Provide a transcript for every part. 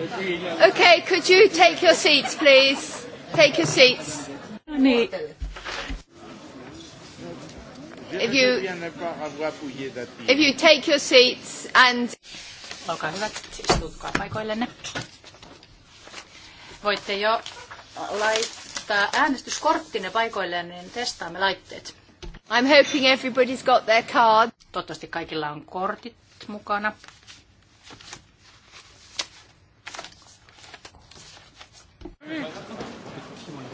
Okay, could you take your seats, please? Take your seats. If you, if you take your seats and... Olkaa hyvät, istutkaa paikoillenne. Voitte jo laittaa äänestyskorttinne paikoilleen, niin testaamme laitteet. I'm hoping everybody's got their card. Toivottavasti kaikilla on kortit mukana.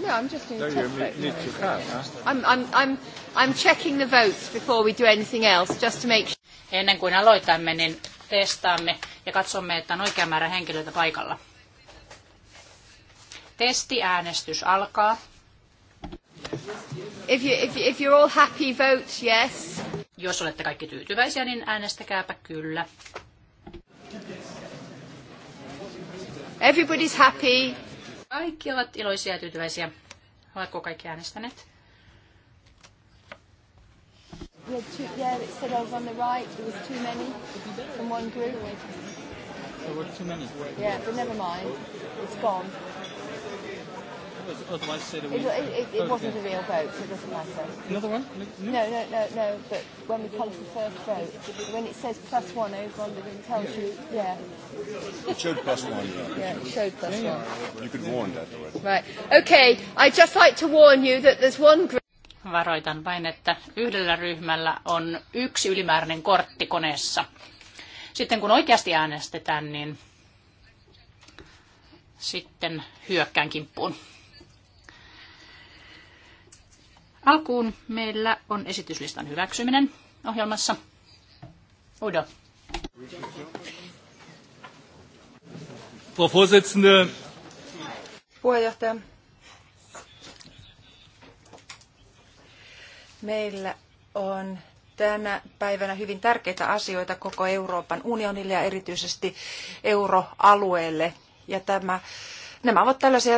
No, I'm just doing a test vote. Need to have, huh? I'm, I'm, I'm, I'm checking the votes before we do anything else, just to make sure. Ennen kuin aloitamme, niin testaamme ja katsomme, että on oikea määrä henkilöitä paikalla. Testiäänestys alkaa. If, you, if, if you're all happy, vote yes. Jos olette kaikki tyytyväisiä, niin äänestäkääpä kyllä. Everybody's happy kaikki ovat iloisia ja tyytyväisiä. Oletko kaikki äänestäneet? two, yeah, it said on the right. There was too many from one group. There were too many. Yeah, but never mind. It's gone. Otherwise, say that we. It, it, it, it wasn't a real vote, so it doesn't matter. Another one? No, no, no, no. no but when we come to the first vote, when it says plus one over on the, it tells yeah. you, yeah. It showed plus one. Yeah, yeah it showed plus yeah, yeah. one. You could yeah. warn that already. Right. Okay. I'd just like to warn you that there's one group. Varoitan vain, että yhdellä ryhmällä on yksi ylimääräinen kortti koneessa. Sitten kun oikeasti äänestetään, niin sitten hyökkään kimppuun. Alkuun meillä on esityslistan hyväksyminen ohjelmassa. Udo. Frau Vorsitzende. Puheenjohtaja. Meillä on tänä päivänä hyvin tärkeitä asioita koko Euroopan unionille ja erityisesti euroalueelle. Ja tämä, nämä ovat tällaisia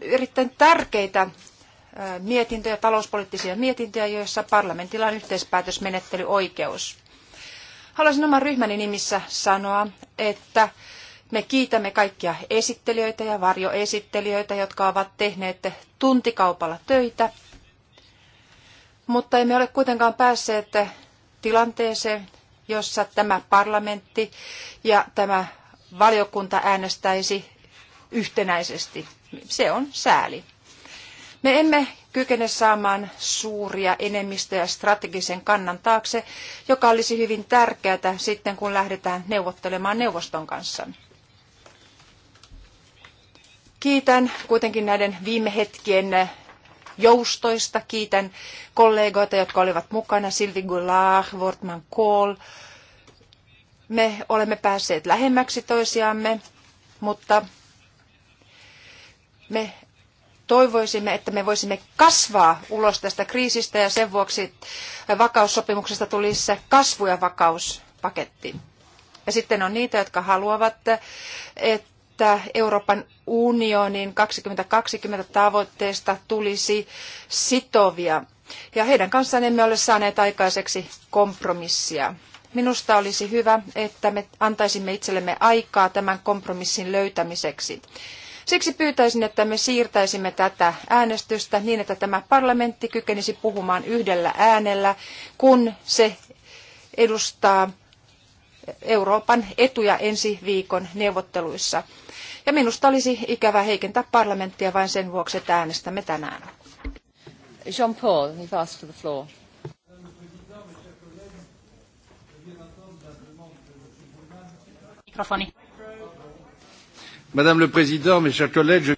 erittäin tärkeitä mietintöjä, talouspoliittisia mietintöjä, joissa parlamentilla on yhteispäätösmenettelyoikeus. Haluaisin oman ryhmäni nimissä sanoa, että me kiitämme kaikkia esittelijöitä ja varjoesittelijöitä, jotka ovat tehneet tuntikaupalla töitä, mutta emme ole kuitenkaan päässeet tilanteeseen, jossa tämä parlamentti ja tämä valiokunta äänestäisi yhtenäisesti. Se on sääli. Me emme kykene saamaan suuria enemmistöjä strategisen kannan taakse, joka olisi hyvin tärkeää sitten, kun lähdetään neuvottelemaan neuvoston kanssa. Kiitän kuitenkin näiden viime hetkien joustoista. Kiitän kollegoita, jotka olivat mukana, Sylvie Goulard, Wortman Kohl. Me olemme päässeet lähemmäksi toisiamme, mutta me toivoisimme, että me voisimme kasvaa ulos tästä kriisistä ja sen vuoksi vakaussopimuksesta tulisi kasvu- ja vakauspaketti. Ja sitten on niitä, jotka haluavat, että Euroopan unionin 2020 tavoitteesta tulisi sitovia. Ja heidän kanssaan emme ole saaneet aikaiseksi kompromissia. Minusta olisi hyvä, että me antaisimme itsellemme aikaa tämän kompromissin löytämiseksi. Siksi pyytäisin, että me siirtäisimme tätä äänestystä niin, että tämä parlamentti kykenisi puhumaan yhdellä äänellä, kun se edustaa Euroopan etuja ensi viikon neuvotteluissa. Ja minusta olisi ikävä heikentää parlamenttia vain sen vuoksi, että äänestämme tänään. Jean-Paul, you've asked for the floor. Mikrofoni. Madame le Président, mes chers collègues, je...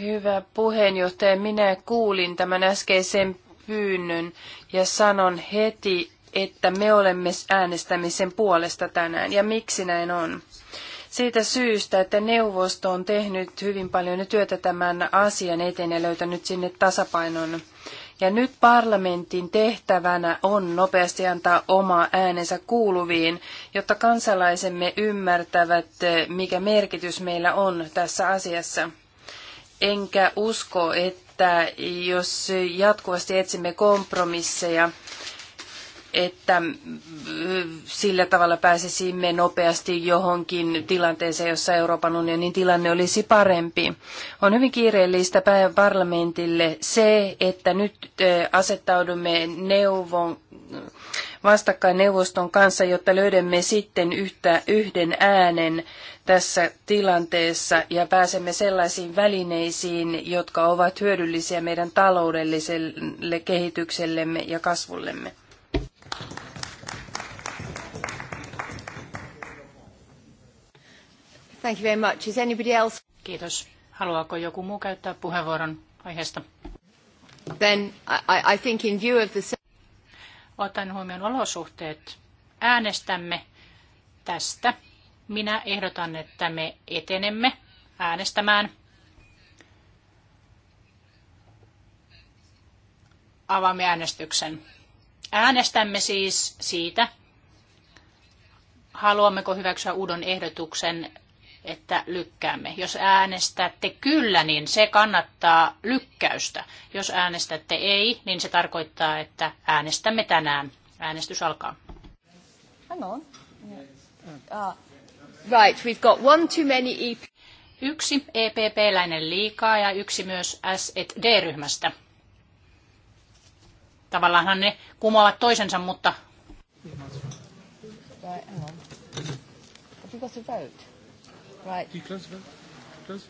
Hyvä puheenjohtaja, minä kuulin tämän äskeisen pyynnön ja sanon heti, että me olemme äänestämisen puolesta tänään. Ja miksi näin on? Siitä syystä, että neuvosto on tehnyt hyvin paljon työtä tämän asian eteen ja löytänyt sinne tasapainon ja nyt parlamentin tehtävänä on nopeasti antaa oma äänensä kuuluviin, jotta kansalaisemme ymmärtävät, mikä merkitys meillä on tässä asiassa. Enkä usko, että jos jatkuvasti etsimme kompromisseja, että sillä tavalla pääsisimme nopeasti johonkin tilanteeseen, jossa Euroopan unionin tilanne olisi parempi. On hyvin kiireellistä parlamentille se, että nyt asettaudumme neuvon, vastakkain neuvoston kanssa, jotta löydämme sitten yhtä, yhden äänen tässä tilanteessa ja pääsemme sellaisiin välineisiin, jotka ovat hyödyllisiä meidän taloudelliselle kehityksellemme ja kasvullemme. Thank you very much. Is anybody else? Kiitos. Haluaako joku muu käyttää puheenvuoron aiheesta? Then I, I think in view of the... Otan huomioon olosuhteet. Äänestämme tästä. Minä ehdotan, että me etenemme äänestämään. Avaamme äänestyksen. Äänestämme siis siitä, haluammeko hyväksyä uuden ehdotuksen, että lykkäämme. Jos äänestätte kyllä, niin se kannattaa lykkäystä. Jos äänestätte ei, niin se tarkoittaa, että äänestämme tänään. Äänestys alkaa. Hang on. Uh, right, we've got one too many EP. Yksi EPP-läinen liikaa ja yksi myös S&D-ryhmästä. Tavallaanhan ne kumoavat toisensa, mutta...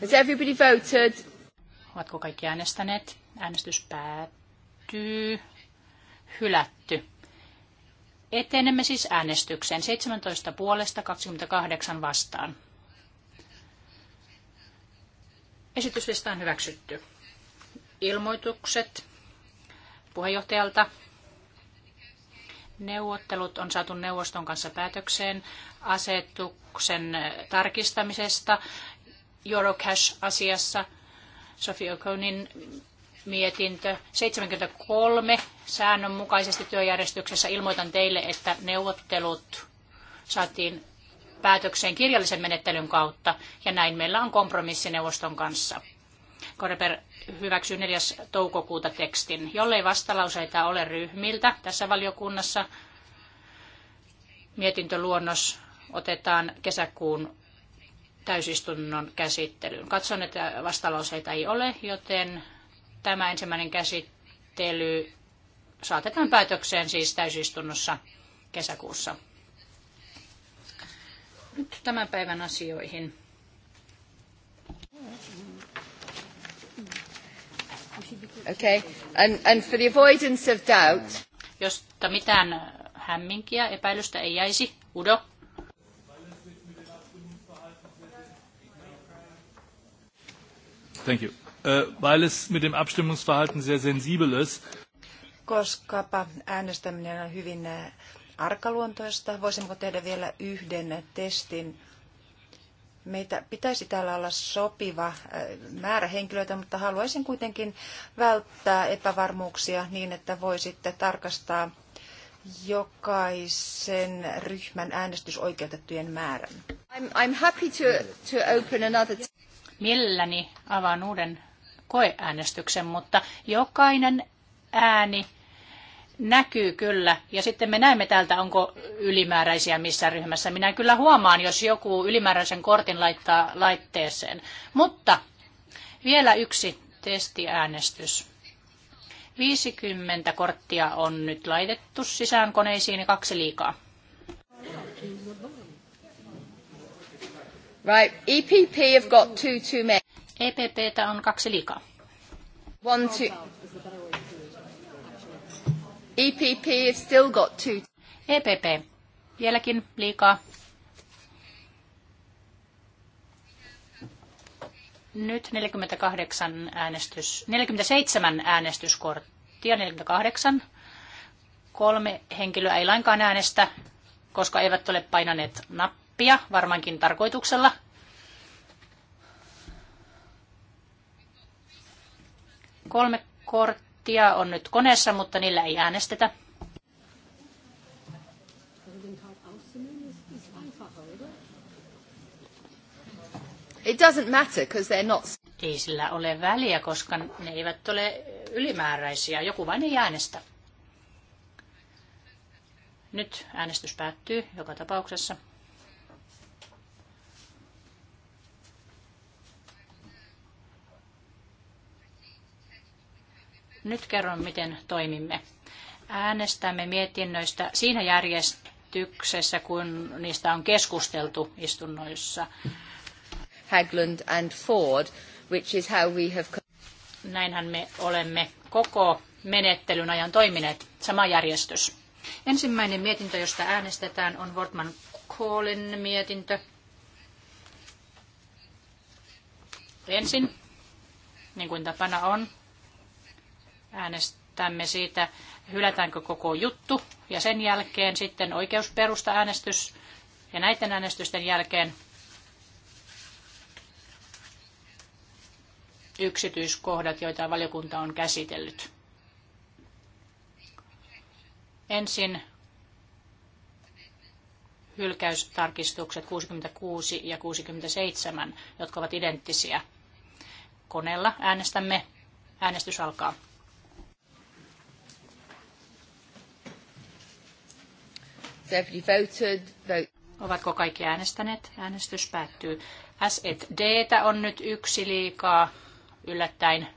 Has everybody voted? Ovatko kaikki äänestäneet? Äänestys päättyy. Hylätty. Etenemme siis äänestykseen 17 puolesta 28 vastaan. Esityslista on hyväksytty. Ilmoitukset puheenjohtajalta. Neuvottelut on saatu neuvoston kanssa päätökseen asetuksen tarkistamisesta Eurocash-asiassa. Sofia, Okonin mietintö 73 säännönmukaisesti työjärjestyksessä ilmoitan teille, että neuvottelut saatiin päätökseen kirjallisen menettelyn kautta ja näin meillä on kompromissi neuvoston kanssa. Koreper hyväksy 4. toukokuuta tekstin. Jollei vastalauseita ole ryhmiltä tässä valiokunnassa, mietintöluonnos otetaan kesäkuun täysistunnon käsittelyyn. Katson, että vastalauseita ei ole, joten tämä ensimmäinen käsittely saatetaan päätökseen siis täysistunnossa kesäkuussa. Nyt tämän päivän asioihin. Okay. And, and for the avoidance of doubt. Josta mitään hämminkiä, epäilystä ei jäisi. Udo. Thank you. Uh, weil es mit dem Abstimmungsverhalten sehr sensibel ist. Koska äänestäminen on hyvin äh, arkaluontoista, voisimmeko tehdä vielä yhden testin Meitä pitäisi täällä olla sopiva äh, määrä henkilöitä, mutta haluaisin kuitenkin välttää epävarmuuksia niin, että voi sitten tarkastaa jokaisen ryhmän äänestysoikeutettujen määrän. I'm, I'm happy to, to open another... Mielelläni avaan uuden koeäänestyksen, mutta jokainen ääni näkyy kyllä. Ja sitten me näemme täältä, onko ylimääräisiä missä ryhmässä. Minä kyllä huomaan, jos joku ylimääräisen kortin laittaa laitteeseen. Mutta vielä yksi testiäänestys. 50 korttia on nyt laitettu sisään koneisiin ja kaksi liikaa. Right, EPP have got two too many. EPPtä on kaksi liikaa. One, two. EPP has still got two. EPP. Vieläkin liikaa. Nyt 48 äänestys, 47 äänestyskorttia, 48. Kolme henkilöä ei lainkaan äänestä, koska eivät ole painaneet nappia, varmaankin tarkoituksella. Kolme korttia prosenttia on nyt koneessa, mutta niillä ei äänestetä. It doesn't matter, because they're not... Ei sillä ole väliä, koska ne eivät ole ylimääräisiä. Joku vain ei äänestä. Nyt äänestys päättyy joka tapauksessa. Nyt kerron, miten toimimme. Äänestämme mietinnöistä siinä järjestyksessä, kun niistä on keskusteltu istunnoissa. Haglund and Ford, which is how we have... Näinhän me olemme koko menettelyn ajan toimineet. Sama järjestys. Ensimmäinen mietintö, josta äänestetään, on Wortman Kohlin mietintö. Ensin, niin kuin tapana on, Äänestämme siitä, hylätäänkö koko juttu ja sen jälkeen sitten oikeusperusta äänestys ja näiden äänestysten jälkeen yksityiskohdat, joita valiokunta on käsitellyt. Ensin hylkäystarkistukset 66 ja 67, jotka ovat identtisiä. Koneella äänestämme. Äänestys alkaa. Ovatko kaikki äänestäneet? Äänestys päättyy. S et D on nyt yksi liikaa yllättäen.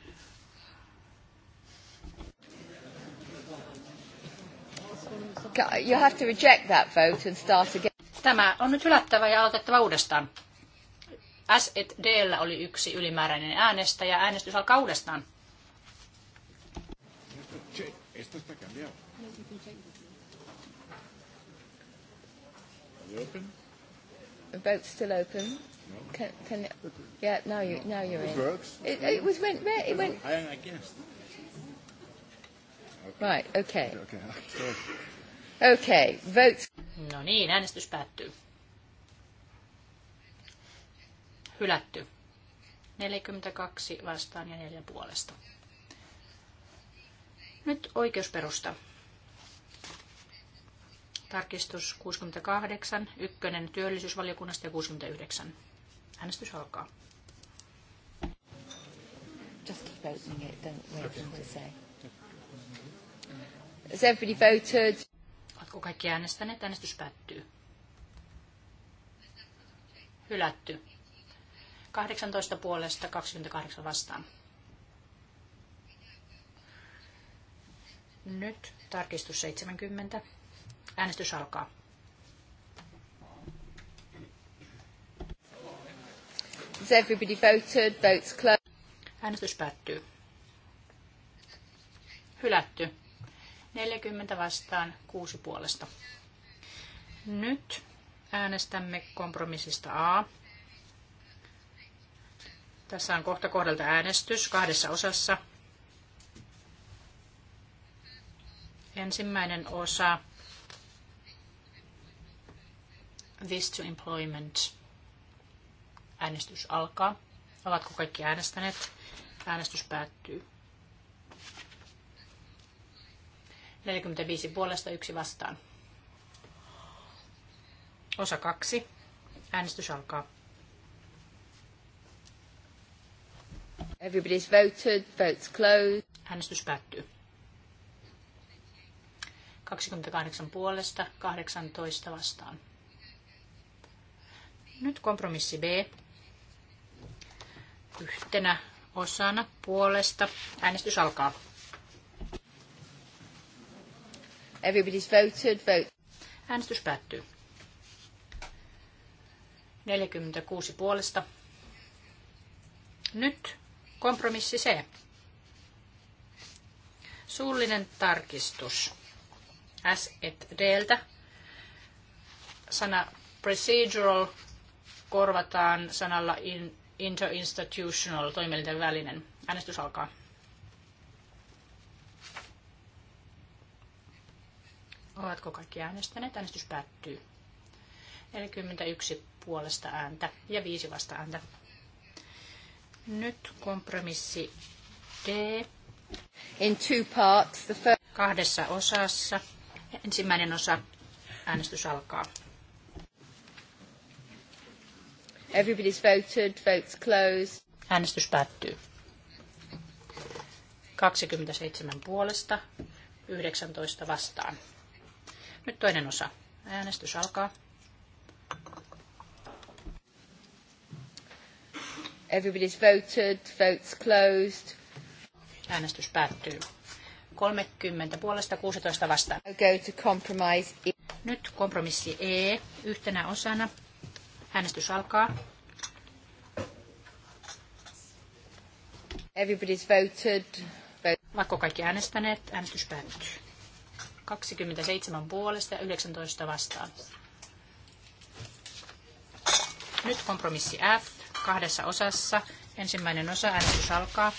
You have to reject that vote and start again. Tämä on nyt hylättävä ja aloitettava uudestaan. S et D oli yksi ylimääräinen äänestäjä. Äänestys alkaa uudestaan. Esto está cambiado. open? The boat's still open. No. Can, can it, yeah, now you now you're it in. Works. It, works. it was went red. It went. I, I guessed. Okay. Right. Okay. Okay. okay. okay. Votes. No niin, äänestys päättyy. Hylätty. 42 vastaan ja 4 puolesta. Nyt oikeusperusta. Tarkistus 68, ykkönen työllisyysvaliokunnasta ja 69. Äänestys alkaa. Just keep opening it, don't wait for to say. Has everybody voted? Oletko kaikki äänestäneet? Äänestys päättyy. Hylätty. 18 puolesta 28 vastaan. Nyt tarkistus 70 Äänestys alkaa. Has everybody voted? Votes closed. Äänestys päättyy. Hylätty. 40 vastaan, 6 puolesta. Nyt äänestämme kompromissista A. Tässä on kohta kohdalta äänestys kahdessa osassa. Ensimmäinen osa This to Employment. Äänestys alkaa. Ovatko kaikki äänestäneet? Äänestys päättyy. 45 puolesta, yksi vastaan. Osa kaksi. Äänestys alkaa. Everybody's voted. Votes closed. Äänestys päättyy. 28 puolesta, 18 vastaan. Nyt kompromissi B yhtenä osana puolesta. Äänestys alkaa. Everybody's voted, vote. Äänestys päättyy. 46 puolesta. Nyt kompromissi C. Suullinen tarkistus. S et Dltä. Sana procedural korvataan sanalla in, interinstitutional, toimielinten välinen. Äänestys alkaa. Ovatko kaikki äänestäneet? Äänestys päättyy. 41 puolesta ääntä ja 5 vasta ääntä. Nyt kompromissi D. In two parts, the first... Kahdessa osassa. Ensimmäinen osa. Äänestys alkaa. Everybody's voted, votes closed. Äänestys päättyy. 27 puolesta, 19 vastaan. Nyt toinen osa. Äänestys alkaa. Everybody's voted, votes closed. Äänestys päättyy. 30 puolesta 16 vastaan. Go to compromise. E. Nyt kompromissi E yhtenä osana Äänestys alkaa. Everybody's voted. Vaikka kaikki äänestäneet, äänestys päättyy. 27 puolesta ja 19 vastaan. Nyt kompromissi F kahdessa osassa. Ensimmäinen osa, äänestys alkaa.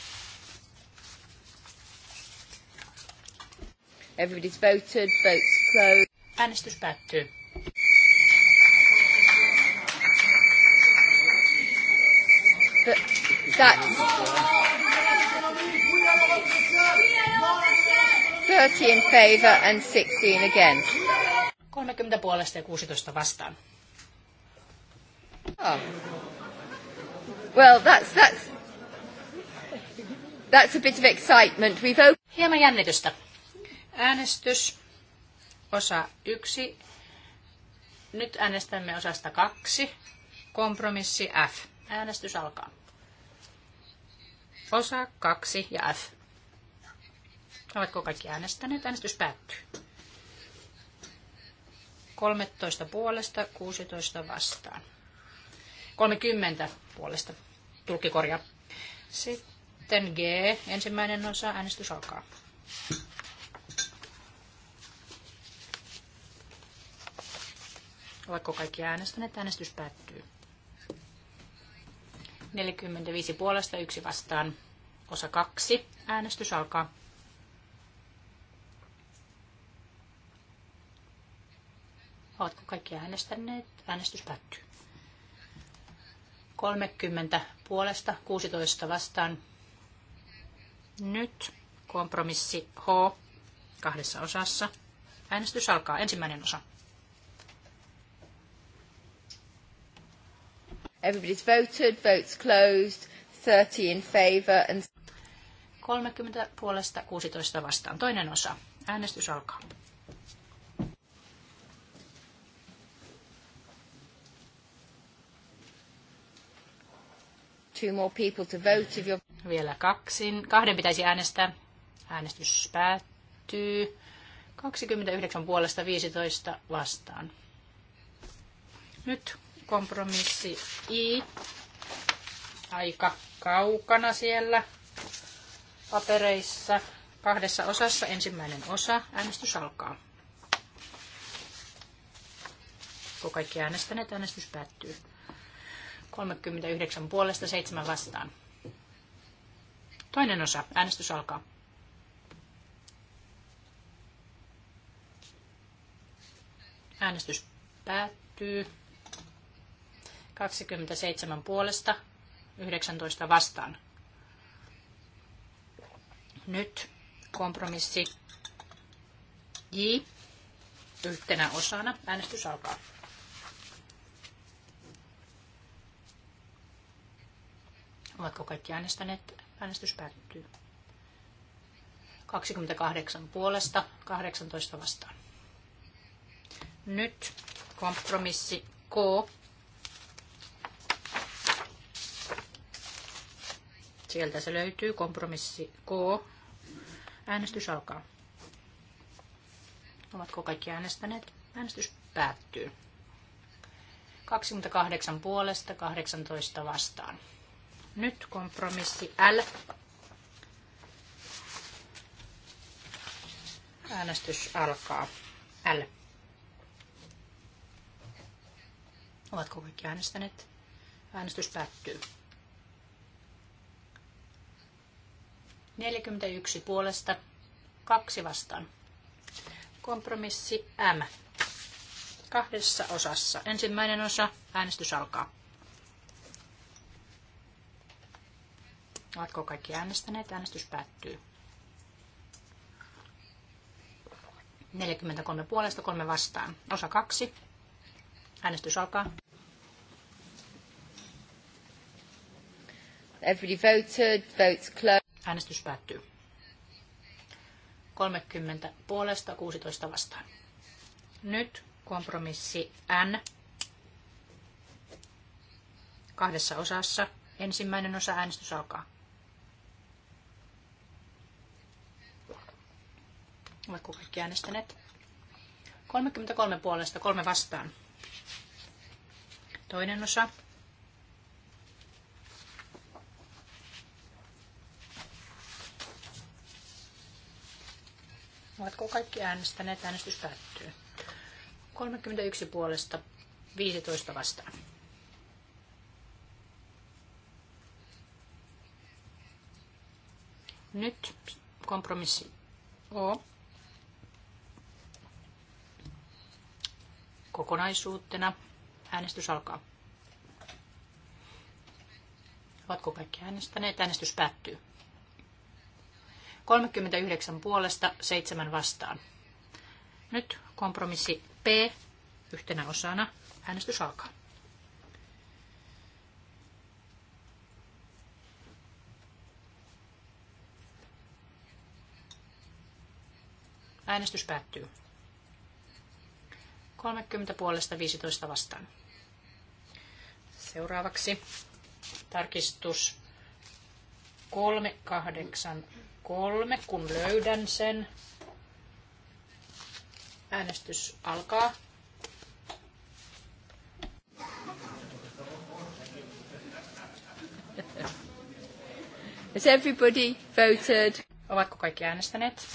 Everybody's voted, votes closed. Äänestys päättyy. That's 30 in favor and 16 against. 30 puolesta ja 16 vastaan. Oh. Well, that's, that's, that's a bit of excitement. We've opened... Hieman jännitystä. Äänestys, osa yksi. Nyt äänestämme osasta 2. Kompromissi F. Äänestys alkaa osa kaksi ja F. Oletko kaikki äänestäneet? Äänestys päättyy. 13 puolesta, 16 vastaan. 30 puolesta. Tulkki korjaa. Sitten G, ensimmäinen osa, äänestys alkaa. Oletko kaikki äänestäneet? Äänestys päättyy. 45 puolesta, yksi vastaan. Osa kaksi. Äänestys alkaa. Oletko kaikki äänestäneet? Äänestys päättyy. 30 puolesta, 16 vastaan. Nyt kompromissi H kahdessa osassa. Äänestys alkaa. Ensimmäinen osa. Everybody's voted, votes closed, 30 in favor and... 30 puolesta, 16 vastaan. Toinen osa. Äänestys alkaa. Two more people to vote if you're... Vielä kaksin. Kahden pitäisi äänestää. Äänestys päättyy. 29 puolesta 15 vastaan. Nyt Kompromissi I. Aika kaukana siellä papereissa. Kahdessa osassa ensimmäinen osa. Äänestys alkaa. Kun kaikki äänestäneet, äänestys päättyy. 39 puolesta 7 vastaan. Toinen osa. Äänestys alkaa. Äänestys päättyy. 27 puolesta, 19 vastaan. Nyt kompromissi J yhtenä osana. Äänestys alkaa. Ovatko kaikki äänestäneet? Äänestys päättyy. 28 puolesta, 18 vastaan. Nyt kompromissi K Sieltä se löytyy kompromissi K. Äänestys alkaa. Ovatko kaikki äänestäneet? Äänestys päättyy. 28 puolesta, 18 vastaan. Nyt kompromissi L. Äänestys alkaa. L. Ovatko kaikki äänestäneet? Äänestys päättyy. 41 puolesta, kaksi vastaan. Kompromissi M. Kahdessa osassa. Ensimmäinen osa, äänestys alkaa. Oletko kaikki äänestäneet? Äänestys päättyy. 43 puolesta, kolme vastaan. Osa kaksi. Äänestys alkaa. Everybody voted, votes closed. Äänestys päättyy. 30 puolesta 16 vastaan. Nyt kompromissi N kahdessa osassa. Ensimmäinen osa äänestys alkaa. Oletko kaikki äänestäneet? 33 puolesta, kolme vastaan. Toinen osa. Ovatko kaikki äänestäneet? Äänestys päättyy. 31 puolesta, 15 vastaan. Nyt kompromissi O. Kokonaisuutena äänestys alkaa. Ovatko kaikki äänestäneet? Äänestys päättyy. 39 puolesta, 7 vastaan. Nyt kompromissi P yhtenä osana. Äänestys alkaa. Äänestys päättyy. 30 puolesta 15 vastaan. Seuraavaksi tarkistus 3, 8, kolme, kun löydän sen. Äänestys alkaa. Has everybody voted? Ovatko kaikki äänestäneet?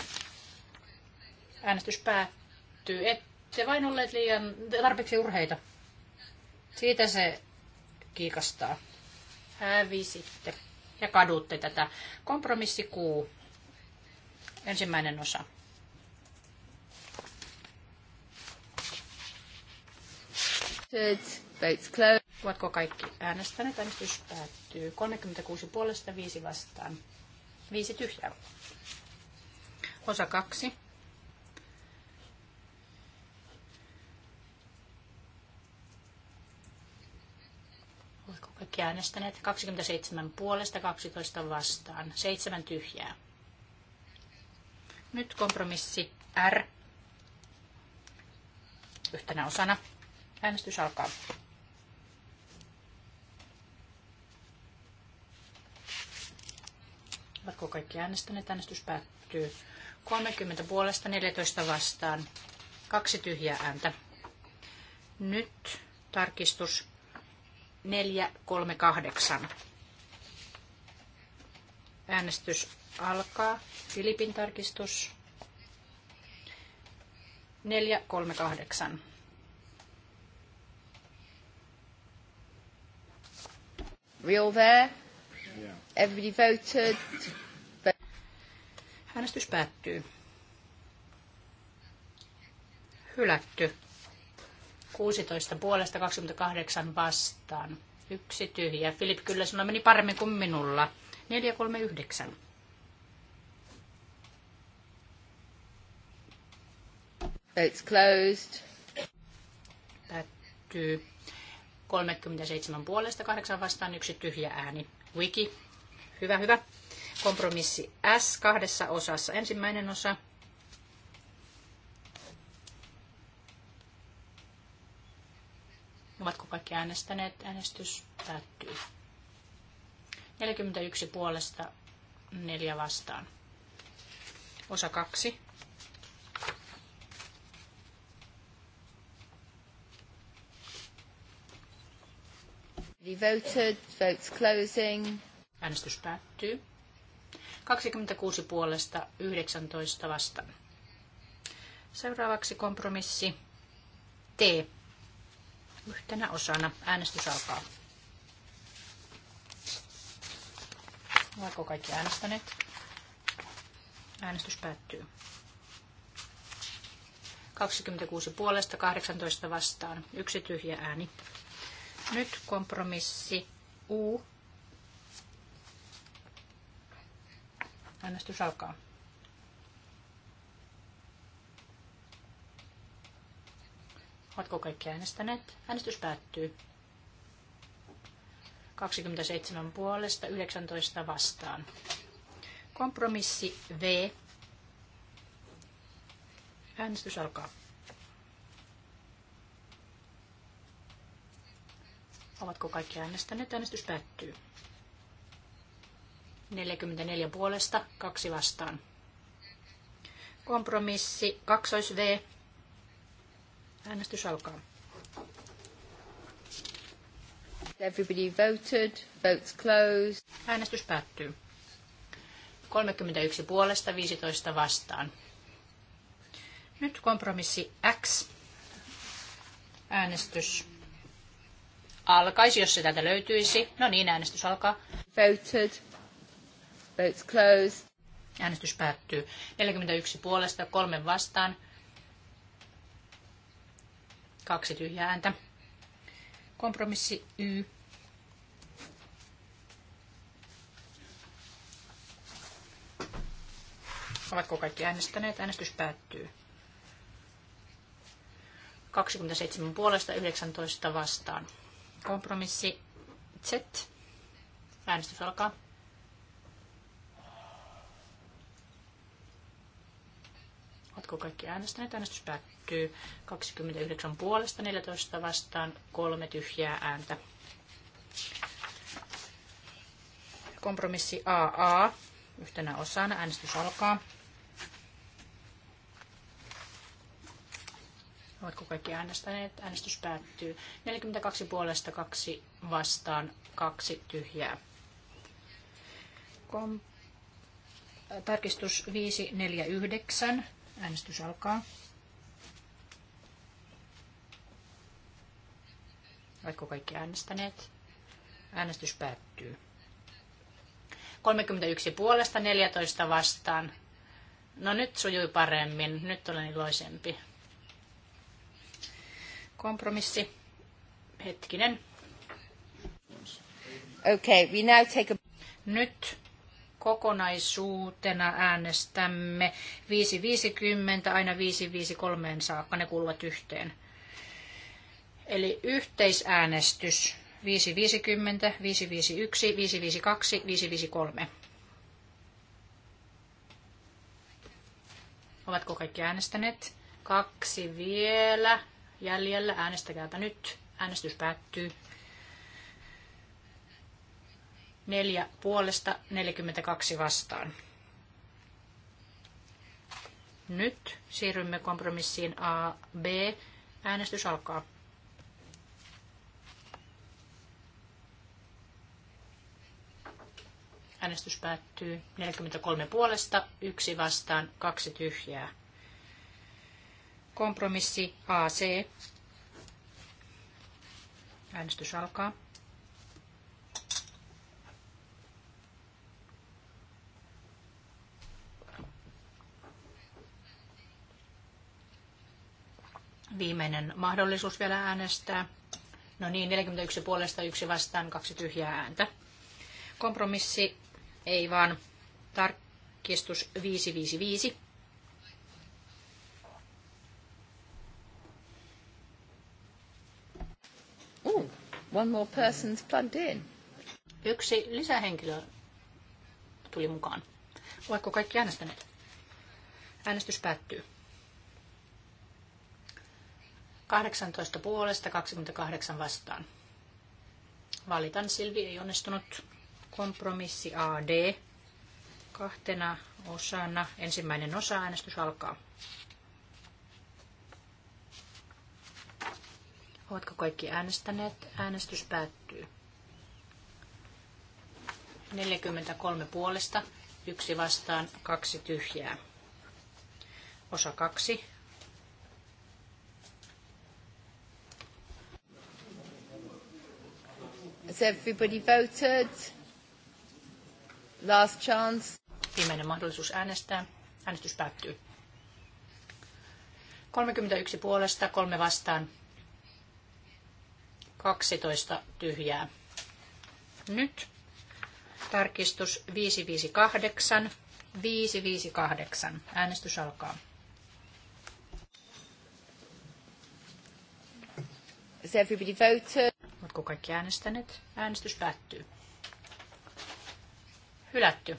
Äänestys päättyy. Ette vain olleet liian tarpeeksi urheita. Siitä se kiikastaa. Hävisitte ja kadutte tätä. Kompromissi Q, ensimmäinen osa. Ovatko kaikki äänestäneet? Äänestys päättyy 36 puolesta 5 vastaan. 5 tyhjää. Osa 2. kaikki äänestäneet. 27 puolesta, 12 vastaan. 7 tyhjää. Nyt kompromissi R yhtenä osana. Äänestys alkaa. Ovatko kaikki äänestäneet? Äänestys päättyy. 30 puolesta, 14 vastaan. Kaksi tyhjää ääntä. Nyt tarkistus 438. Äänestys alkaa. Filipin tarkistus. 438. Real there? Yeah. Everybody voted. Äänestys päättyy. Hylätty. 16 puolesta 28 vastaan. Yksi tyhjä. Filip, kyllä sinulla meni paremmin kuin minulla. 439. It's closed. Päättyy 37 puolesta, 8 vastaan, yksi tyhjä ääni. Wiki. Hyvä, hyvä. Kompromissi S kahdessa osassa. Ensimmäinen osa Ovatko kaikki äänestäneet? Äänestys päättyy. 41 puolesta, 4 vastaan. Osa 2. The voted, votes closing. Äänestys päättyy. 26 puolesta, 19 vastaan. Seuraavaksi kompromissi T yhtenä osana. Äänestys alkaa. Ovatko kaikki äänestäneet? Äänestys päättyy. 26 puolesta, 18 vastaan. Yksi tyhjä ääni. Nyt kompromissi U. Äänestys alkaa. Oletko kaikki äänestäneet? Äänestys päättyy. 27 puolesta, 19 vastaan. Kompromissi V. Äänestys alkaa. Ovatko kaikki äänestäneet? Äänestys päättyy. 44 puolesta, 2 vastaan. Kompromissi 2 V. Äänestys alkaa. Everybody voted. Votes closed. Äänestys päättyy. 31 puolesta, 15 vastaan. Nyt kompromissi X. Äänestys alkaisi, jos se täältä löytyisi. No niin, äänestys alkaa. Voted. Votes closed. Äänestys päättyy. 41 puolesta, 3 vastaan, Kaksi tyhjää ääntä. Kompromissi Y. Ovatko kaikki äänestäneet? Äänestys päättyy. 27 puolesta 19 vastaan. Kompromissi Z. Äänestys alkaa. Ovatko kaikki äänestäneet? Äänestys päättyy 29 puolesta, 14 vastaan, kolme tyhjää ääntä. Kompromissi AA yhtenä osana. Äänestys alkaa. Ovatko kaikki äänestäneet? Äänestys päättyy. 42 puolesta, 2 vastaan, 2 tyhjää. Kom- Tarkistus 549. Äänestys alkaa. Oletko kaikki äänestäneet? Äänestys päättyy. 31 puolesta, 14 vastaan. No nyt sujui paremmin, nyt olen iloisempi. Kompromissi. Hetkinen. Okay, we now take a... Nyt kokonaisuutena äänestämme 5.50 aina 5.53 saakka, ne kuuluvat yhteen. Eli yhteisäänestys 5.50, 5.51, 5.52, 5.53. Ovatko kaikki äänestäneet? Kaksi vielä jäljellä. Äänestäkääpä nyt. Äänestys päättyy. 4 puolesta 42 vastaan. Nyt siirrymme kompromissiin A, B. Äänestys alkaa. Äänestys päättyy 43 puolesta, yksi vastaan, kaksi tyhjää. Kompromissi AC. Äänestys alkaa. Viimeinen mahdollisuus vielä äänestää. No niin, 41 puolesta, yksi vastaan, kaksi tyhjää ääntä. Kompromissi ei vaan tarkistus 555. one more person's plugged in. Yksi lisähenkilö tuli mukaan. Oletko kaikki äänestäneet? Äänestys päättyy. 18 puolesta 28 vastaan. Valitan Silvi ei onnistunut. Kompromissi AD kahtena osana. Ensimmäinen osa äänestys alkaa. Ovatko kaikki äänestäneet? Äänestys päättyy. 43 puolesta, yksi vastaan, kaksi tyhjää. Osa kaksi Has everybody voted? Last chance. Viimeinen mahdollisuus äänestää. Äänestys päättyy. 31 puolesta, 3 vastaan, 12 tyhjää. Nyt tarkistus 558. 558. Äänestys alkaa. Has everybody voted? Ovatko kaikki äänestäneet? Äänestys päättyy. Hylätty.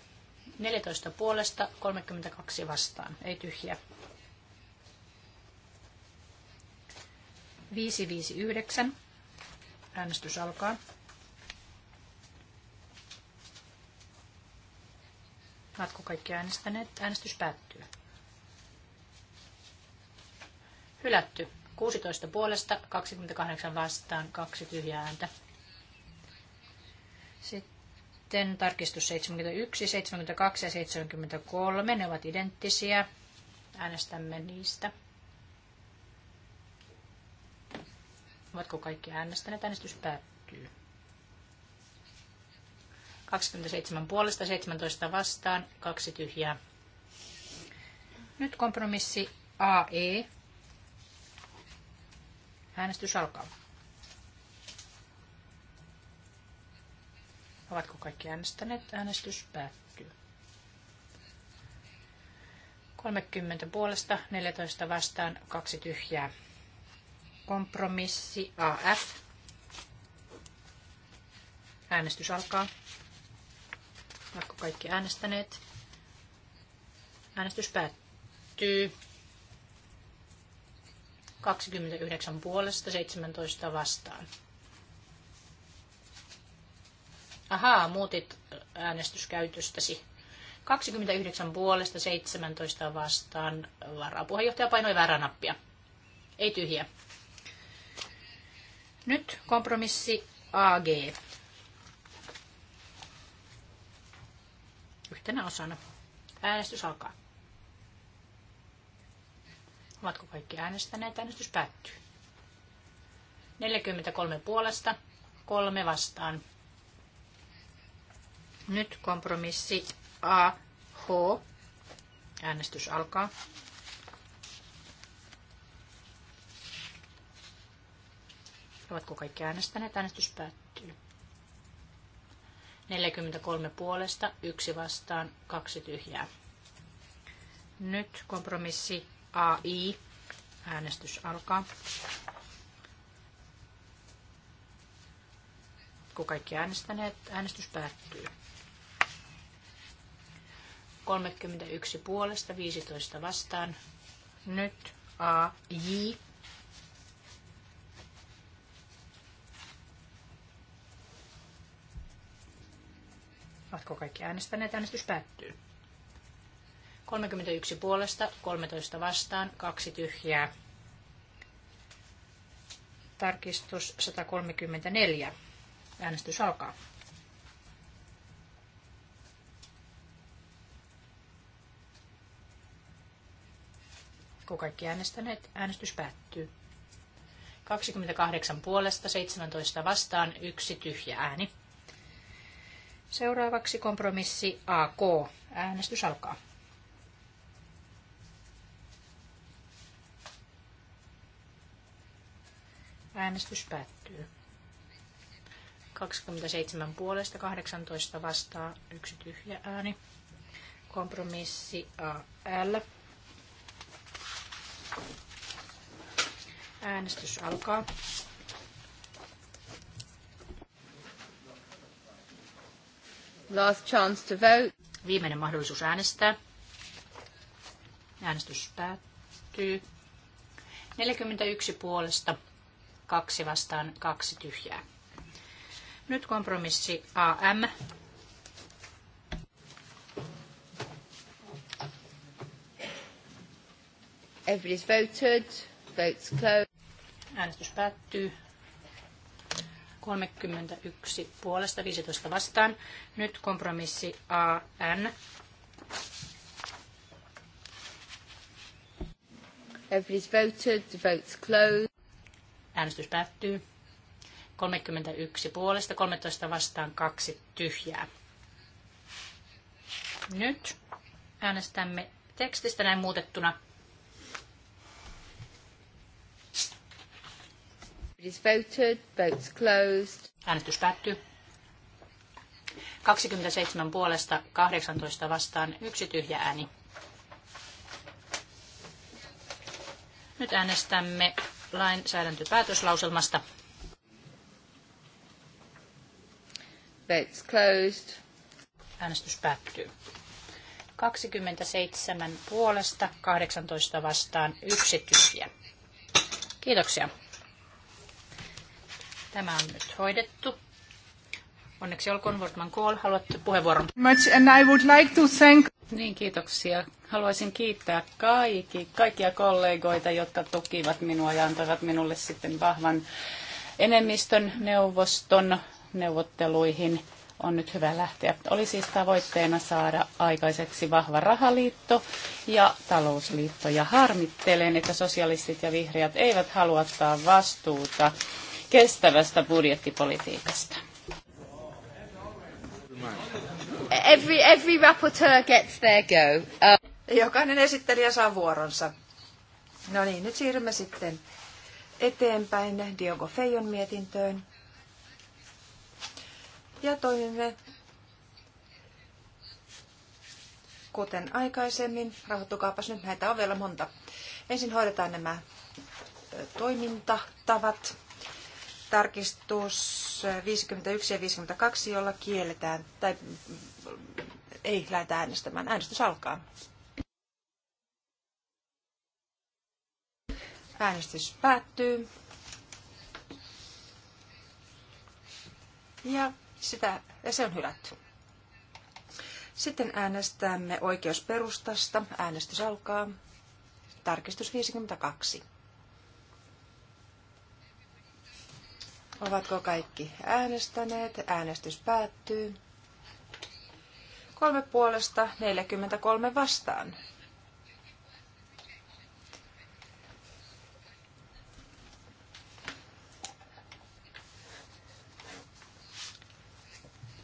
14 puolesta, 32 vastaan. Ei tyhjä. 559. Äänestys alkaa. Oletko kaikki äänestäneet? Äänestys päättyy. Hylätty. 16 puolesta, 28 vastaan, kaksi tyhjää ääntä. Sitten tarkistus 71, 72 ja 73, ne ovat identtisiä. Äänestämme niistä. Ovatko kaikki äänestäneet? Äänestys päättyy. 27 puolesta, 17 vastaan, kaksi tyhjää. Nyt kompromissi AE Äänestys alkaa. Ovatko kaikki äänestäneet? Äänestys päättyy. 30 puolesta, 14 vastaan, kaksi tyhjää. Kompromissi AF. Äänestys alkaa. Ovatko kaikki äänestäneet? Äänestys päättyy. 29 puolesta, 17 vastaan. Ahaa, muutit äänestyskäytöstäsi. 29 puolesta, 17 vastaan. Varapuheenjohtaja painoi väärää nappia. Ei tyhjä. Nyt kompromissi AG. Yhtenä osana. Äänestys alkaa. Ovatko kaikki äänestäneet? Äänestys päättyy. 43 puolesta, kolme vastaan. Nyt kompromissi A, H. Äänestys alkaa. Ovatko kaikki äänestäneet? Äänestys päättyy. 43 puolesta, yksi vastaan, kaksi tyhjää. Nyt kompromissi AI. Äänestys alkaa. Kun kaikki äänestäneet, äänestys päättyy. 31 puolesta, 15 vastaan. Nyt AJ. Oletko kaikki äänestäneet? Äänestys päättyy. 31 puolesta, 13 vastaan, kaksi tyhjää. Tarkistus 134. Äänestys alkaa. Kun kaikki äänestäneet, äänestys päättyy. 28 puolesta, 17 vastaan, yksi tyhjä ääni. Seuraavaksi kompromissi AK. Äänestys alkaa. Äänestys päättyy. 27 puolesta, 18 vastaa, yksi tyhjä ääni. Kompromissi AL. Äänestys alkaa. Last chance to vote. Viimeinen mahdollisuus äänestää. Äänestys päättyy. 41 puolesta, kaksi vastaan, kaksi tyhjää. Nyt kompromissi AM. Everybody's voted. Votes closed. Äänestys päättyy. 31 puolesta, 15 vastaan. Nyt kompromissi AN. Everybody's voted. The vote's closed. Äänestys päättyy. 31 puolesta, 13 vastaan, 2 tyhjää. Nyt äänestämme tekstistä näin muutettuna. It is voted, votes closed. Äänestys päättyy. 27 puolesta, 18 vastaan, 1 tyhjä ääni. Nyt äänestämme lainsäädäntöpäätöslauselmasta. Votes closed. Äänestys päättyy. 27 puolesta, 18 vastaan, yksi tyhjä. Kiitoksia. Tämä on nyt hoidettu. Onneksi olkoon Wortman Kohl. Haluatte puheenvuoron? Much and I would like to thank... Niin, kiitoksia. Haluaisin kiittää kaikki, kaikkia kollegoita, jotka tukivat minua ja antavat minulle sitten vahvan enemmistön neuvoston neuvotteluihin. On nyt hyvä lähteä. Oli siis tavoitteena saada aikaiseksi vahva rahaliitto ja talousliitto. Ja harmittelen, että sosialistit ja vihreät eivät halua ottaa vastuuta kestävästä budjettipolitiikasta. Every, every rapporteur gets their go. Um. Jokainen esittelijä saa vuoronsa. No niin, nyt siirrymme sitten eteenpäin Diogo Feijon mietintöön. Ja toimimme kuten aikaisemmin. rahoittukaapas nyt, näitä on vielä monta. Ensin hoidetaan nämä toimintatavat tarkistus 51 ja 52, jolla kielletään tai ei lähdetä äänestämään. Äänestys alkaa. Äänestys päättyy. Ja, sitä, ja se on hylätty. Sitten äänestämme oikeusperustasta. Äänestys alkaa. Tarkistus 52. Ovatko kaikki äänestäneet? Äänestys päättyy. Kolme puolesta, 43 vastaan.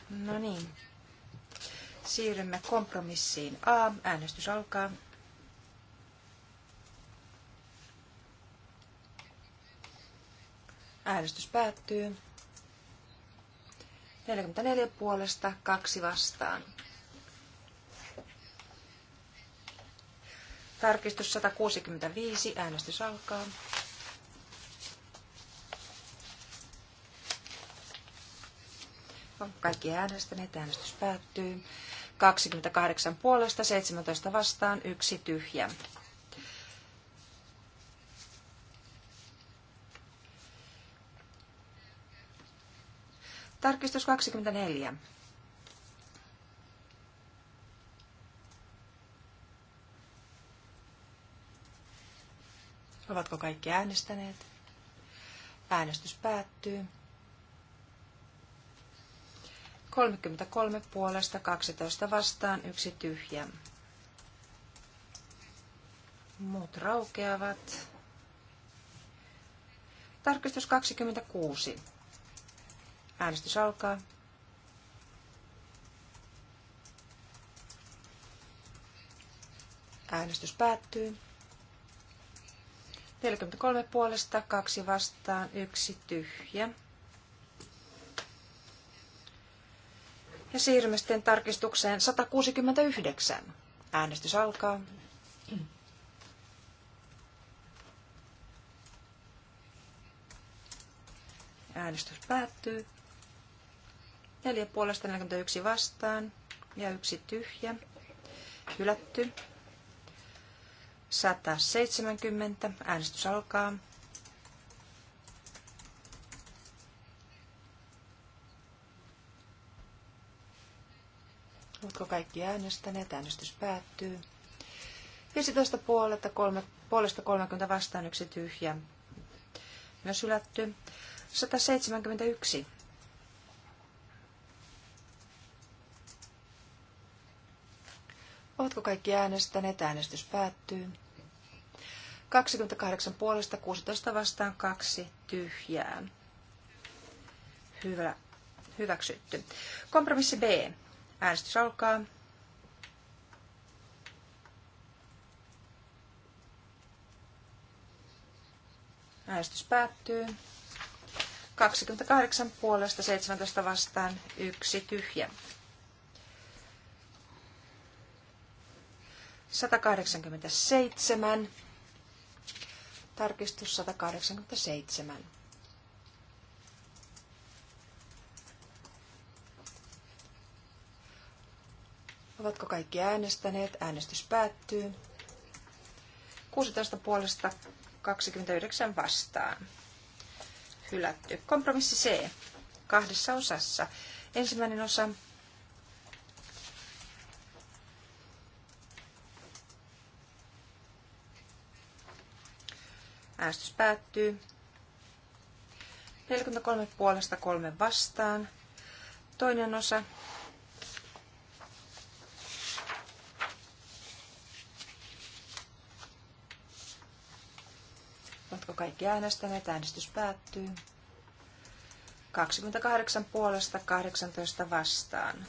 No niin. Siirrymme kompromissiin A. Äänestys alkaa. Äänestys päättyy. 44 puolesta, kaksi vastaan. Tarkistus 165. Äänestys alkaa. Kaikki äänestäneet. Äänestys päättyy. 28 puolesta, 17 vastaan, yksi tyhjä. Tarkistus 24. Ovatko kaikki äänestäneet? Äänestys päättyy. 33 puolesta 12 vastaan yksi tyhjä. Muut raukeavat. Tarkistus 26. Äänestys alkaa. Äänestys päättyy. 43 puolesta, kaksi vastaan, yksi tyhjä. Ja siirrymme sitten tarkistukseen 169. Äänestys alkaa. Äänestys päättyy. 4 puolesta 41 vastaan ja yksi tyhjä. Hylätty. 170. Äänestys alkaa. Oletko kaikki äänestäneet? Äänestys päättyy. 15 puolesta, 3, puolesta 30 vastaan yksi tyhjä. Myös hylätty. 171 Ovatko kaikki äänestäneet? Äänestys päättyy. 28 puolesta, 16 vastaan, 2 tyhjää. Hyvä. Hyväksytty. Kompromissi B. Äänestys alkaa. Äänestys päättyy. 28 puolesta, 17 vastaan, 1 tyhjä. 187. Tarkistus 187. Ovatko kaikki äänestäneet? Äänestys päättyy. 16 puolesta 29 vastaan. Hylätty. Kompromissi C. Kahdessa osassa. Ensimmäinen osa Äänestys päättyy. 43 puolesta kolme vastaan. Toinen osa. Oletko kaikki äänestäneet? Äänestys päättyy. 28 puolesta 18 vastaan.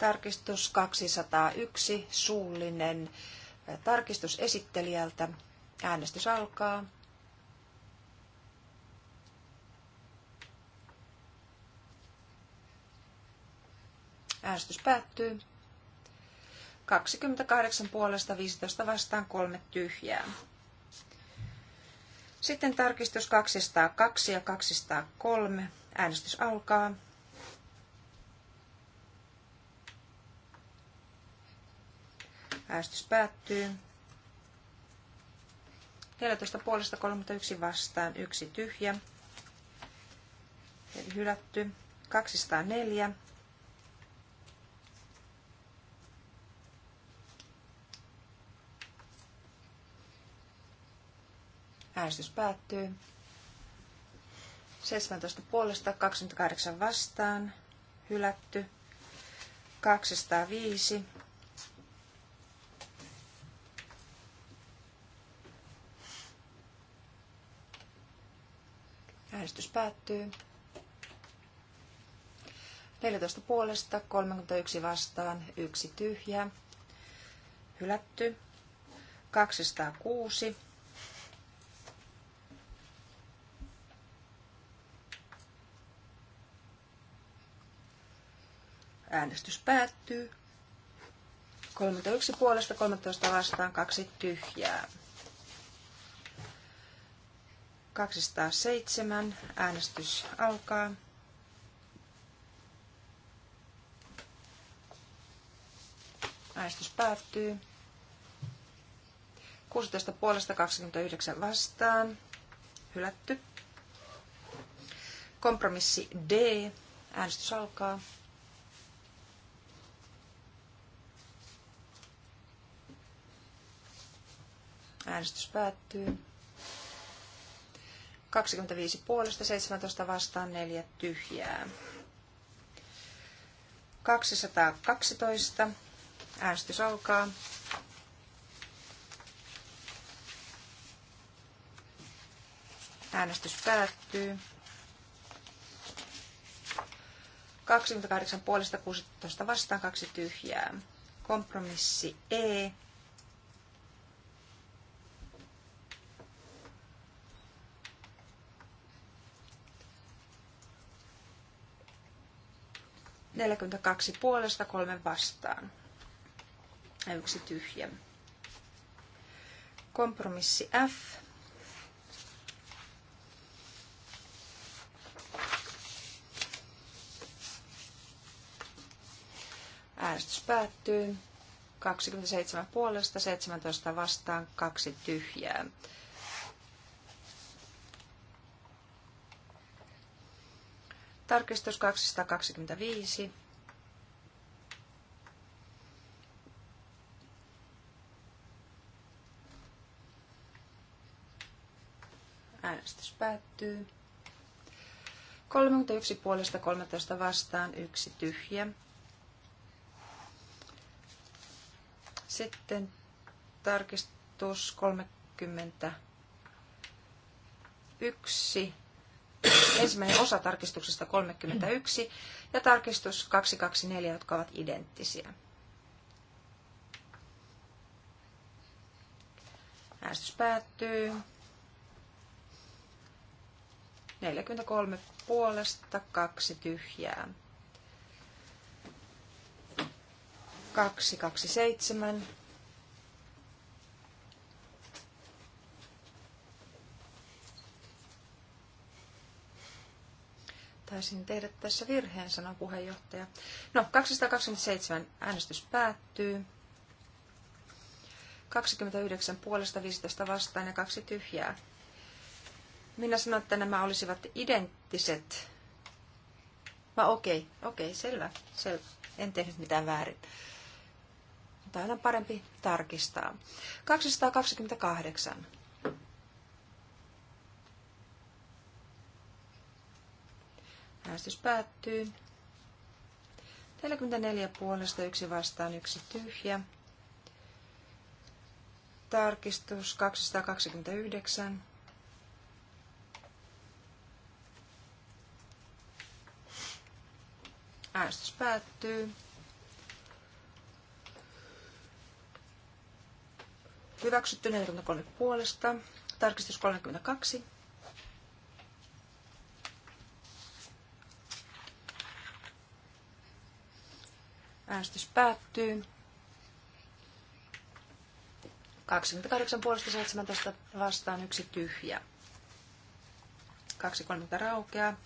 Tarkistus 201, suullinen tarkistus esittelijältä. Äänestys alkaa. Äänestys päättyy. 28 puolesta 15 vastaan kolme tyhjää. Sitten tarkistus 202 ja 203. Äänestys alkaa. Äänestys päättyy. 14 puolesta 31 vastaan, yksi tyhjä. Eli hylätty. 204. Äänestys päättyy. 17 puolesta 28 vastaan, hylätty. 205 Äänestys päättyy. 14 puolesta, 31 vastaan, 1 tyhjä. Hylätty. 206. Äänestys päättyy. 31 puolesta, 13 vastaan, 2 tyhjää. 207. Äänestys alkaa. Äänestys päättyy. 16 puolesta 29 vastaan. Hylätty. Kompromissi D. Äänestys alkaa. Äänestys päättyy. 25 puolesta, 17 vastaan, 4 tyhjää. 212. Äänestys alkaa. Äänestys päättyy. 28 puolesta 16 vastaan, 2 tyhjää. Kompromissi E 42 puolesta, kolme vastaan ja yksi tyhjä. Kompromissi F. Äänestys päättyy. 27 puolesta, 17 vastaan, kaksi tyhjää. Tarkistus 225. Äänestys päättyy. 31 puolesta 13 vastaan, yksi tyhjä. Sitten tarkistus 31 Ensimmäinen osa tarkistuksesta 31 ja tarkistus 224, jotka ovat identtisiä. Äänestys päättyy. 43 puolesta, kaksi tyhjää. 227 taisin tehdä tässä virheen, sanoi puheenjohtaja. No, 227 äänestys päättyy. 29 puolesta 15 vastaan ja kaksi tyhjää. Minä sanoin, että nämä olisivat identtiset. Mä okei, okei, selvä, selvä. En tehnyt mitään väärin. Mutta aina parempi tarkistaa. 228. Äänestys päättyy. 44 puolesta, yksi vastaan, yksi tyhjä. Tarkistus 229. Äänestys päättyy. Hyväksytty 43 puolesta. Tarkistus 32. Äänestys päättyy. 28 puolesta 17 vastaan yksi tyhjä. 230 raukeaa.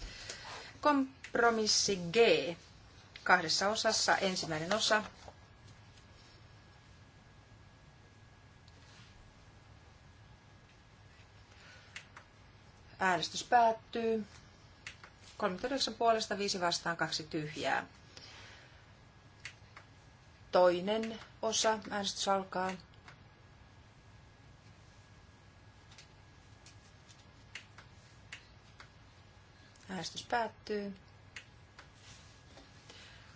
Kompromissi G. Kahdessa osassa. Ensimmäinen osa. Äänestys päättyy. 39 puolesta 5 vastaan 2 tyhjää toinen osa. Ernst alkaa. Äänestys päättyy.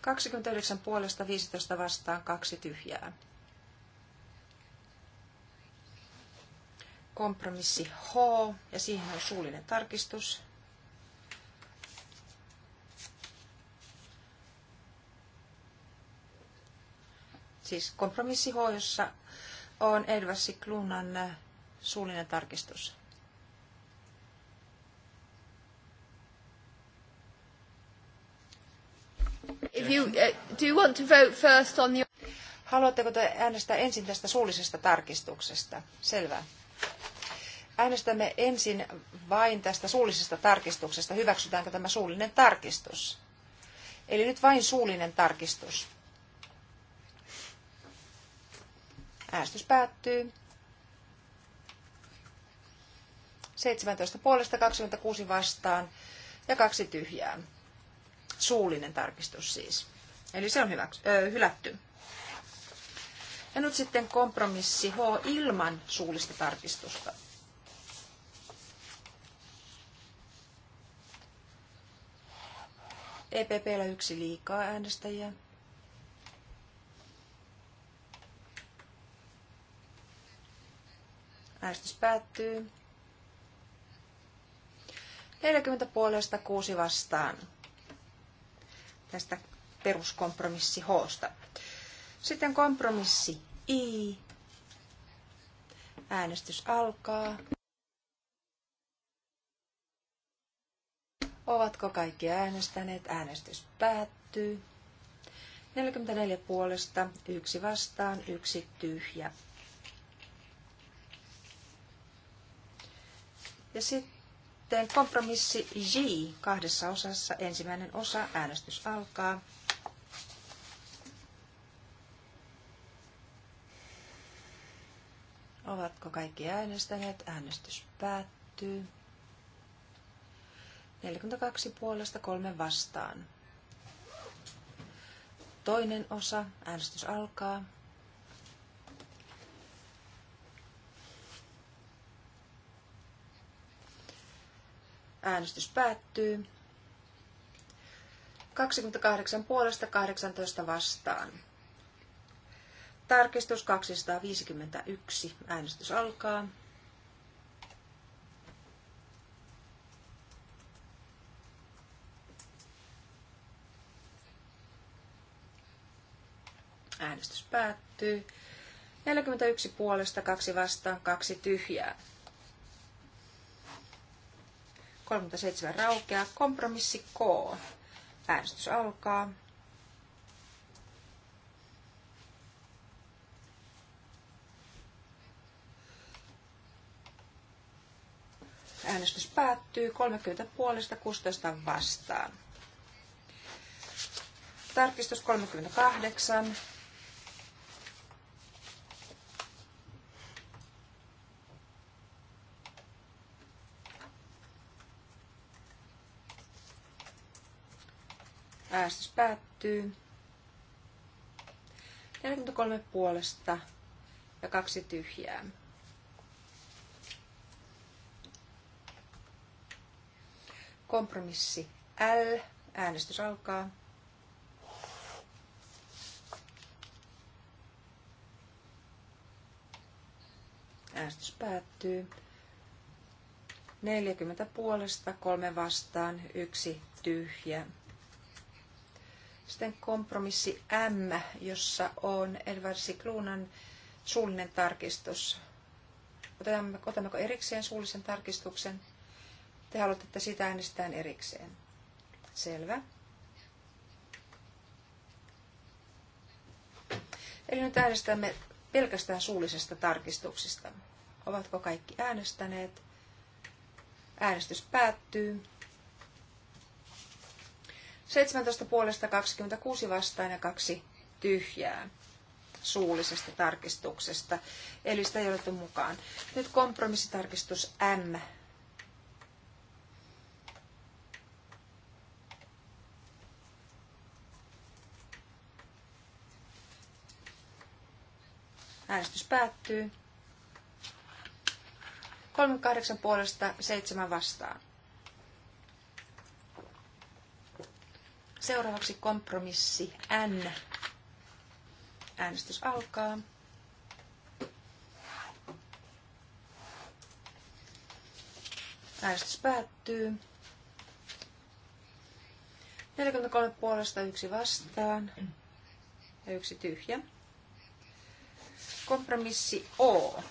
29 puolesta 15 vastaan kaksi tyhjää. Kompromissi H ja siihen on suullinen tarkistus. Siis kompromissi on Edward Klunan äh, suullinen tarkistus. If you, uh, do you want to vote first on the... Haluatteko te äänestää ensin tästä suullisesta tarkistuksesta? Selvä. Äänestämme ensin vain tästä suullisesta tarkistuksesta. Hyväksytäänkö tämä suullinen tarkistus? Eli nyt vain suullinen tarkistus. Äänestys päättyy. 17 puolesta 26 vastaan ja kaksi tyhjää. Suullinen tarkistus siis. Eli se on hyväks- ö, hylätty. Ja nyt sitten kompromissi H ilman suullista tarkistusta. EPP yksi liikaa äänestäjiä. Äänestys päättyy. 40 puolesta 6 vastaan tästä peruskompromissi Hsta. Sitten kompromissi I. Äänestys alkaa. Ovatko kaikki äänestäneet? Äänestys päättyy. 44 puolesta, yksi vastaan, yksi tyhjä. Ja sitten kompromissi J kahdessa osassa. Ensimmäinen osa, äänestys alkaa. Ovatko kaikki äänestäneet? Äänestys päättyy. 42 puolesta kolme vastaan. Toinen osa. Äänestys alkaa. Äänestys päättyy. 28 puolesta 18 vastaan. Tarkistus 251. Äänestys alkaa. Äänestys päättyy. 41 puolesta, kaksi vastaan, kaksi tyhjää. 37 raukeaa. Kompromissi K. Äänestys alkaa. Äänestys päättyy 30 puolesta 16 vastaan. Tarkistus 38 Äänestys päättyy. 43 puolesta ja kaksi tyhjää. Kompromissi L. Äänestys alkaa. Äänestys päättyy. 40 puolesta, kolme vastaan, yksi tyhjä. Sitten kompromissi M, jossa on Elvarsi Kluunan suullinen tarkistus. Otetaanko, otammeko erikseen suullisen tarkistuksen? Te haluatte, että sitä äänestetään erikseen. Selvä. Eli nyt äänestämme pelkästään suullisesta tarkistuksesta. Ovatko kaikki äänestäneet? Äänestys päättyy. 17 puolesta 26 vastaan ja kaksi tyhjää suullisesta tarkistuksesta. Eli sitä ei otettu mukaan. Nyt kompromissitarkistus M. Äänestys päättyy. 38 puolesta 7 vastaan. Seuraavaksi kompromissi N. Äänestys alkaa. Äänestys päättyy. 43 puolesta yksi vastaan ja yksi tyhjä. Kompromissi O.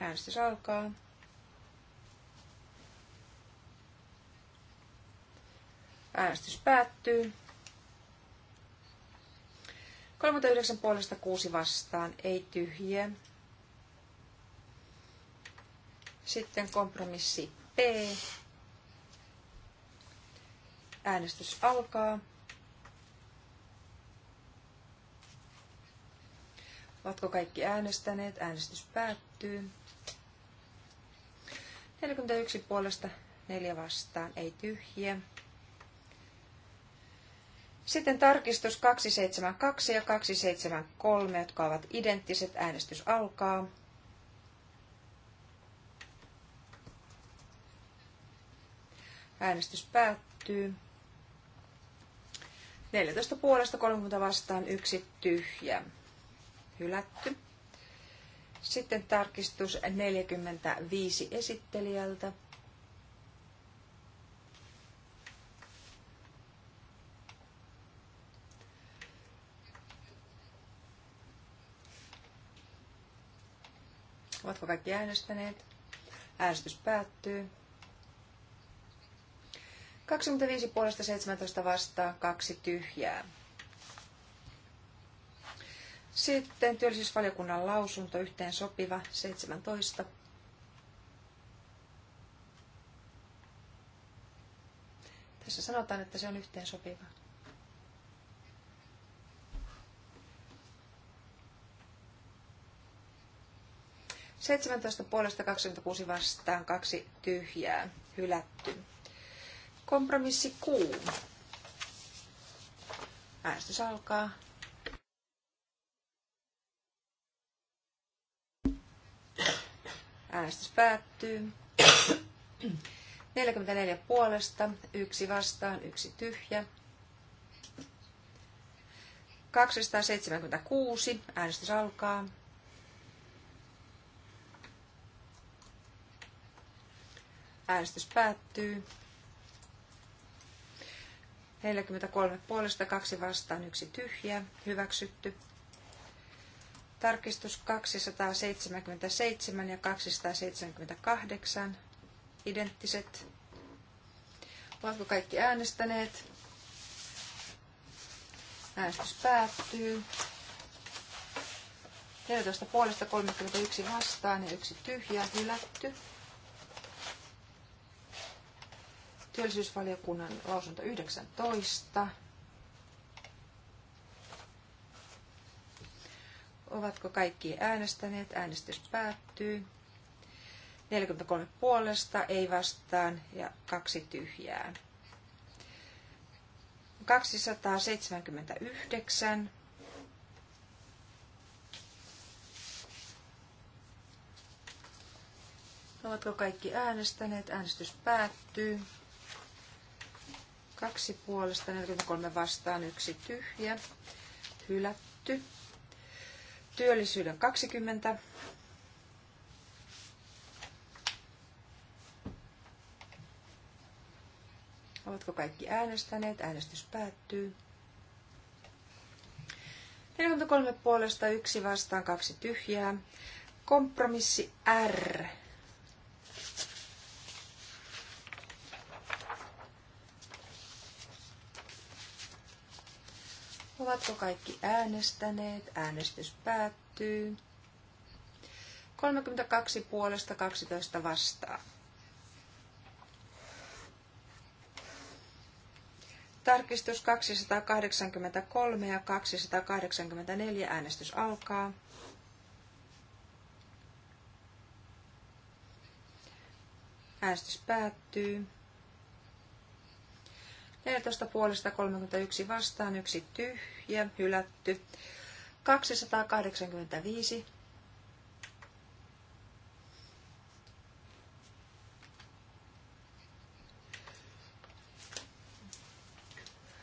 Äänestys alkaa. Äänestys päättyy. 39 puolesta 6 vastaan, ei tyhjiä. Sitten kompromissi P. Äänestys alkaa. Ovatko kaikki äänestäneet? Äänestys päättyy. 41 puolesta, 4 vastaan, ei tyhjiä. Sitten tarkistus 272 ja 273, jotka ovat identtiset. Äänestys alkaa. Äänestys päättyy. 14 puolesta 30 vastaan yksi tyhjä. Hylätty. Sitten tarkistus 45 esittelijältä. Ovatko kaikki äänestäneet? Äänestys päättyy. 25 puolesta 17 vastaa, kaksi tyhjää. Sitten työllisyysvaliokunnan lausunto yhteen sopiva 17. Tässä sanotaan, että se on yhteen sopiva. 17 puolesta 26 vastaan, kaksi tyhjää, hylätty. Kompromissi 6. Äänestys alkaa. Äänestys päättyy. 44 puolesta, yksi vastaan, yksi tyhjä. 276. Äänestys alkaa. Äänestys päättyy. 43 puolesta, kaksi vastaan, yksi tyhjä. Hyväksytty. Tarkistus 277 ja 278. Identtiset. Ovatko kaikki äänestäneet? Äänestys päättyy. 14 puolesta 31 vastaan ja yksi tyhjä hylätty. Työllisyysvaliokunnan lausunto 19. Ovatko kaikki äänestäneet? Äänestys päättyy. 43 puolesta, ei vastaan ja kaksi tyhjää. 279. Ovatko kaikki äänestäneet? Äänestys päättyy. Kaksi puolesta, 43 vastaan, yksi tyhjä, hylätty. Työllisyyden 20. Ovatko kaikki äänestäneet? Äänestys päättyy. 43 puolesta, yksi vastaan, kaksi tyhjää. Kompromissi R Ovatko kaikki äänestäneet? Äänestys päättyy. 32 puolesta 12 vastaa. Tarkistus 283 ja 284 äänestys alkaa. Äänestys päättyy. 14 puolesta 31 vastaan, yksi tyhjä, hylätty. 285.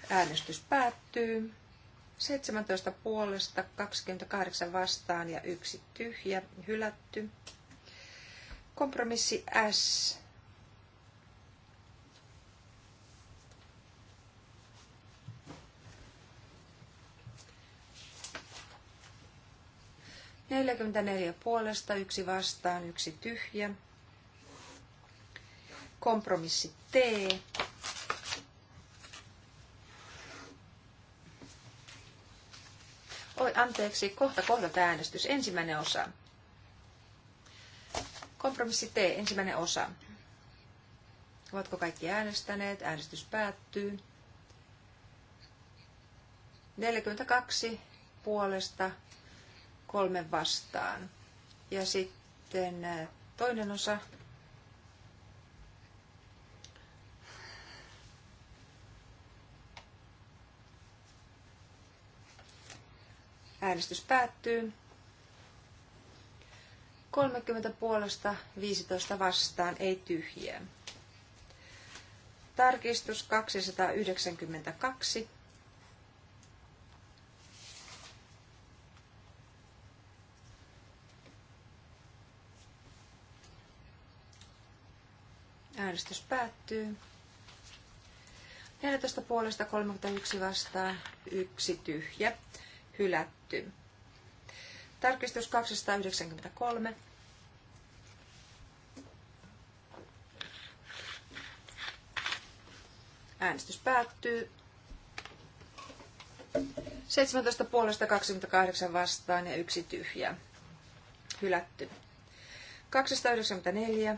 Äänestys päättyy. 17 puolesta, 28 vastaan ja yksi tyhjä, hylätty. Kompromissi S 44 puolesta, yksi vastaan, yksi tyhjä. Kompromissi T. Oi, anteeksi, kohta kohdalta äänestys. Ensimmäinen osa. Kompromissi T, ensimmäinen osa. Ovatko kaikki äänestäneet? Äänestys päättyy. 42 puolesta, kolme vastaan. Ja sitten äh, toinen osa. Äänestys päättyy. 30 puolesta 15 vastaan, ei tyhjiä. Tarkistus 292. Äänestys päättyy. 14 puolesta 31 vastaan, yksi tyhjä, hylätty. Tarkistus 293. Äänestys päättyy. 17 puolesta 28 vastaan ja yksi tyhjä. Hylätty. 294.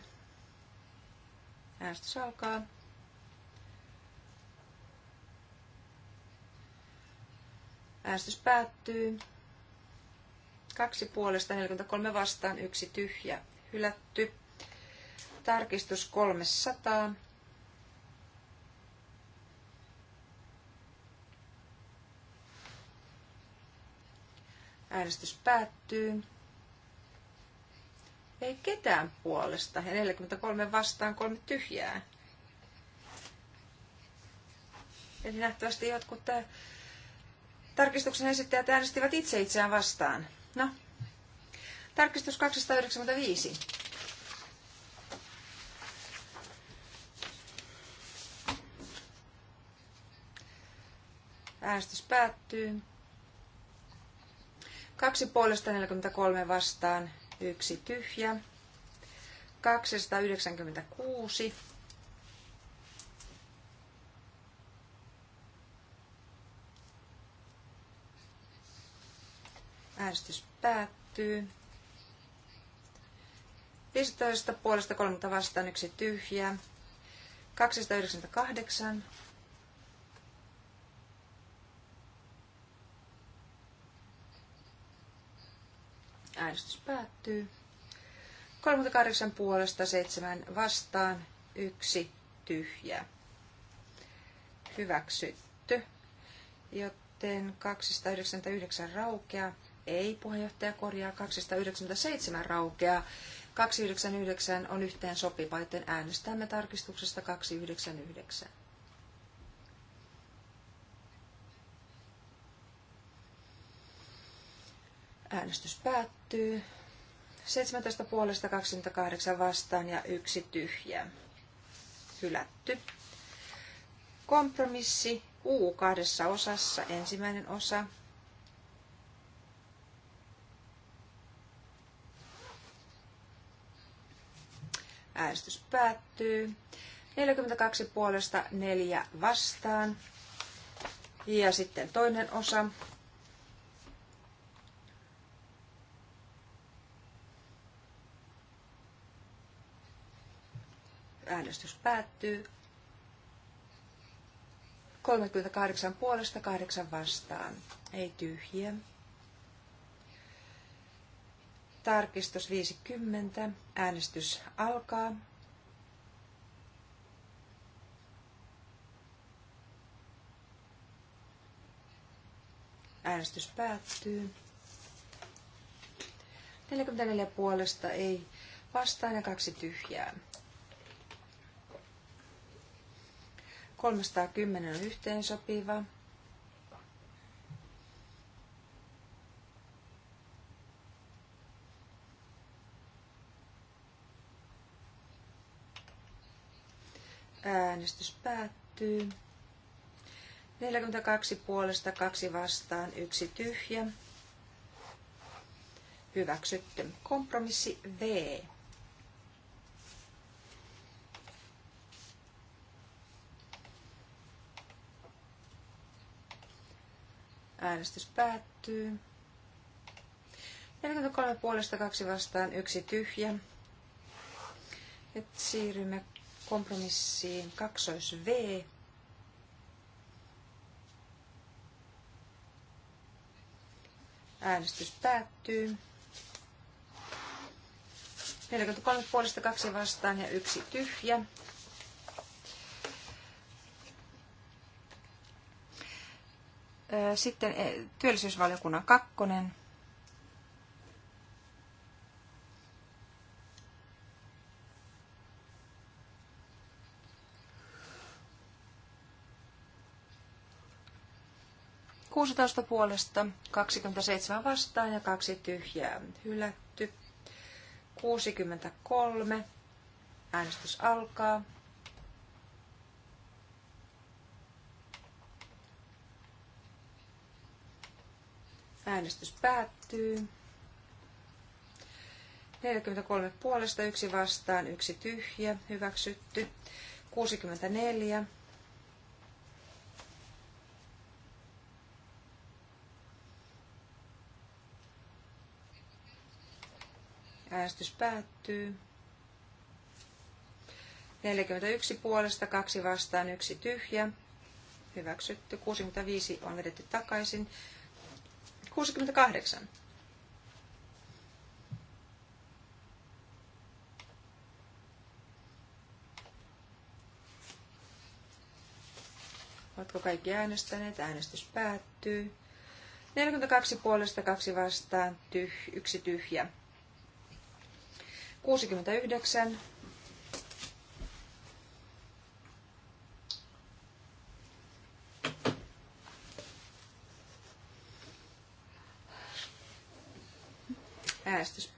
Äänestys alkaa. Äänestys päättyy. Kaksi puolesta, 43 vastaan, yksi tyhjä, hylätty. Tarkistus 300. Äänestys päättyy ei ketään puolesta ja 43 vastaan kolme tyhjää. Eli nähtävästi jotkut tämä tarkistuksen esittäjät äänestivät itse itseään vastaan. No, tarkistus 295. Äänestys päättyy. Kaksi puolesta 43 vastaan, yksi tyhjä. 296. Äänestys päättyy. 15 puolesta 30 vastaan yksi tyhjä. 298. Äänestys päättyy. 38 puolesta, 7 vastaan, 1 tyhjä. Hyväksytty. Joten 299 raukea. Ei, puheenjohtaja korjaa 297 raukea. 299 on yhteen sopiva, joten äänestämme tarkistuksesta 299. Äänestys päättyy. 17 puolesta 28 vastaan ja yksi tyhjä. Hylätty. Kompromissi U kahdessa osassa. Ensimmäinen osa. Äänestys päättyy. 42 puolesta 4 vastaan. Ja sitten toinen osa. Äänestys päättyy. 38 puolesta, 8 vastaan. Ei tyhjiä. Tarkistus 50. Äänestys alkaa. Äänestys päättyy. 44 puolesta ei vastaan ja kaksi tyhjää. 310 on yhteensopiva. Äänestys päättyy. 42 puolesta, 2 vastaan, 1 tyhjä. Hyväksytty. Kompromissi V. Äänestys päättyy. 43 puolesta, kaksi vastaan, yksi tyhjä. Et siirrymme kompromissiin kaksois V. Äänestys päättyy. 43 puolesta kaksi vastaan ja yksi tyhjä. Sitten työllisyysvaliokunnan kakkonen. Kuusitoista puolesta, 27 vastaan ja kaksi tyhjää hylätty. 63. Äänestys alkaa. Äänestys päättyy. 43 puolesta, yksi vastaan, yksi tyhjä, hyväksytty. 64. Äänestys päättyy. 41 puolesta, kaksi vastaan, yksi tyhjä. Hyväksytty. 65 on vedetty takaisin. 68. Oletko kaikki äänestäneet? Äänestys päättyy. 42 puolesta, 2 vastaan, tyh, yksi tyhjä. 69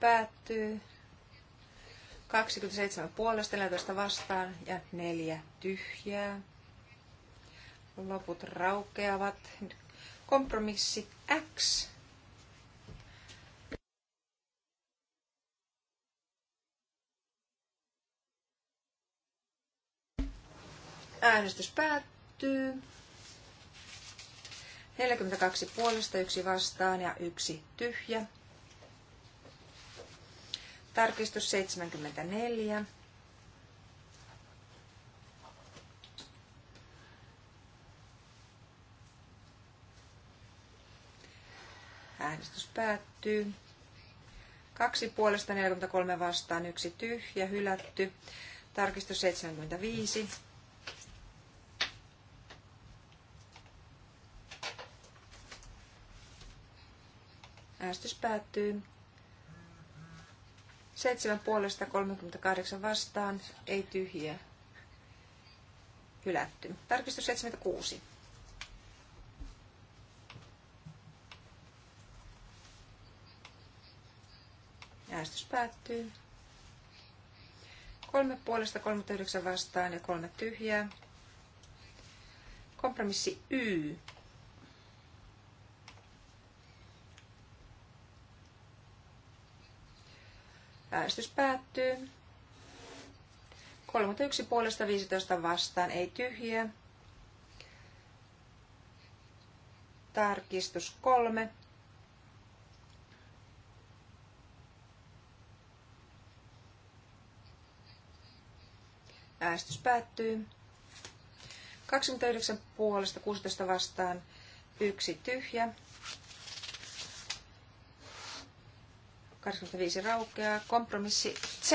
päättyy. 27 puolesta, 14 vastaan ja 4 tyhjää. Loput raukeavat. Kompromissi X. Äänestys päättyy. 42 puolesta, yksi vastaan ja yksi tyhjä. Tarkistus 74. Äänestys päättyy. Kaksi puolesta 43 vastaan, yksi tyhjä, hylätty. Tarkistus 75. Äänestys päättyy. 7 puolesta 38 vastaan, ei tyhjiä. Hylätty. Tarkistus 76. Äänestys päättyy. Kolme puolesta 39 vastaan ja kolme tyhjää. Kompromissi Y Äänestys päättyy. 31 puolesta 15 vastaan, ei tyhjiä. Tarkistus 3. Äänestys päättyy. 29 puolesta 16 vastaan, yksi tyhjä. 25 raukeaa. Kompromissi Z.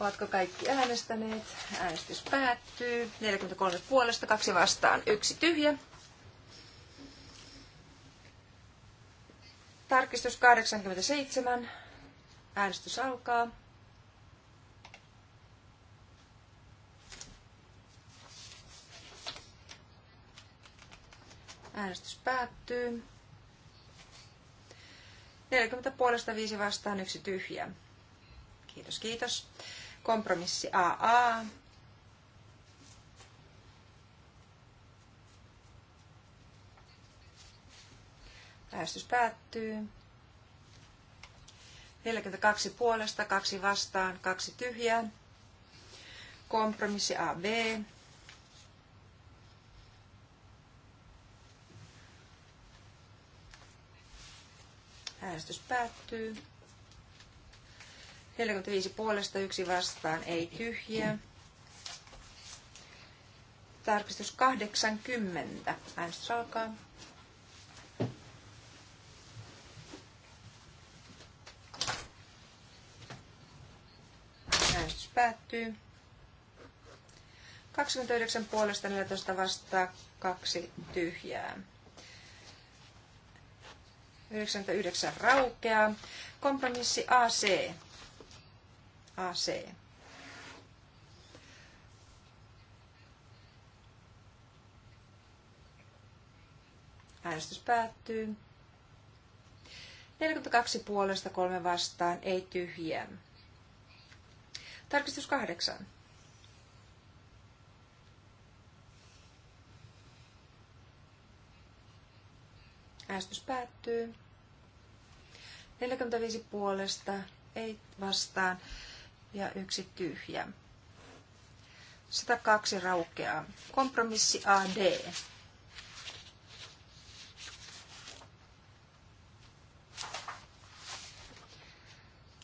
Ovatko kaikki äänestäneet? Äänestys päättyy. 43 puolesta, kaksi vastaan, yksi tyhjä. Tarkistus 87. Äänestys alkaa. Äänestys päättyy. 40 puolesta 5 vastaan, yksi tyhjä. Kiitos, kiitos. Kompromissi AA. Äänestys päättyy. 42 puolesta, kaksi vastaan, kaksi tyhjää. Kompromissi AB. Äänestys päättyy. 45 puolesta, yksi vastaan, ei tyhjiä. Tarkistus 80. Äänestys alkaa. Äänestys päättyy. 29 puolesta, 14 vastaan, kaksi tyhjää. 99 raukeaa. Kompromissi AC. AC. Äänestys päättyy. 42 puolesta, kolme vastaan, ei tyhjiä. Tarkistus kahdeksan. Äänestys päättyy. 45 puolesta, ei vastaan ja yksi tyhjä. 102 raukeaa. Kompromissi AD.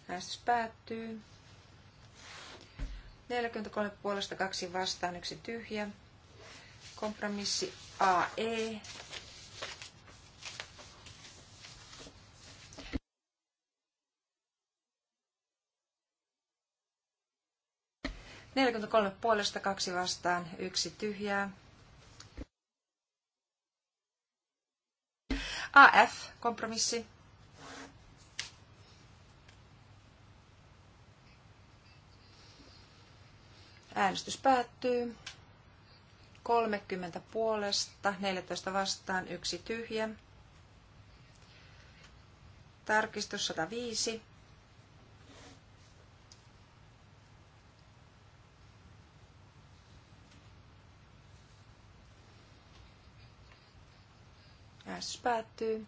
Äänestys päättyy. 43 puolesta kaksi vastaan, yksi tyhjä. Kompromissi AE 43 puolesta, kaksi vastaan, yksi tyhjää. AF, kompromissi. Äänestys päättyy. 30 puolesta, 14 vastaan, yksi tyhjä. Tarkistus 105. Äänestys päättyy.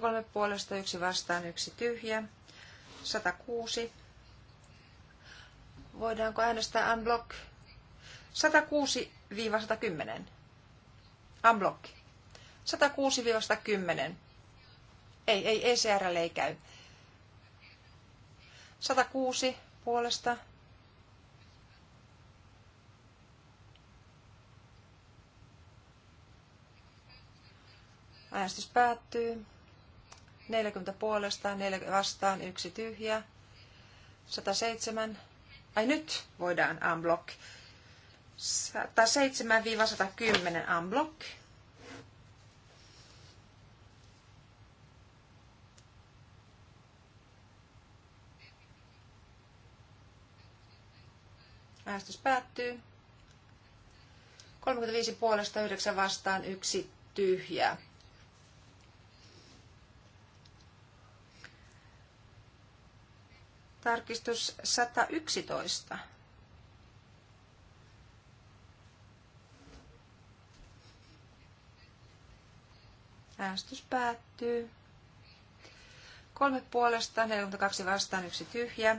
kolme puolesta, yksi vastaan, yksi tyhjä. 106. Voidaanko äänestää unblock? 106-110. Unblock. 106-110. Ei, ei, ECRlle ei käy. 106 puolesta, Äänestys päättyy. 40 puolesta, 4 vastaan, yksi tyhjä. 107. Ai nyt voidaan unblock. 107-110 unblock. Äänestys päättyy. 35 puolesta, 9 vastaan, yksi tyhjää. Tarkistus 111. Äänestys päättyy. Kolme puolesta, 42 vastaan, yksi tyhjä.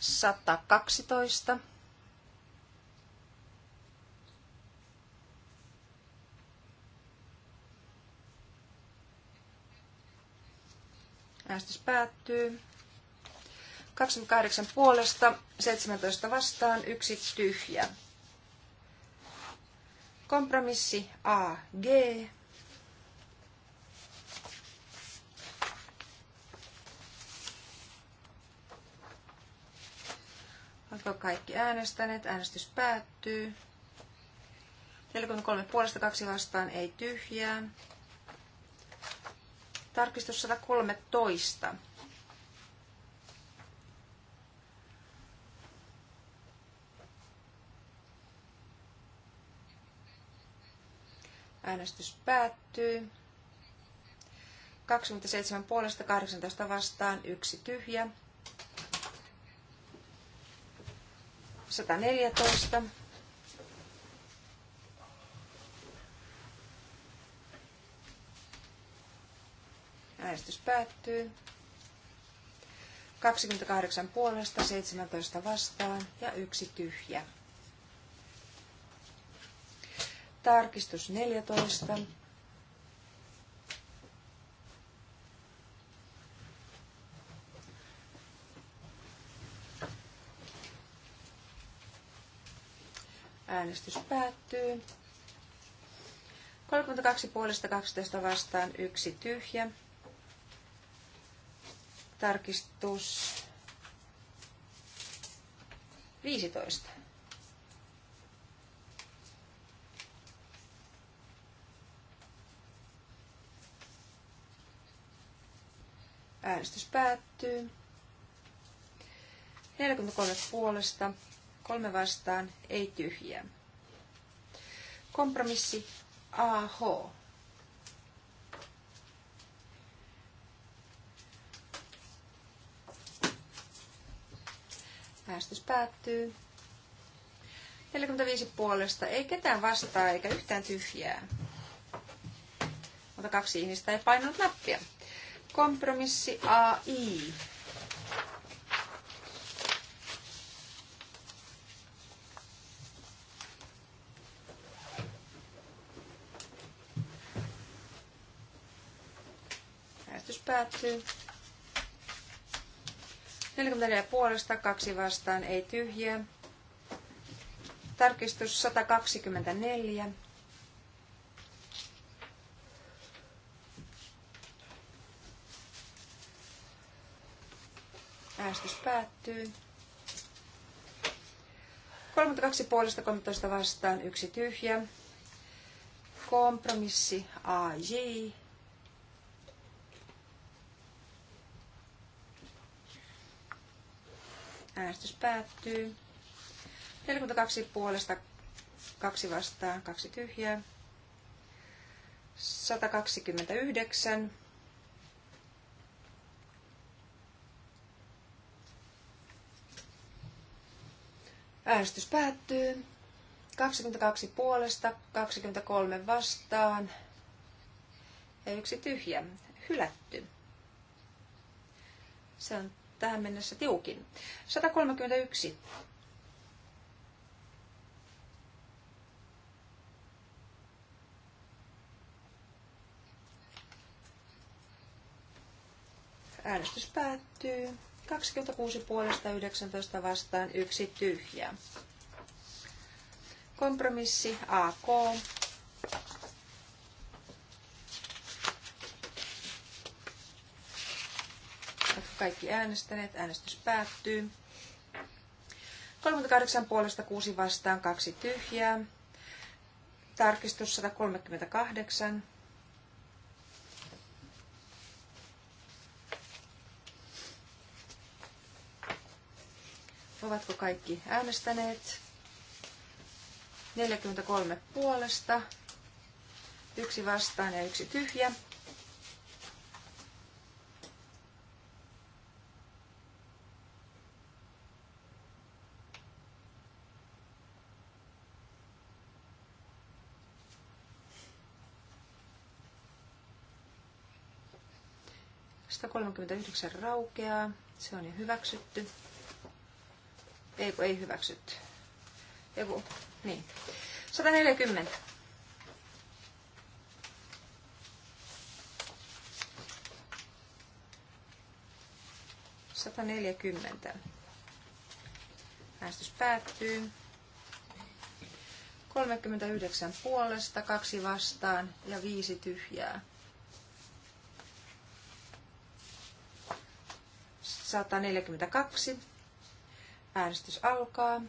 112. Äänestys päättyy. 28 puolesta, 17 vastaan, yksi tyhjä. Kompromissi A, G. Oletko kaikki äänestäneet? Äänestys päättyy. 43 puolesta, kaksi vastaan, ei tyhjää. Tarkistus 113. Äänestys päättyy. 27 puolesta 18 vastaan, yksi tyhjä. 114. Äänestys päättyy. 28 puolesta, 17 vastaan ja yksi tyhjä. Tarkistus 14. Äänestys päättyy. 32 puolesta 12 vastaan yksi tyhjä. Tarkistus 15. Äänestys päättyy. 43 puolesta, kolme vastaan, ei tyhjiä. Kompromissi AH. Äänestys päättyy. 45 puolesta, ei ketään vastaa eikä yhtään tyhjää. Mutta kaksi ihmistä ei painanut nappia. Kompromissi AI. Äänestys päättyy. 44 puolesta, kaksi vastaan, ei tyhjää. Tarkistus 124. Äänestys päättyy. 32 puolesta 13 vastaan, yksi tyhjä. Kompromissi AJ. Äänestys päättyy. 42 puolesta, 2 vastaan, 2 tyhjää. 129 Äänestys päättyy. 22 puolesta, 23 vastaan ja yksi tyhjä. Hylätty. Se on tähän mennessä tiukin. 131. Äänestys päättyy. 26 puolesta 19 vastaan 1 tyhjä. Kompromissi AK. kaikki äänestäneet. Äänestys päättyy. 38 puolesta 6 vastaan, 2 tyhjää. Tarkistus 138. Ovatko kaikki äänestäneet? 43 puolesta, yksi vastaan ja yksi tyhjä. Sitä 39 raukeaa. Se on jo hyväksytty. Ei, kun ei hyväksytty. Ei, niin. 140. neljäkymmentä. Äänestys päättyy. 39 puolesta, kaksi vastaan ja viisi tyhjää. 142 Äänestys alkaa.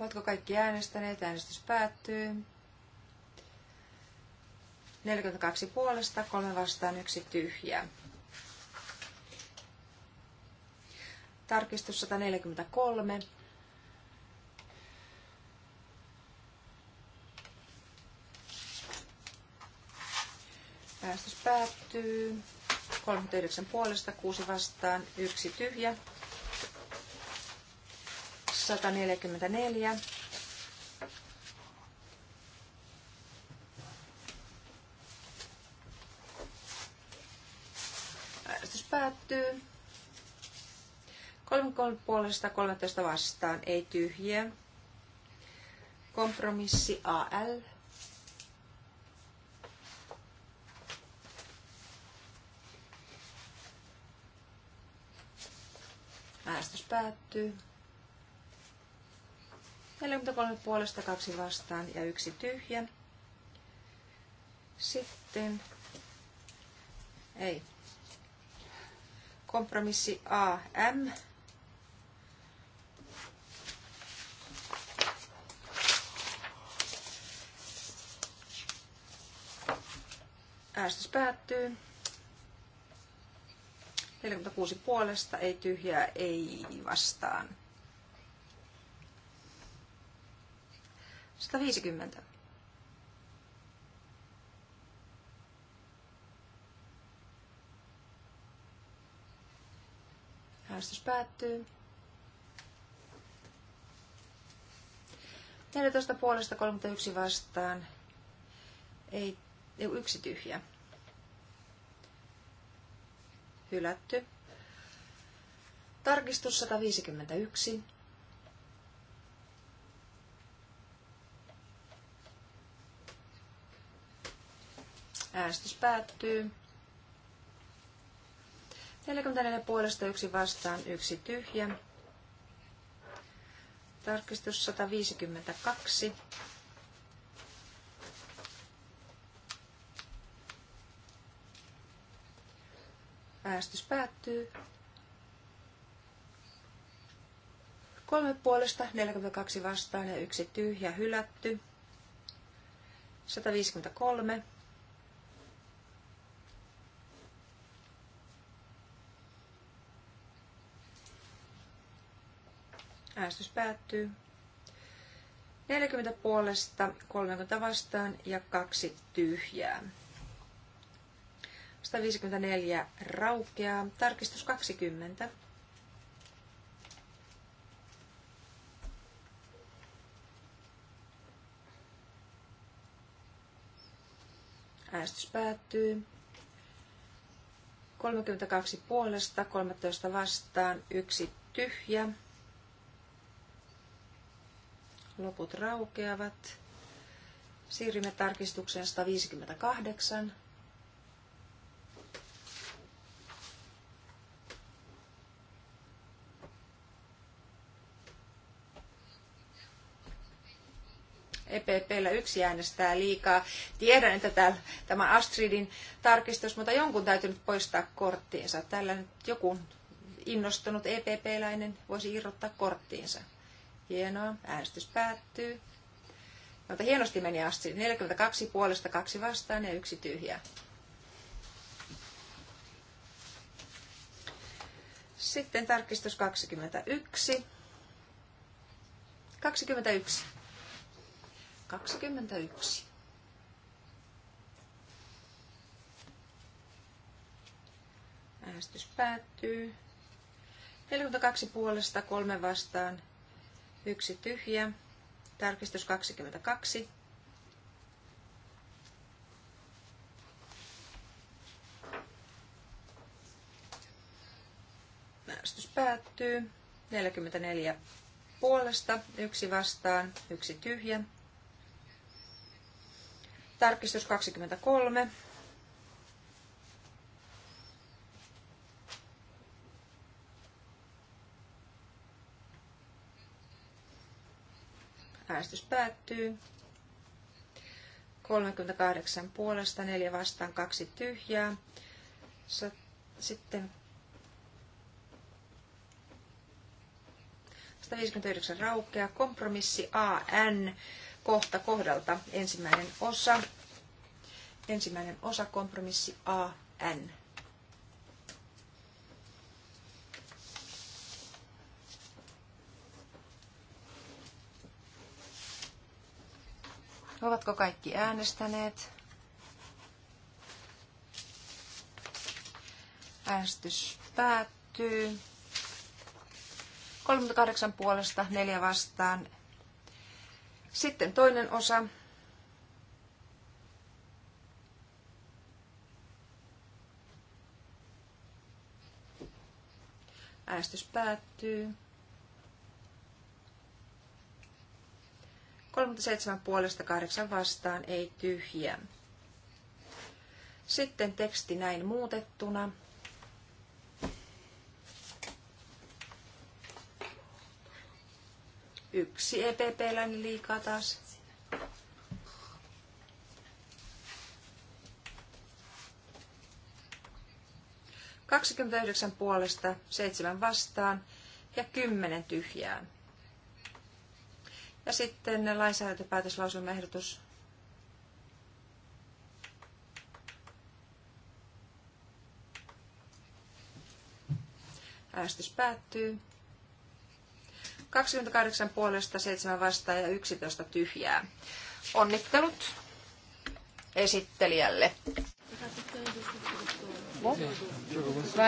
Ovatko kaikki äänestäneet? Äänestys päättyy. 42 puolesta, 3 vastaan, 1 tyhjä. Tarkistus 143 Äänestys päättyy. 39 puolesta, 6 vastaan, 1 tyhjä. 144. Äänestys päättyy. 33 puolesta, 13 vastaan, ei tyhjiä. Kompromissi AL päättyy. 43 puolesta, kaksi vastaan ja yksi tyhjä. Sitten, ei, kompromissi AM. Äästys päättyy. 46 puolesta, ei tyhjää, ei vastaan. 150. Äänestys päättyy. 14 puolesta 31 vastaan. Ei, ei yksi tyhjä hylätty. Tarkistus 151. Äänestys päättyy. 44 puolesta yksi vastaan, yksi tyhjä. Tarkistus 152. Äänestys päättyy. Kolme puolesta, 42 vastaan ja yksi tyhjä hylätty. 153. Äänestys päättyy. 40 puolesta, 30 vastaan ja kaksi tyhjää. 154 raukeaa. Tarkistus 20. Äänestys päättyy. 32 puolesta, 13 vastaan, yksi tyhjä. Loput raukeavat. Siirrymme tarkistukseen 158. EPPllä yksi äänestää liikaa. Tiedän, että täällä, tämä Astridin tarkistus, mutta jonkun täytyy nyt poistaa korttiinsa. Tällä nyt joku innostunut EPP-läinen voisi irrottaa korttiinsa. Hienoa, äänestys päättyy. No, mutta hienosti meni asti. 42 puolesta, kaksi vastaan ja yksi tyhjä. Sitten tarkistus 21. 21. 21. Äänestys päättyy. 42 puolesta, kolme vastaan, yksi tyhjä. Tarkistus 22. Äänestys päättyy. 44 puolesta, yksi vastaan, yksi tyhjä. Tarkistus 23. Äänestys päättyy. 38 puolesta, 4 vastaan, 2 tyhjää. Sitten 159 raukea. Kompromissi AN kohta kohdalta. Ensimmäinen osa, ensimmäinen osa kompromissi A, N. Ovatko kaikki äänestäneet? Äänestys päättyy. 38 puolesta, 4 vastaan, sitten toinen osa. Äästys päättyy. 37 puolesta 8 vastaan, ei tyhjä. Sitten teksti näin muutettuna. Yksi EPP-läinen niin liikaa taas. Kaksikymmentäyhdeksän puolesta, seitsemän vastaan ja kymmenen tyhjään. Ja sitten lainsäädäntöpäätöslauselmaehdotus. Äänestys päättyy. 28 puolesta, 7 vastaan ja 11 tyhjää. Onnittelut esittelijälle.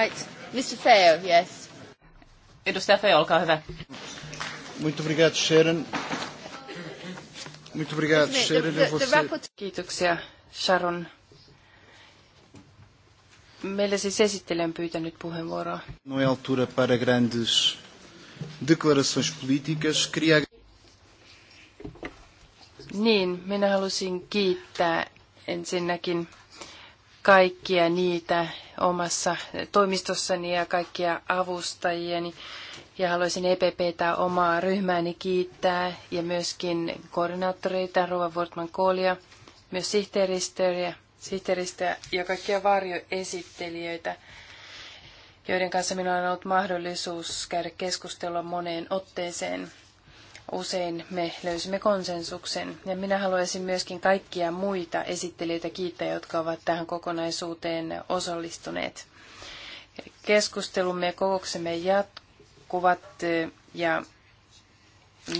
Right. Mr. Feo, yes. Edustaja Feo, olkaa hyvä. Muito obrigado, Sharon. Muito obrigado, Sharon. Kiitoksia, Sharon. Meillä siis esittelijä on pyytänyt puheenvuoroa. No é altura para grandes declarações políticas, queria... Niin, minä halusin kiittää ensinnäkin kaikkia niitä omassa toimistossani ja kaikkia avustajieni. Ja haluaisin EPPtä omaa ryhmääni kiittää ja myöskin koordinaattoreita, Rova Wortman Koolia, myös sihteeristöä, sihteeristöä ja kaikkia varjoesittelijöitä joiden kanssa minulla on ollut mahdollisuus käydä keskustelua moneen otteeseen. Usein me löysimme konsensuksen. Ja minä haluaisin myöskin kaikkia muita esittelijöitä kiittää, jotka ovat tähän kokonaisuuteen osallistuneet. Keskustelumme ja kokouksemme jatkuvat ja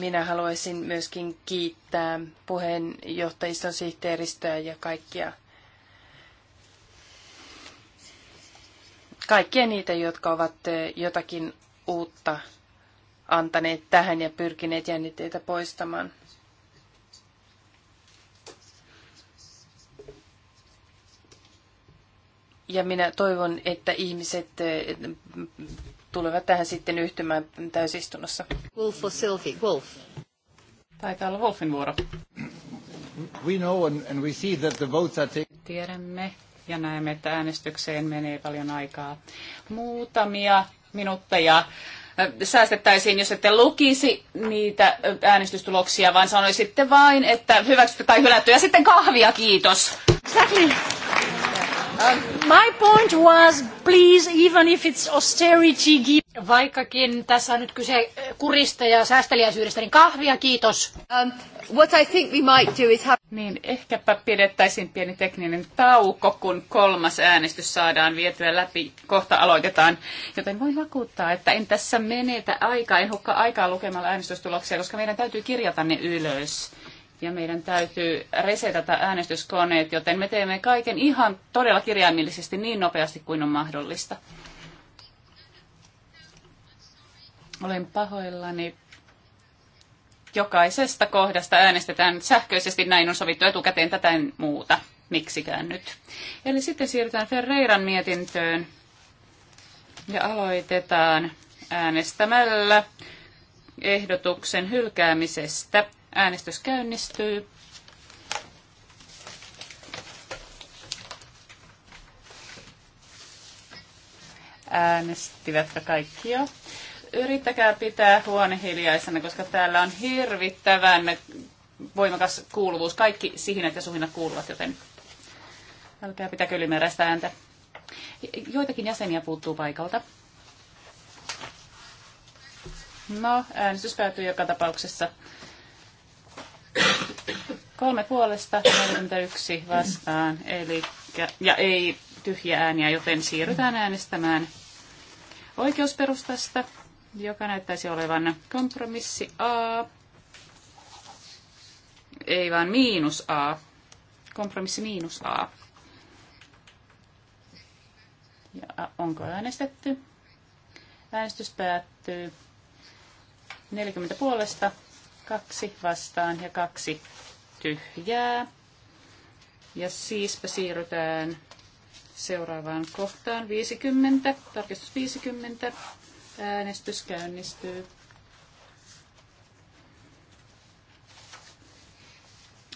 minä haluaisin myöskin kiittää puheenjohtajiston sihteeristöä ja kaikkia kaikkia niitä, jotka ovat eh, jotakin uutta antaneet tähän ja pyrkineet jännitteitä poistamaan. Ja minä toivon, että ihmiset eh, tulevat tähän sitten yhtymään täysistunnossa. Wolf or Sylvie? Wolf. Taitaa olla Wolfin vuoro. We know and, and we see that the votes are taken. Tiedämme, ja näemme, että äänestykseen menee paljon aikaa. Muutamia minuutteja säästettäisiin, jos ette lukisi niitä äänestystuloksia, vaan sanoisitte vain, että hyväksytty tai hylätty. Ja sitten kahvia, kiitos. Exactly. Uh, my point was, please, even if it's austerity, give... Vaikkakin tässä on nyt kyse eh, kurista ja säästeliäisyydestä, niin kahvia, kiitos. Um, what I think we might do is have... Niin, ehkäpä pidettäisiin pieni tekninen tauko, kun kolmas äänestys saadaan vietyä läpi. Kohta aloitetaan. Joten voin vakuuttaa, että en tässä menetä aikaa, en hukkaa aikaa lukemalla äänestystuloksia, koska meidän täytyy kirjata ne ylös ja meidän täytyy resetata äänestyskoneet, joten me teemme kaiken ihan todella kirjaimellisesti niin nopeasti kuin on mahdollista. Olen pahoillani. Jokaisesta kohdasta äänestetään sähköisesti, näin on sovittu etukäteen tätä en muuta miksikään nyt. Eli sitten siirrytään Ferreiran mietintöön ja aloitetaan äänestämällä ehdotuksen hylkäämisestä Äänestys käynnistyy. Äänestivätkö kaikki jo? Yrittäkää pitää huone hiljaisena, koska täällä on hirvittävän voimakas kuuluvuus. Kaikki siihen ja suhina kuuluvat, joten älkää pitää ylimääräistä ääntä. Joitakin jäseniä puuttuu paikalta. No, äänestys päätyy joka tapauksessa Kolme puolesta, 41 vastaan, eli, ja ei tyhjä ääniä, joten siirrytään äänestämään oikeusperustasta, joka näyttäisi olevan kompromissi A, ei vaan miinus A, kompromissi miinus A. Ja onko äänestetty? Äänestys päättyy 40 puolesta, kaksi vastaan ja kaksi tyhjää. Ja siispä siirrytään seuraavaan kohtaan. 50, tarkistus 50. Äänestys käynnistyy.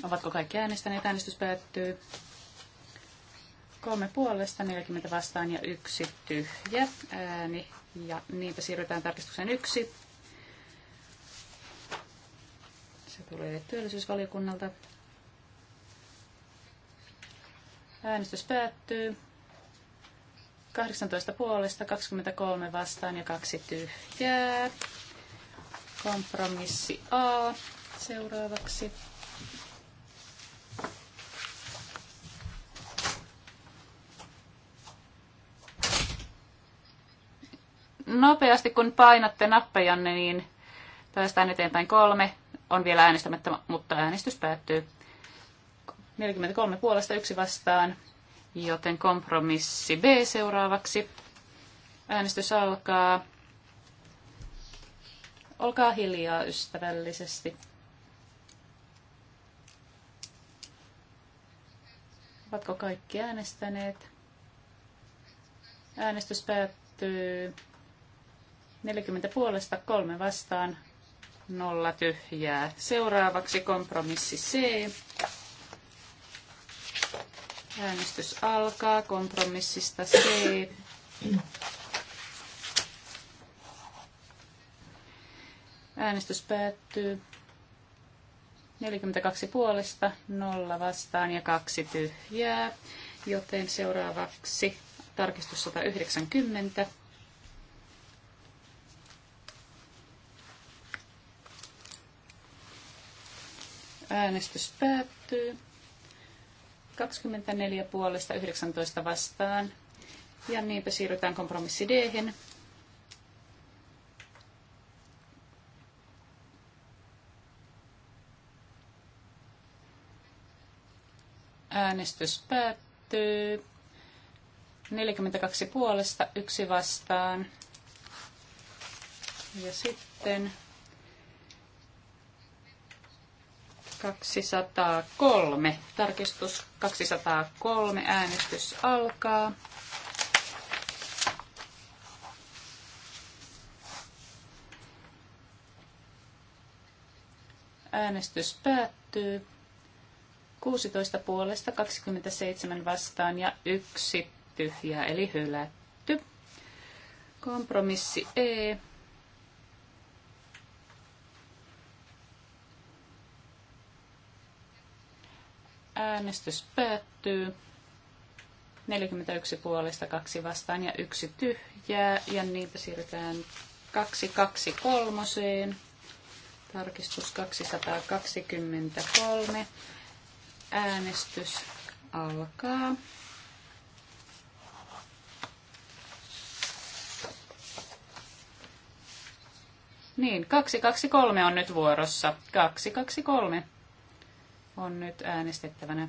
Ovatko kaikki äänestäneet? Äänestys päättyy. Kolme puolesta, 40 vastaan ja yksi tyhjä ääni. Ja niinpä siirrytään tarkistukseen yksi Se tulee työllisyysvaliokunnalta. Äänestys päättyy. 18 puolesta, 23 vastaan ja kaksi tyhjää. Kompromissi A seuraavaksi. Nopeasti kun painatte nappejanne, niin päästään eteenpäin kolme, on vielä äänestämättä, mutta äänestys päättyy. 43 puolesta yksi vastaan, joten kompromissi B seuraavaksi. Äänestys alkaa. Olkaa hiljaa ystävällisesti. Ovatko kaikki äänestäneet? Äänestys päättyy 40 puolesta, kolme vastaan, nolla tyhjää. Seuraavaksi kompromissi C. Äänestys alkaa kompromissista C. Äänestys päättyy. 42 puolesta, 0 vastaan ja 2 tyhjää. Joten seuraavaksi tarkistus 190 Äänestys päättyy. 24 puolesta 19 vastaan. Ja niinpä siirrytään kompromissi d -hen. Äänestys päättyy. 42 puolesta, yksi vastaan. Ja sitten 203. Tarkistus 203. Äänestys alkaa. Äänestys päättyy. 16 puolesta 27 vastaan ja yksi tyhjä eli hylätty. Kompromissi E Äänestys päättyy. 41 puolesta, kaksi vastaan ja yksi tyhjää. Ja niitä siirrytään 223. Tarkistus 223. Äänestys alkaa. Niin, 223 on nyt vuorossa. 223 on nyt äänestettävänä.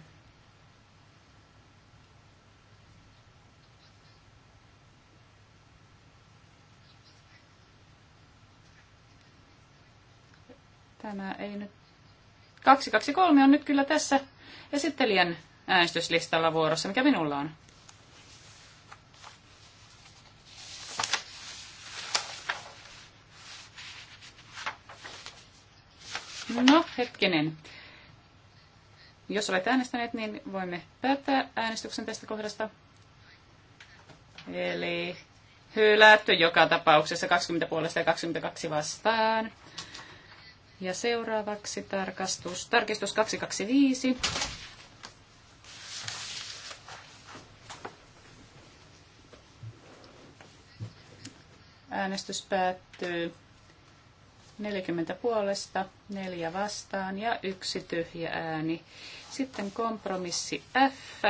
Tämä ei nyt... 223 on nyt kyllä tässä esittelijän äänestyslistalla vuorossa, mikä minulla on. No, hetkinen. Jos olet äänestäneet, niin voimme päättää äänestyksen tästä kohdasta. Eli hylätty joka tapauksessa 20 puolesta ja 22 vastaan. Ja seuraavaksi tarkastus, tarkistus 225. Äänestys päättyy 40 puolesta, 4 vastaan ja yksi tyhjä ääni. Sitten kompromissi F.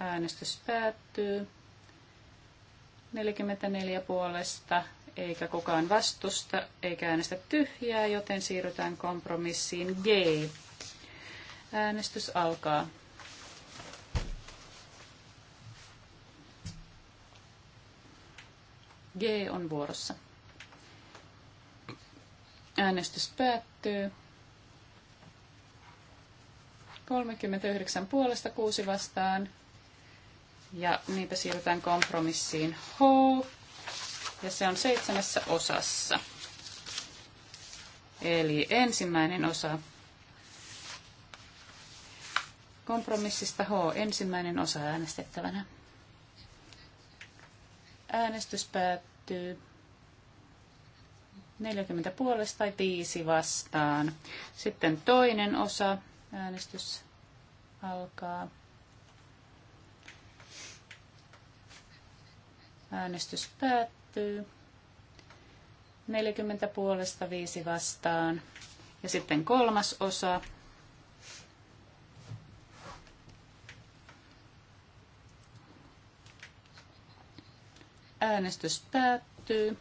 Äänestys päättyy. 44 puolesta, eikä kukaan vastusta, eikä äänestä tyhjää, joten siirrytään kompromissiin G. Äänestys alkaa. G on vuorossa. Äänestys päättyy. 39 puolesta 6 vastaan. Ja niitä siirrytään kompromissiin H. Ja se on seitsemässä osassa. Eli ensimmäinen osa kompromissista H, ensimmäinen osa äänestettävänä. Äänestys päättyy 40 puolesta tai 5 vastaan. Sitten toinen osa. Äänestys alkaa. Äänestys päättyy. 40 puolesta 5 vastaan. Ja sitten kolmas osa. Äänestys päättyy.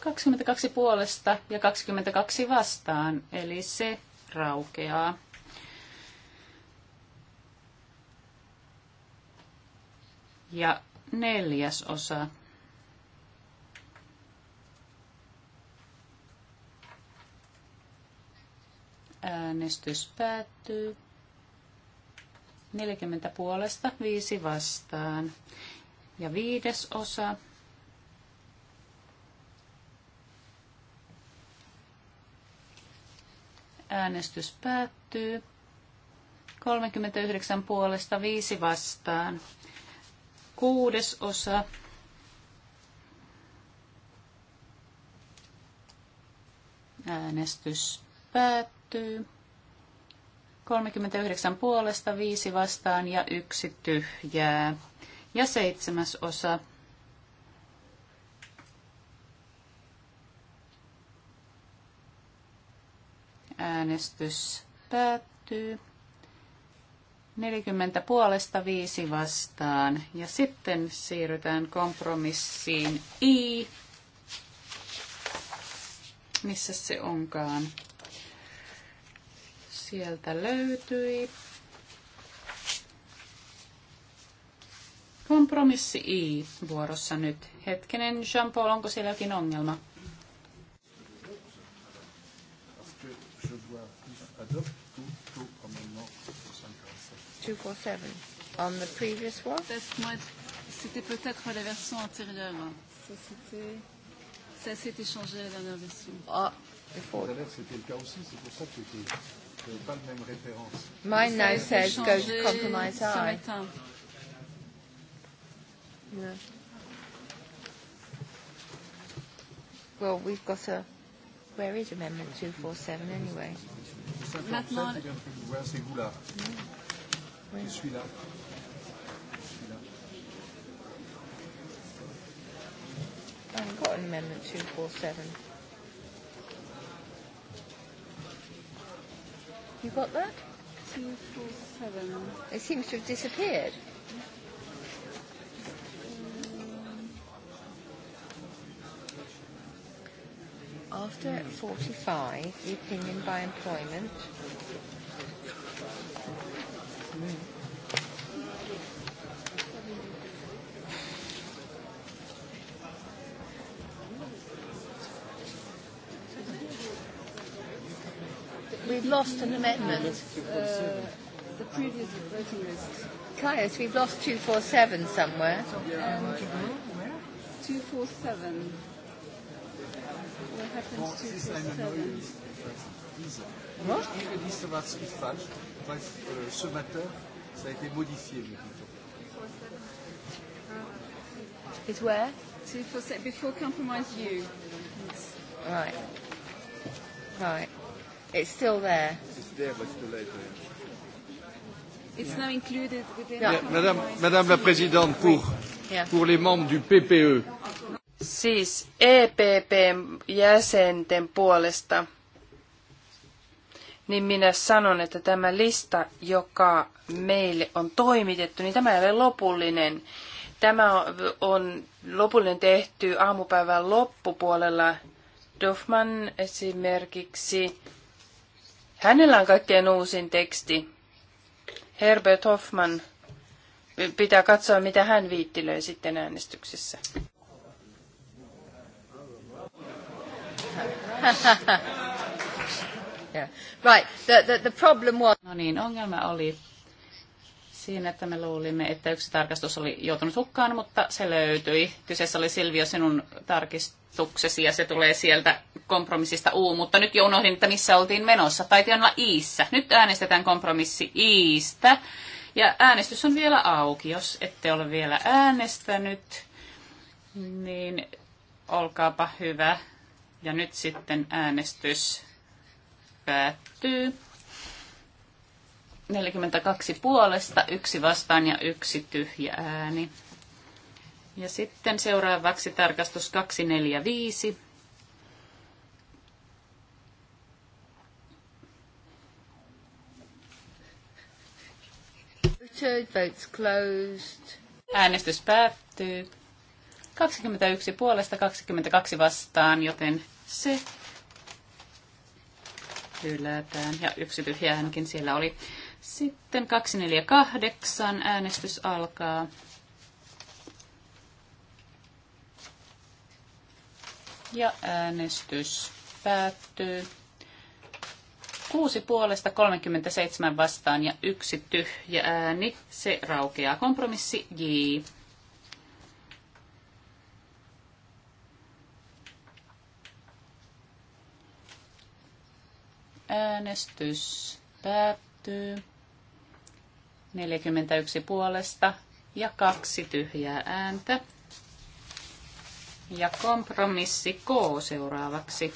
22 puolesta ja 22 vastaan, eli se raukeaa. Ja neljäs osa. Äänestys päättyy. 40 puolesta, 5 vastaan ja viides osa. Äänestys päättyy. 39 puolesta 5 vastaan. Kuudes osa. Äänestys päättyy. 39 puolesta, 5 vastaan ja yksi tyhjää ja seitsemäs osa äänestys päättyy. 40 puolesta 5 vastaan. Ja sitten siirrytään kompromissiin I. Missä se onkaan? Sieltä löytyi. Kompromissi I vuorossa nyt. Hetkinen, Jean-Paul, onko siellä jokin ongelma? On the previous one? C'était peut-être la version antérieure. Ça, s'est la dernière version. Ah, Tout à l'heure, c'était le cas aussi, c'est pour ça que pas la même référence. Mine now says go to compromise I. Yeah. Well, we've got a... Where is Amendment 247 anyway? Maintenant... Ouais, c'est vous là. Oui. Je I haven't got an Amendment 247. You got that? 247. It seems to have disappeared. after 45, the opinion by employment. we've lost an amendment. Uh, the previous voting list. Caius, we've lost 247 somewhere. Um, 247. Oh, es ist eine neue Liste. Diese. Was? Ihre Liste ce matin, ça a été modifié. Is where? Two for before compromise you. Right. Right. It's still there. It's there, but it's too late. It's now included within yeah. Madame, Madame la Présidente, pour, yeah. pour les membres du PPE, Siis EPP-jäsenten puolesta, niin minä sanon, että tämä lista, joka meille on toimitettu, niin tämä ei ole lopullinen. Tämä on lopullinen tehty aamupäivän loppupuolella. Doffman esimerkiksi, hänellä on kaikkein uusin teksti. Herbert Hoffman pitää katsoa, mitä hän viittilöi sitten äänestyksessä. yeah. Right. The, the, the problem was... No niin, ongelma oli siinä, että me luulimme, että yksi tarkastus oli joutunut hukkaan, mutta se löytyi. Kyseessä oli Silvio sinun tarkistuksesi ja se tulee sieltä kompromissista U, mutta nyt jo unohdin, että missä oltiin menossa. Tai olla Iissä. Nyt äänestetään kompromissi Iistä. Ja äänestys on vielä auki, jos ette ole vielä äänestänyt, niin olkaapa hyvä. Ja nyt sitten äänestys päättyy. 42 puolesta, yksi vastaan ja yksi tyhjä ääni. Ja sitten seuraavaksi tarkastus 245. Votes closed. Äänestys päättyy. 21 puolesta 22 vastaan, joten se hylätään. Ja yksi tyhjä hänkin siellä oli. Sitten 248 äänestys alkaa. Ja äänestys päättyy. Kuusi puolesta 37 vastaan ja yksi tyhjä ääni. Se raukeaa. Kompromissi J Äänestys päättyy. 41 puolesta ja kaksi tyhjää ääntä. Ja kompromissi K seuraavaksi.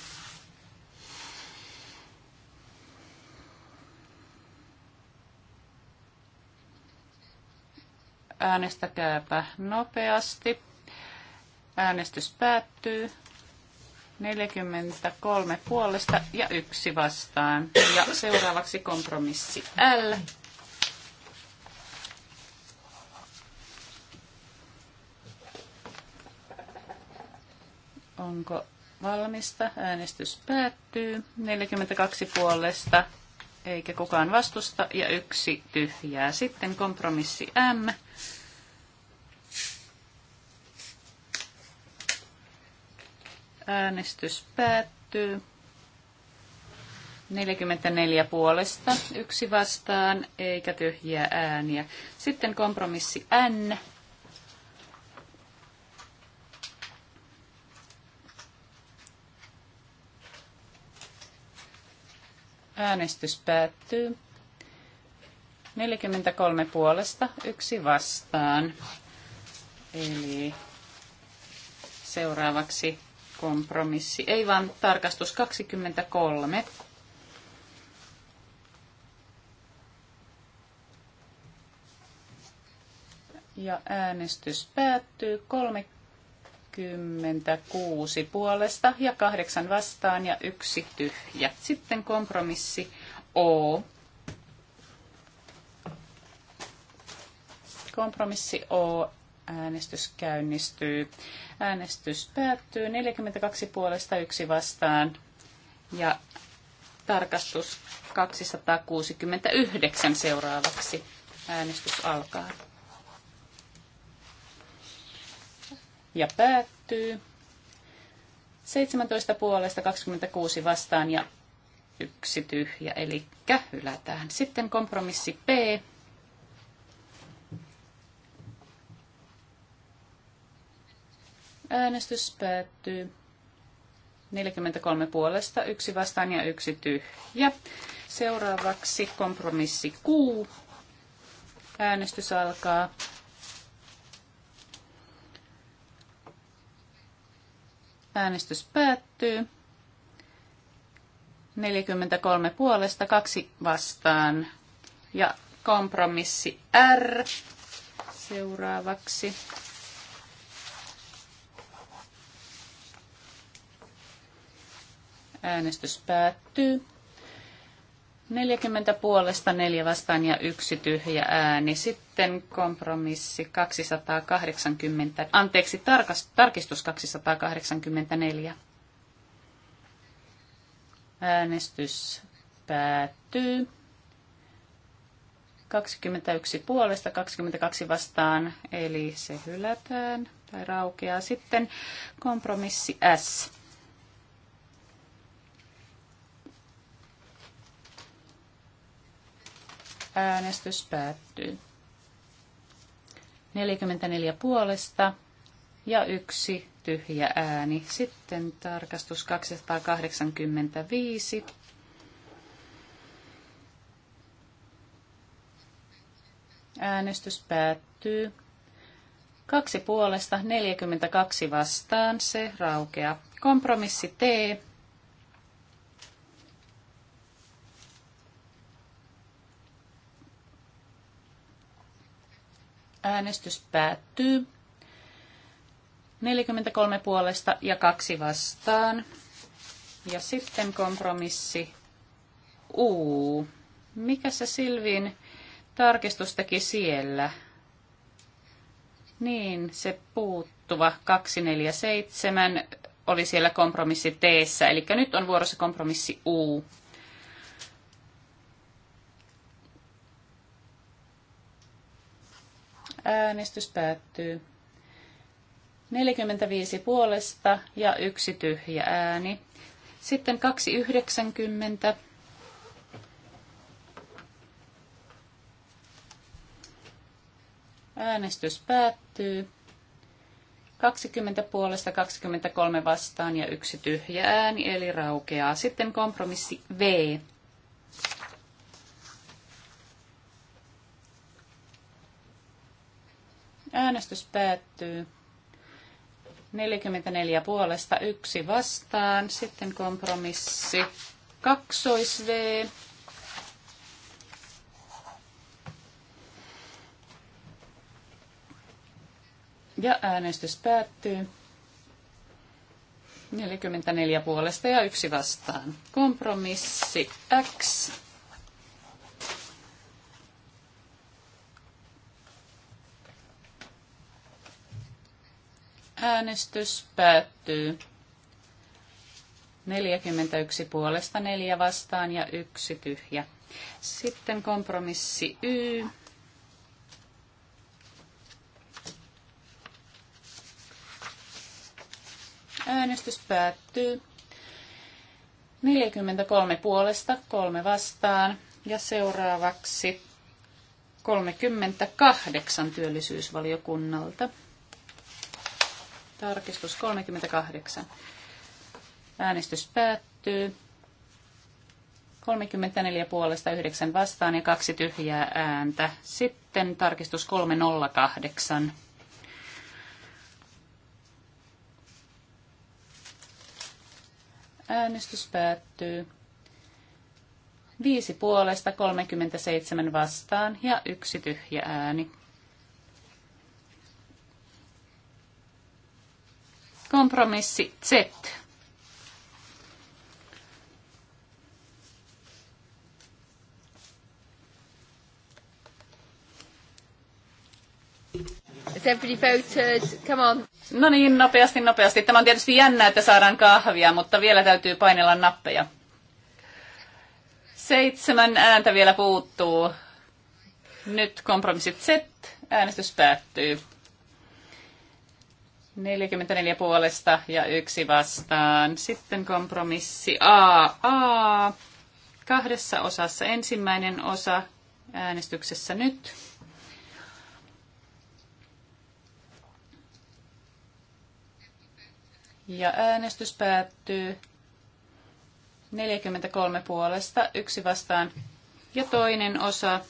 Äänestäkääpä nopeasti. Äänestys päättyy. 43 puolesta ja yksi vastaan. Ja seuraavaksi kompromissi L. Onko valmista? Äänestys päättyy. 42 puolesta eikä kukaan vastusta ja yksi tyhjää. Sitten kompromissi M. Äänestys päättyy. 44 puolesta, yksi vastaan, eikä tyhjiä ääniä. Sitten kompromissi N. Äänestys päättyy. 43 puolesta, yksi vastaan. Eli seuraavaksi kompromissi. Ei vaan tarkastus 23. Ja äänestys päättyy 36 puolesta ja 8 vastaan ja yksi tyhjä. Sitten kompromissi O. Kompromissi O Äänestys käynnistyy. Äänestys päättyy 42 puolesta yksi vastaan ja tarkastus 269 seuraavaksi. Äänestys alkaa. Ja päättyy. 17 puolesta 26 vastaan ja yksi tyhjä, eli hylätään. Sitten kompromissi P Äänestys päättyy. 43 puolesta, yksi vastaan ja yksi tyhjä. Seuraavaksi kompromissi Q. Äänestys alkaa. Äänestys päättyy. 43 puolesta, kaksi vastaan. Ja kompromissi R seuraavaksi. Äänestys päättyy. 40 puolesta, 4 vastaan ja yksi tyhjä ääni. Sitten kompromissi 280, anteeksi, tarkas, tarkistus 284. Äänestys päättyy. 21 puolesta, 22 vastaan, eli se hylätään tai raukeaa. Sitten kompromissi S. Äänestys päättyy. 44 puolesta ja yksi tyhjä ääni. Sitten tarkastus 285. Äänestys päättyy. Kaksi puolesta, 42 vastaan, se raukea. Kompromissi T Äänestys päättyy. 43 puolesta ja kaksi vastaan. Ja sitten kompromissi U. Mikä se Silvin tarkistus teki siellä? Niin, se puuttuva 247 oli siellä kompromissi t eli nyt on vuorossa kompromissi U. Äänestys päättyy. 45 puolesta ja yksi tyhjä ääni. Sitten 290. Äänestys päättyy. 20 puolesta 23 vastaan ja yksi tyhjä ääni, eli raukeaa. Sitten kompromissi V Äänestys päättyy. 44 puolesta yksi vastaan. Sitten kompromissi kaksois V. Ja äänestys päättyy. 44 puolesta ja yksi vastaan. Kompromissi X Äänestys päättyy. 41 puolesta, 4 vastaan ja 1 tyhjä. Sitten kompromissi Y. Äänestys päättyy. 43 puolesta, 3 vastaan. Ja seuraavaksi 38 työllisyysvaliokunnalta. Tarkistus 38. Äänestys päättyy. 34 puolesta 9 vastaan ja kaksi tyhjää ääntä. Sitten tarkistus 308. Äänestys päättyy. 5 puolesta 37 vastaan ja yksi tyhjä ääni. Kompromissi Z. No niin, nopeasti, nopeasti. Tämä on tietysti jännä, että saadaan kahvia, mutta vielä täytyy painella nappeja. Seitsemän ääntä vielä puuttuu. Nyt kompromissit Z. Äänestys päättyy. 44 puolesta ja yksi vastaan. Sitten kompromissi AA. Kahdessa osassa ensimmäinen osa äänestyksessä nyt. Ja äänestys päättyy 43 puolesta, yksi vastaan ja toinen osa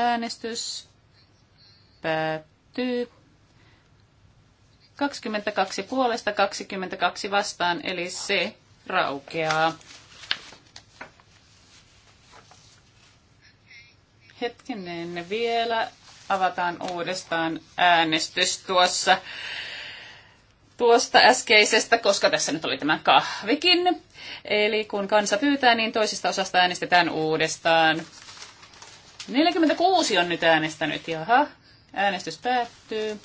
Äänestys päättyy. 22 puolesta 22 vastaan, eli se raukeaa. Hetkinen, vielä avataan uudestaan äänestys tuossa tuosta äskeisestä, koska tässä nyt oli tämä kahvikin. Eli kun kansa pyytää, niin toisesta osasta äänestetään uudestaan. 46 on nyt äänestänyt, jaha. Äänestys päättyy.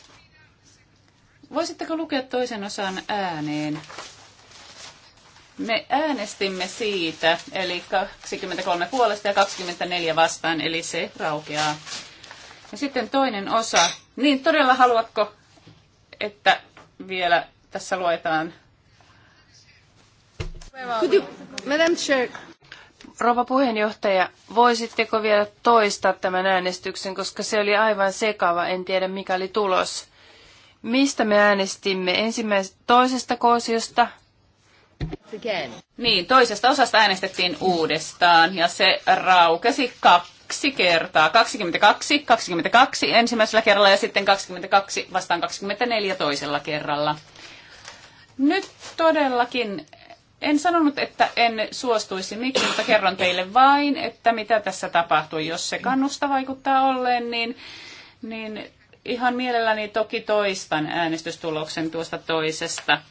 Voisitteko lukea toisen osan ääneen? Me äänestimme siitä, eli 23 puolesta ja 24 vastaan, eli se raukeaa. Ja sitten toinen osa. Niin, todella haluatko, että vielä tässä luetaan? Could you, Madam Chair, Rouva puheenjohtaja, voisitteko vielä toistaa tämän äänestyksen, koska se oli aivan sekava, en tiedä mikä oli tulos. Mistä me äänestimme? Ensimmäisestä toisesta koosiosta? Again. Niin, toisesta osasta äänestettiin uudestaan ja se raukesi kaksi kertaa. 22, 22 ensimmäisellä kerralla ja sitten 22 vastaan 24 toisella kerralla. Nyt todellakin en sanonut, että en suostuisi miksi, mutta kerron teille vain, että mitä tässä tapahtui, Jos se kannusta vaikuttaa olleen, niin, niin ihan mielelläni toki toistan äänestystuloksen tuosta toisesta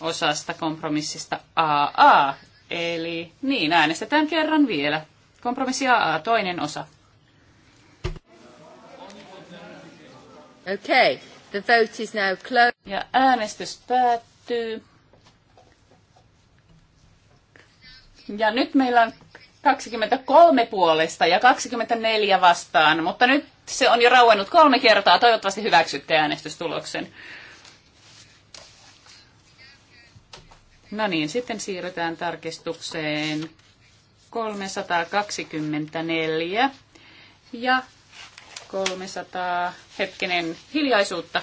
osasta kompromissista AA. Eli niin, äänestetään kerran vielä. Kompromissi AA, toinen osa. Okay, the vote is now closed. Ja äänestys päättyy. Ja nyt meillä on 23 puolesta ja 24 vastaan, mutta nyt se on jo rauennut kolme kertaa. Toivottavasti hyväksytte äänestystuloksen. No niin, sitten siirrytään tarkistukseen 324 ja 300, hetkinen, hiljaisuutta.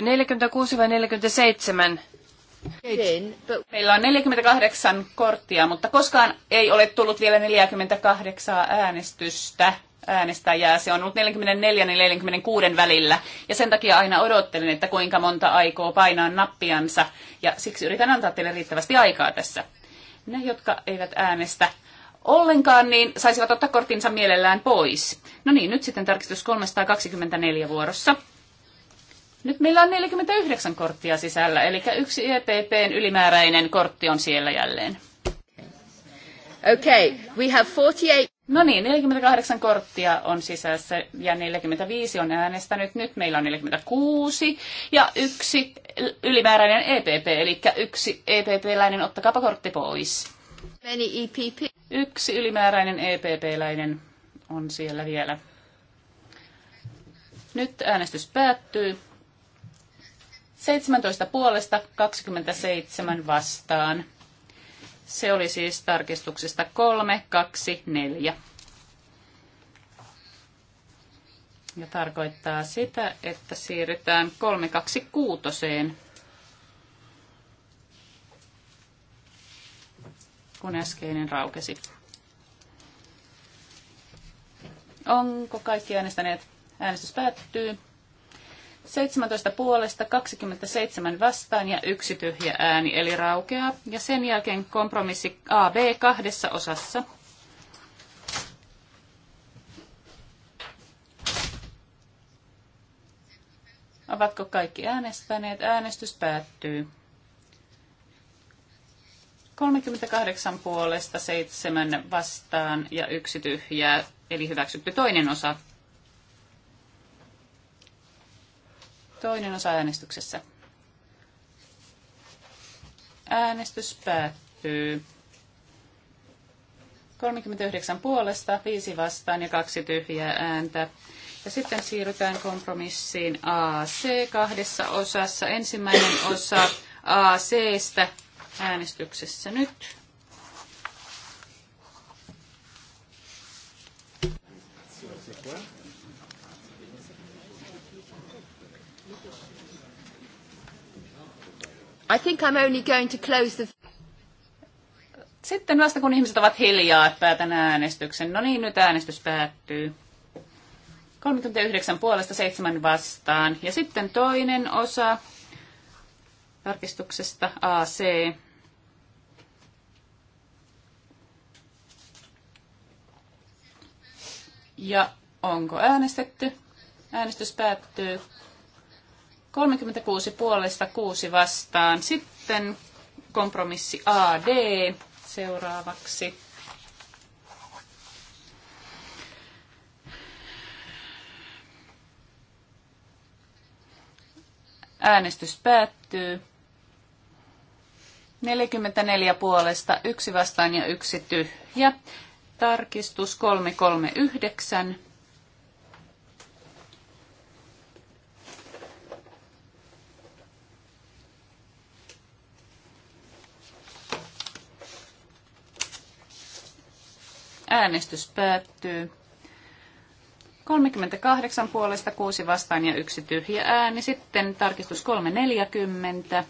46 47. vai 47? Meillä on 48 korttia, mutta koskaan ei ole tullut vielä 48 äänestystä äänestäjää. Se on ollut 44 ja 46 välillä. Ja sen takia aina odottelen, että kuinka monta aikoo painaa nappiansa. Ja siksi yritän antaa teille riittävästi aikaa tässä. Ne, jotka eivät äänestä ollenkaan, niin saisivat ottaa korttinsa mielellään pois. No niin, nyt sitten tarkistus 324 vuorossa. Nyt meillä on 49 korttia sisällä, eli yksi EPPn ylimääräinen kortti on siellä jälleen. Okay, we have 48. No niin, 48 korttia on sisässä ja 45 on äänestänyt. Nyt meillä on 46 ja yksi ylimääräinen EPP, eli yksi EPP-läinen, ottakaapa kortti pois. Many EPP. Yksi ylimääräinen EPP-läinen on siellä vielä. Nyt äänestys päättyy. 17 puolesta 27 vastaan. Se oli siis tarkistuksesta 3, 2, 4. Ja tarkoittaa sitä, että siirrytään kuutoseen. Kun äskeinen raukesi. Onko kaikki äänestäneet? Äänestys päättyy. 17 puolesta, 27 vastaan ja yksi tyhjä ääni, eli raukeaa. Ja sen jälkeen kompromissi AB kahdessa osassa. Ovatko kaikki äänestäneet? Äänestys päättyy. 38 puolesta, 7 vastaan ja yksi tyhjää, eli hyväksytty toinen osa Toinen osa äänestyksessä. Äänestys päättyy. 39 puolesta, 5 vastaan ja 2 tyhjää ääntä. Ja sitten siirrytään kompromissiin AC kahdessa osassa. Ensimmäinen osa AC-stä äänestyksessä nyt. I think I'm only going to close the... Sitten vasta kun ihmiset ovat hiljaa, että päätän äänestyksen. No niin, nyt äänestys päättyy. 39 puolesta 7 vastaan. Ja sitten toinen osa tarkistuksesta AC. Ja onko äänestetty? Äänestys päättyy 36 puolesta, 6 vastaan. Sitten kompromissi AD seuraavaksi. Äänestys päättyy. 44 puolesta, yksi vastaan ja yksi tyhjä. Tarkistus 339. Äänestys päättyy. 38 puolesta, 6 vastaan ja 1 tyhjä ääni. Sitten tarkistus 340.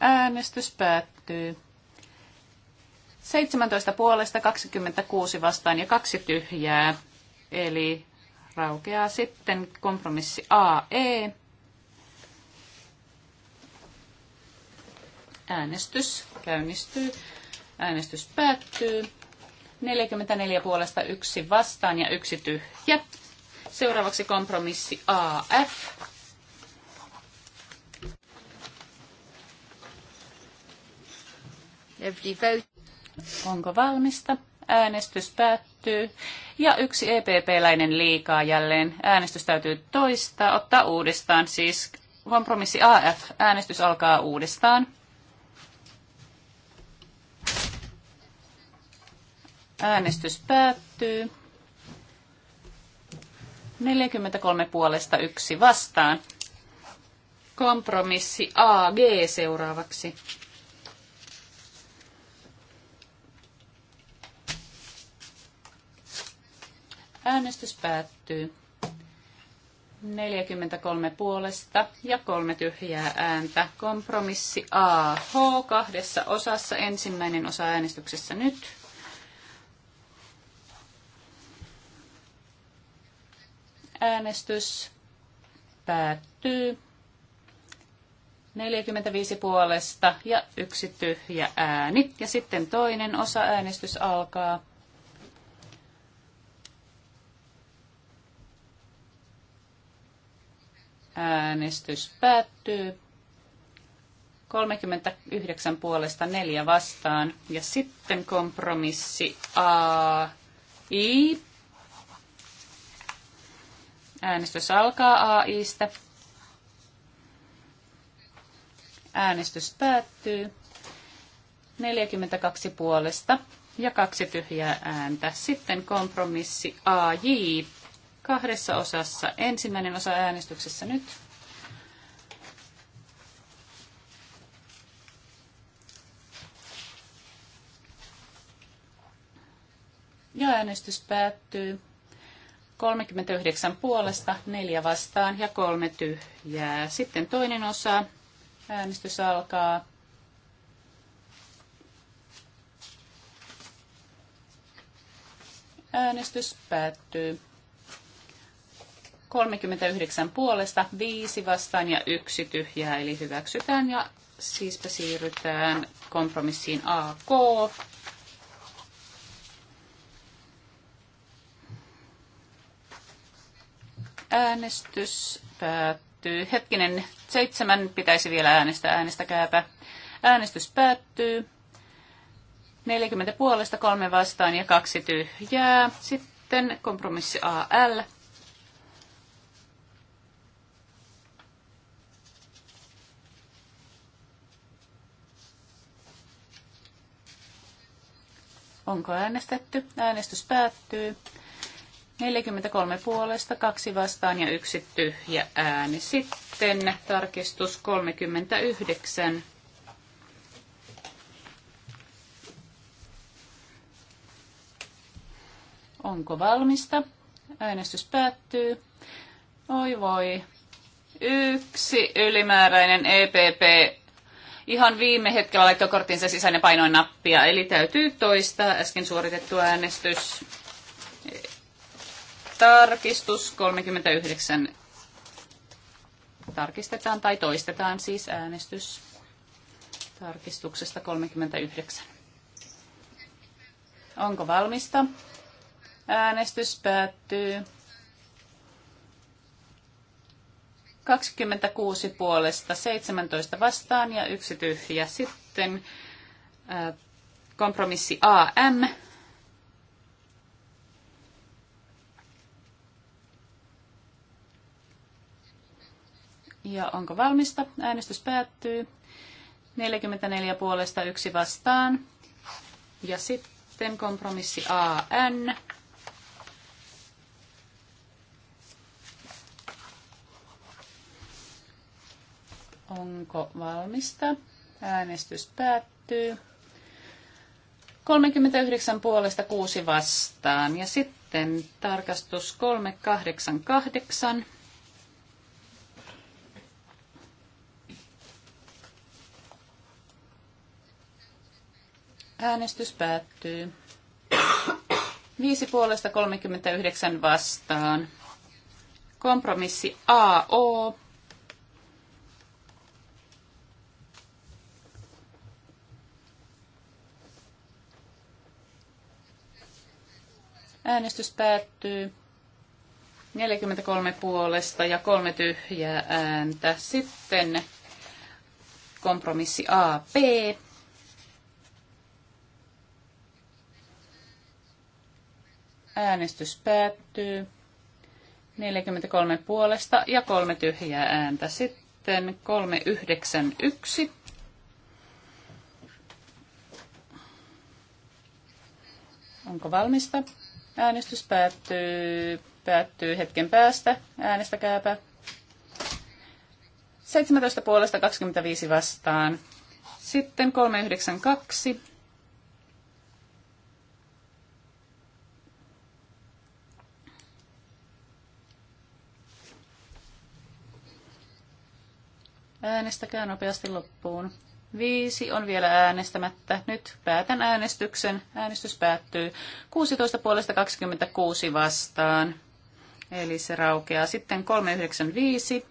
Äänestys päättyy. 17 puolesta, 26 vastaan ja kaksi tyhjää. Eli raukeaa sitten kompromissi AE. Äänestys käynnistyy. Äänestys päättyy. 44 puolesta yksi vastaan ja yksi tyhjä. Seuraavaksi kompromissi AF. Onko valmista? Äänestys päättyy. Ja yksi EPP-läinen liikaa jälleen. Äänestys täytyy toistaa, ottaa uudestaan. Siis kompromissi AF. Äänestys alkaa uudestaan. Äänestys päättyy. 43 puolesta yksi vastaan. Kompromissi AG seuraavaksi. Äänestys päättyy. 43 puolesta ja kolme tyhjää ääntä. Kompromissi AH kahdessa osassa. Ensimmäinen osa äänestyksessä nyt. Äänestys päättyy. 45 puolesta ja yksi tyhjä ääni. Ja sitten toinen osa äänestys alkaa. Äänestys päättyy. 39 puolesta neljä vastaan. Ja sitten kompromissi A. I Äänestys alkaa AIstä. Äänestys päättyy. 42 puolesta ja kaksi tyhjää ääntä. Sitten kompromissi AJ kahdessa osassa. Ensimmäinen osa äänestyksessä nyt. Ja äänestys päättyy. 39 puolesta, neljä vastaan ja kolme tyhjää. Sitten toinen osa. Äänestys alkaa. Äänestys päättyy. 39 puolesta, 5 vastaan ja yksi tyhjää, eli hyväksytään. Ja siispä siirrytään kompromissiin AK Äänestys päättyy. Hetkinen, seitsemän pitäisi vielä äänestää. Äänestäkääpä. Äänestys päättyy. 40 puolesta, kolme vastaan ja kaksi tyhjää. Sitten kompromissi AL. Onko äänestetty? Äänestys päättyy. 43 puolesta, kaksi vastaan ja yksi tyhjä ääni. Sitten tarkistus 39. Onko valmista? Äänestys päättyy. Oi voi. Yksi ylimääräinen EPP. Ihan viime hetkellä laittoi korttinsa sisäinen painoin nappia, eli täytyy toistaa äsken suoritettu äänestys. Tarkistus 39. Tarkistetaan tai toistetaan siis äänestys tarkistuksesta 39. Onko valmista? Äänestys päättyy. 26 puolesta, 17 vastaan ja yksi tyhjä. Sitten kompromissi AM Ja onko valmista? Äänestys päättyy. 44 puolesta yksi vastaan. Ja sitten kompromissi AN. Onko valmista? Äänestys päättyy. 39 puolesta 6 vastaan. Ja sitten tarkastus 388. Äänestys päättyy. Viisi puolesta 39 vastaan. Kompromissi AO. Äänestys päättyy. 43 puolesta ja kolme tyhjää ääntä. Sitten kompromissi AP. Äänestys päättyy. 43 puolesta ja kolme tyhjää ääntä. Sitten 391. Onko valmista? Äänestys päättyy, päättyy hetken päästä. Äänestäkääpä. 17 puolesta 25 vastaan. Sitten 392 Äänestäkää nopeasti loppuun. Viisi on vielä äänestämättä. Nyt päätän äänestyksen. Äänestys päättyy 16 puolesta 26 vastaan. Eli se raukeaa. Sitten 395.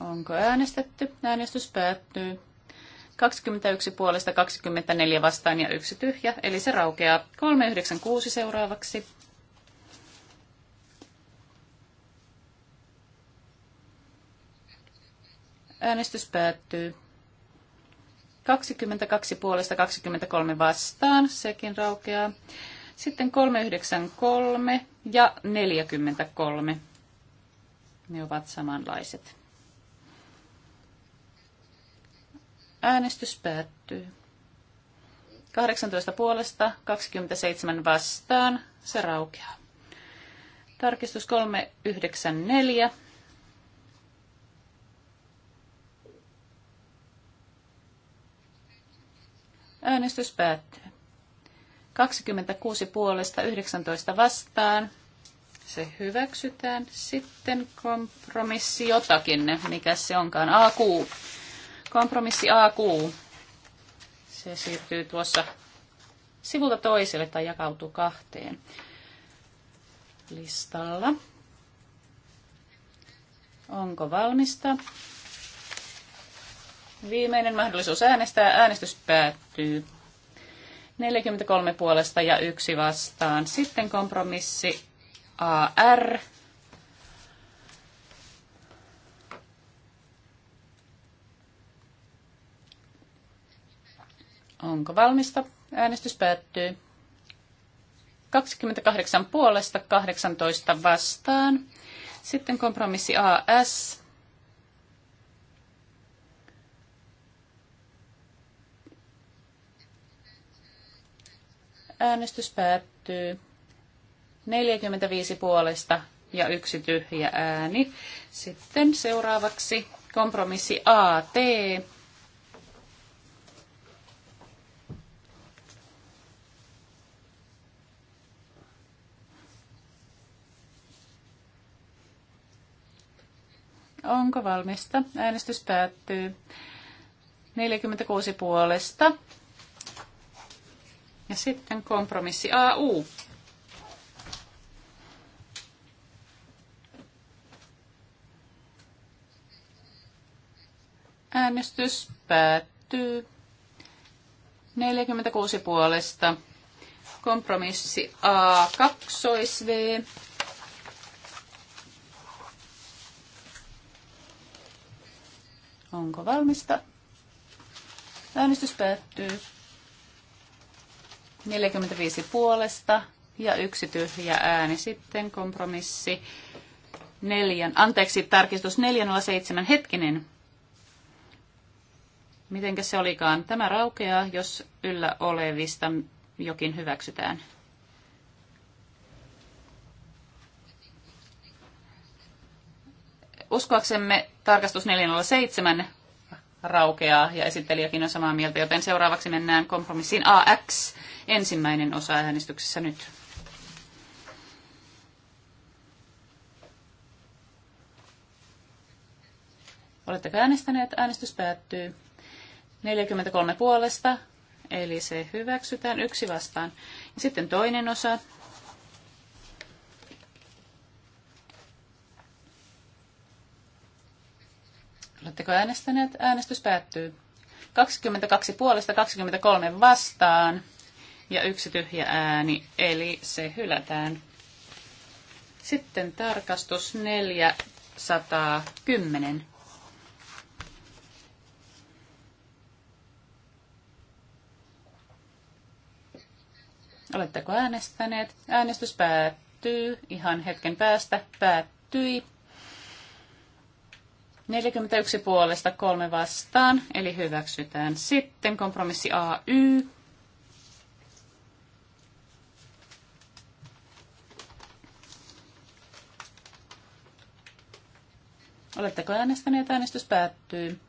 Onko äänestetty? Äänestys päättyy 21 puolesta 24 vastaan ja yksi tyhjä, eli se raukeaa 396 seuraavaksi. Äänestys päättyy. 22 puolesta 23 vastaan, sekin raukeaa. Sitten 393 ja 43. Ne ovat samanlaiset. Äänestys päättyy. 18 puolesta, 27 vastaan. Se raukeaa. Tarkistus 394. Äänestys päättyy. 26 puolesta, 19 vastaan. Se hyväksytään. Sitten kompromissi jotakin, mikä se onkaan. A6. Kompromissi AQ. Se siirtyy tuossa sivulta toiselle tai jakautuu kahteen listalla. Onko valmista? Viimeinen mahdollisuus äänestää. Äänestys päättyy. 43 puolesta ja yksi vastaan. Sitten kompromissi AR Onko valmista? Äänestys päättyy. 28 puolesta, 18 vastaan. Sitten kompromissi AS. Äänestys päättyy. 45 puolesta ja yksi tyhjä ääni. Sitten seuraavaksi kompromissi AT. Onko valmista? Äänestys päättyy. 46 puolesta. Ja sitten kompromissi AU. Äänestys päättyy. 46 puolesta. Kompromissi A2V. Onko valmista? Äänestys päättyy. 45 puolesta ja yksi tyhjä ääni sitten kompromissi. Neljän, anteeksi, tarkistus 407 hetkinen. Mitenkä se olikaan? Tämä raukeaa, jos yllä olevista jokin hyväksytään. Uskoaksemme tarkastus 407 raukeaa ja esittelijäkin on samaa mieltä, joten seuraavaksi mennään kompromissiin AX, ensimmäinen osa äänestyksessä nyt. Oletteko äänestäneet? Äänestys päättyy. 43 puolesta, eli se hyväksytään yksi vastaan. Ja sitten toinen osa Oletteko äänestäneet? Äänestys päättyy. 22 puolesta 23 vastaan ja yksi tyhjä ääni, eli se hylätään. Sitten tarkastus 410. Oletteko äänestäneet? Äänestys päättyy ihan hetken päästä. Päättyi. 41 puolesta, kolme vastaan, eli hyväksytään. Sitten kompromissi AY. Oletteko äänestäneet? Äänestys päättyy.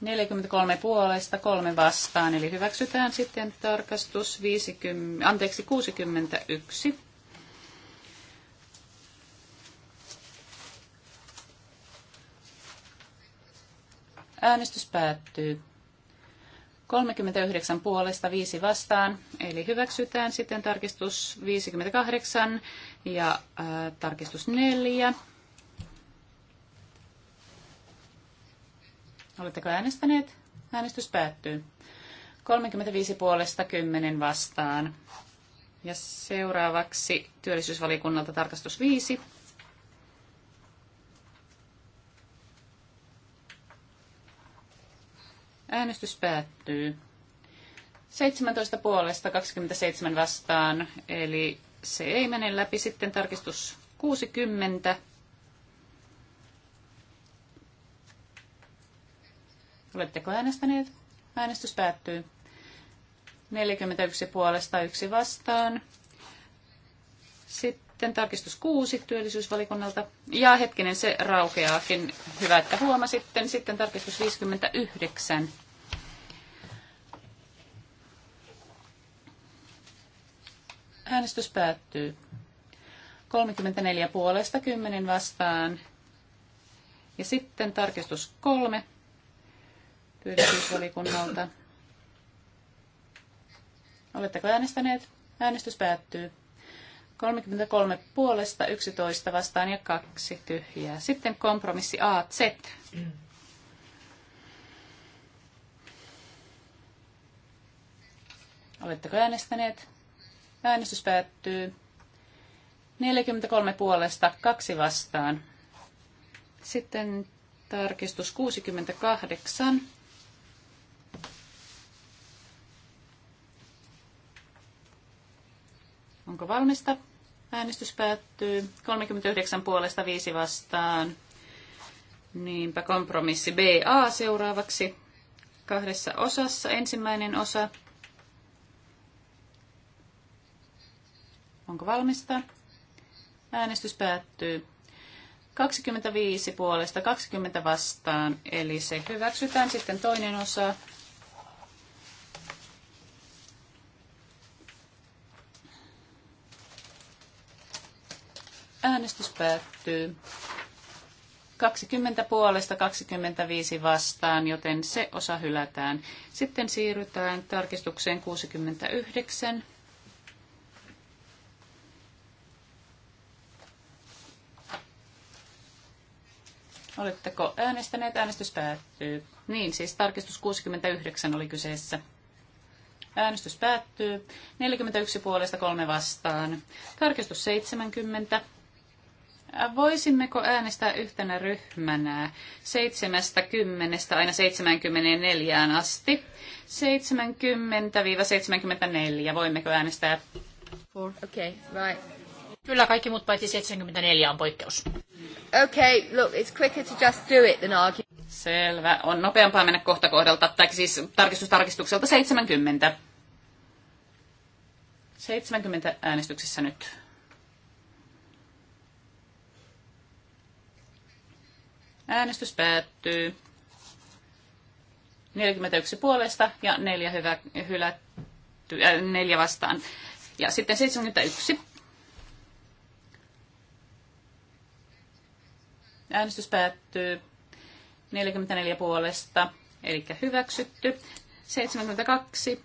43 puolesta, kolme vastaan, eli hyväksytään sitten tarkastus 50, anteeksi, 61 Äänestys päättyy. 39 puolesta 5 vastaan, eli hyväksytään sitten tarkistus 58 ja ää, äh, tarkistus 4. Oletteko äänestäneet? Äänestys päättyy. 35 puolesta 10 vastaan. Ja seuraavaksi työllisyysvaliokunnalta tarkastus 5 Äänestys päättyy. 17 puolesta 27 vastaan, eli se ei mene läpi. Sitten tarkistus 60. Oletteko äänestäneet? Äänestys päättyy. 41 puolesta, yksi vastaan. Sitten sitten tarkistus kuusi työllisyysvalikunналta. Ja hetkinen, se raukeaakin. Hyvä, että huomasitte. Sitten tarkistus 59. Äänestys päättyy. 34 puolesta, 10 vastaan. Ja sitten tarkistus kolme työllisyysvalikunnalta. Oletteko äänestäneet? Äänestys päättyy. 33 puolesta, 11 vastaan ja kaksi tyhjää. Sitten kompromissi AZ. Oletteko äänestäneet? Äänestys päättyy. 43 puolesta, kaksi vastaan. Sitten tarkistus 68. Onko valmista? Äänestys päättyy 39 puolesta 5 vastaan. Niinpä kompromissi BA seuraavaksi kahdessa osassa. Ensimmäinen osa. Onko valmista? Äänestys päättyy 25 puolesta 20 vastaan, eli se hyväksytään. Sitten toinen osa Äänestys päättyy. 20 puolesta 25 vastaan, joten se osa hylätään. Sitten siirrytään tarkistukseen 69. Oletteko äänestäneet? Äänestys päättyy. Niin, siis tarkistus 69 oli kyseessä. Äänestys päättyy. 41 puolesta 3 vastaan. Tarkistus 70. Voisimmeko äänestää yhtenä ryhmänä 70 aina 74 asti? 70-74, voimmeko äänestää? Four. Okay, right. Kyllä kaikki muut paitsi 74 on poikkeus. Okay, look, it's quicker to just do it than argue. Selvä. On nopeampaa mennä kohta kohdalta, tai siis tarkistustarkistukselta 70. 70 äänestyksessä nyt. Äänestys päättyy. 41 puolesta ja 4 hyvä, hylätty, äh, 4 vastaan. Ja sitten 71. Äänestys päättyy 44 puolesta, eli hyväksytty. 72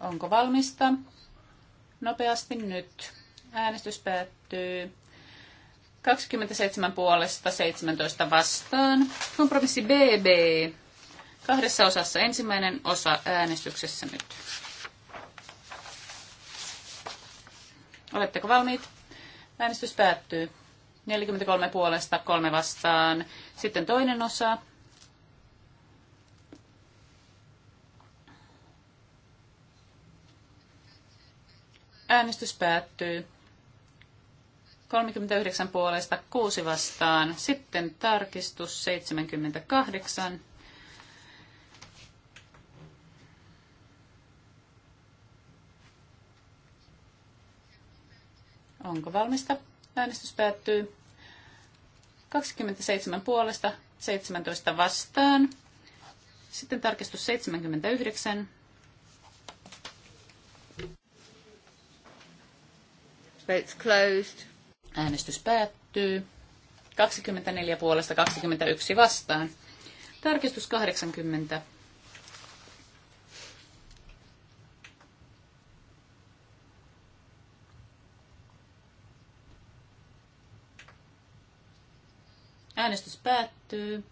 Onko valmista? Nopeasti nyt. Äänestys päättyy. 27 puolesta 17 vastaan. Kompromissi BB. Kahdessa osassa. Ensimmäinen osa äänestyksessä nyt. Oletteko valmiit? Äänestys päättyy. 43 puolesta, 3 vastaan. Sitten toinen osa Äänestys päättyy. 39 puolesta 6 vastaan. Sitten tarkistus 78. Onko valmista? Äänestys päättyy. 27 puolesta, 17 vastaan. Sitten tarkistus 79. Votes closed. Äänestys päättyy. 24 puolesta 21 vastaan. Tarkistus 80. Äänestys päättyy.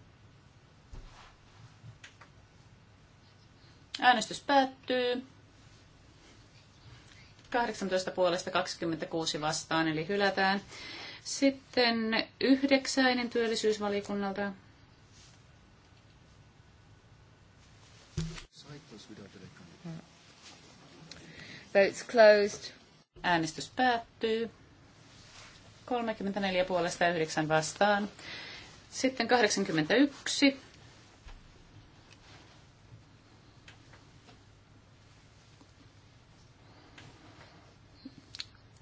Äänestys päättyy. 18 puolesta 26 vastaan, eli hylätään. Sitten yhdeksäinen työllisyysvalikunnalta. Votes closed. Äänestys päättyy. 34 puolesta ja 9 vastaan. Sitten 81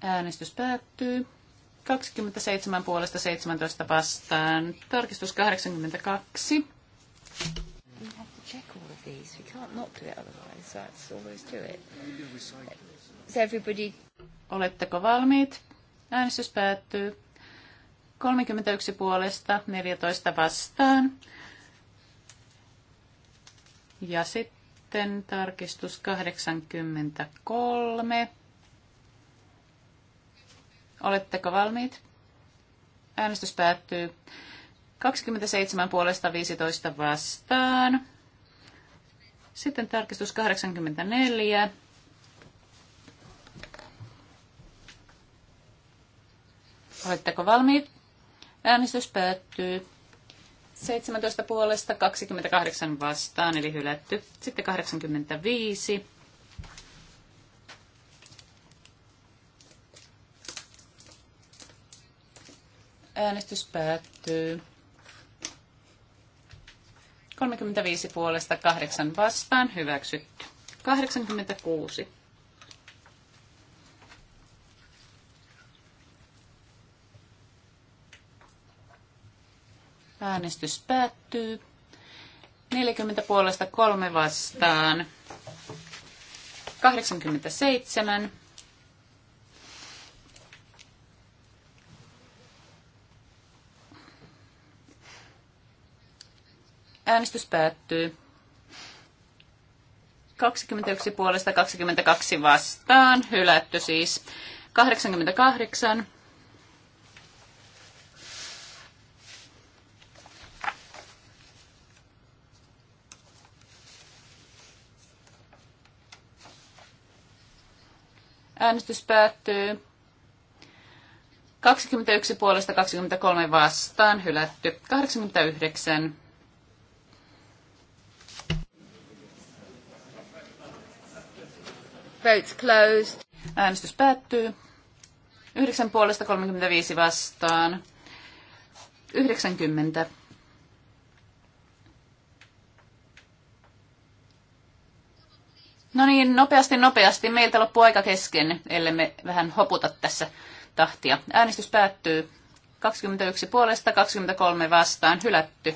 Äänestys päättyy. 27 puolesta 17 vastaan. Tarkistus 82. Oletteko valmiit? Äänestys päättyy. 31 puolesta, 14 vastaan. Ja sitten tarkistus 83. Oletteko valmiit? Äänestys päättyy 27 puolesta 15 vastaan. Sitten tarkistus 84. Oletteko valmiit? Äänestys päättyy 17 puolesta 28 vastaan, eli hylätty. Sitten 85. Äänestys päättyy. 35 puolesta 8 vastaan hyväksytty. 86. Äänestys päättyy. 40 puolesta 3 vastaan. 87. Äänestys päättyy. 21 puolesta 22 vastaan. Hylätty siis. 88. Äänestys päättyy. 21 puolesta 23 vastaan. Hylätty. 89. Votes closed. Äänestys päättyy. 9 puolesta 35 vastaan. 90. No niin, nopeasti, nopeasti. Meiltä loppu aika kesken, ellei me vähän hoputa tässä tahtia. Äänestys päättyy. 21 puolesta, 23 vastaan, hylätty.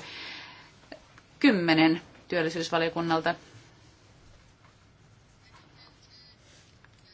10 työllisyysvaliokunnalta.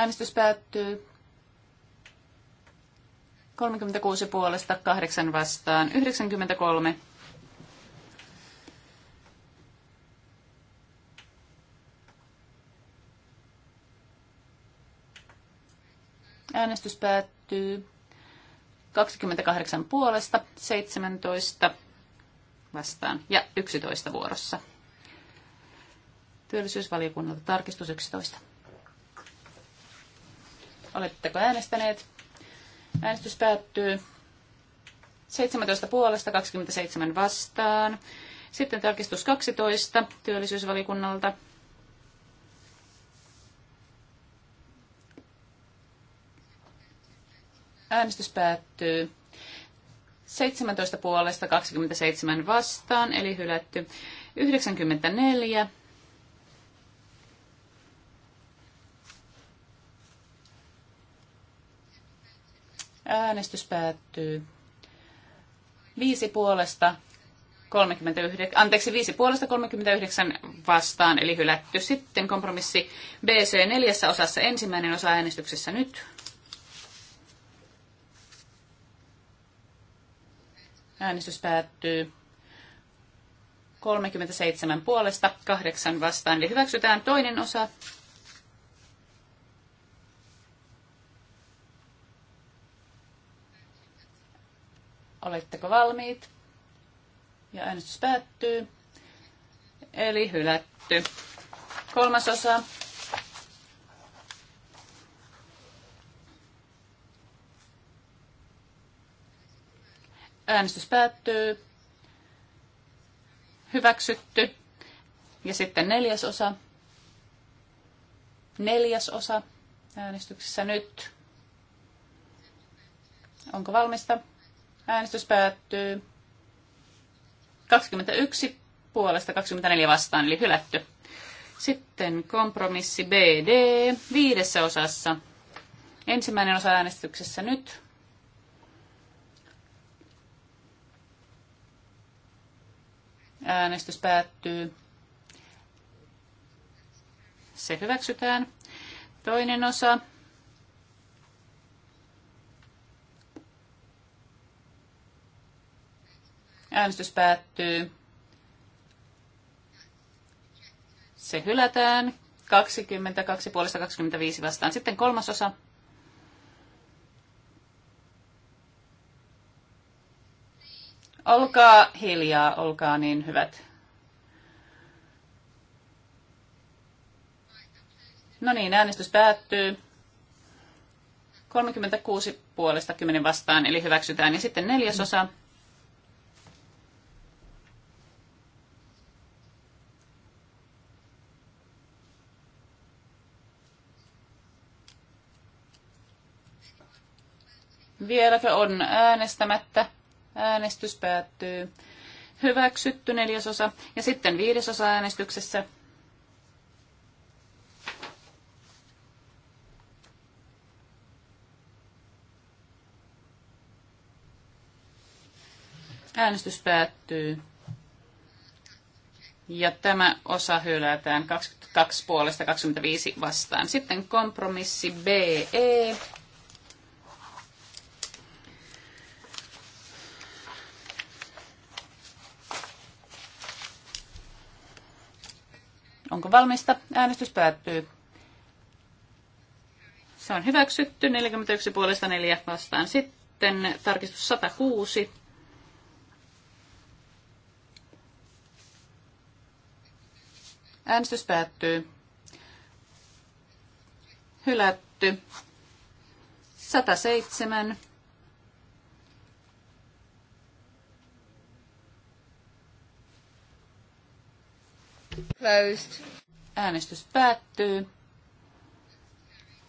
Äänestys päättyy 36 puolesta, 8 vastaan, 93. Äänestys päättyy 28 puolesta, 17 vastaan ja 11 vuorossa. Työllisyysvaliokunnalta tarkistus 11. Oletteko äänestäneet? Äänestys päättyy 17 puolesta 27 vastaan. Sitten tarkistus 12 työllisyysvalikunnalta. Äänestys päättyy 17 puolesta 27 vastaan, eli hylätty 94 Äänestys päättyy. Viisi puolesta 39, anteeksi, viisi puolesta 39 vastaan, eli hylätty. Sitten kompromissi BC neljässä osassa ensimmäinen osa äänestyksessä nyt. Äänestys päättyy 37 puolesta, 8 vastaan, eli hyväksytään toinen osa Oletteko valmiit? Ja äänestys päättyy. Eli hylätty. Kolmas osa. Äänestys päättyy. Hyväksytty. Ja sitten neljäs osa. Neljäs osa äänestyksessä nyt. Onko valmista? Äänestys päättyy. 21 puolesta 24 vastaan, eli hylätty. Sitten kompromissi BD viidessä osassa. Ensimmäinen osa äänestyksessä nyt. Äänestys päättyy. Se hyväksytään. Toinen osa Äänestys päättyy. Se hylätään. 22 puolesta 25 vastaan. Sitten kolmas osa. Olkaa hiljaa, olkaa niin hyvät. No niin, äänestys päättyy. 36 puolesta 10 vastaan, eli hyväksytään. Ja sitten neljäsosa. Mm. vieläkö on äänestämättä. Äänestys päättyy. Hyväksytty neljäsosa. Ja sitten viidesosa äänestyksessä. Äänestys päättyy. Ja tämä osa hylätään 22 puolesta 25 vastaan. Sitten kompromissi BE Onko valmista? Äänestys päättyy. Se on hyväksytty. 41 puolesta 4 vastaan. Sitten tarkistus 106. Äänestys päättyy. Hylätty. 107 Closed. Äänestys päättyy.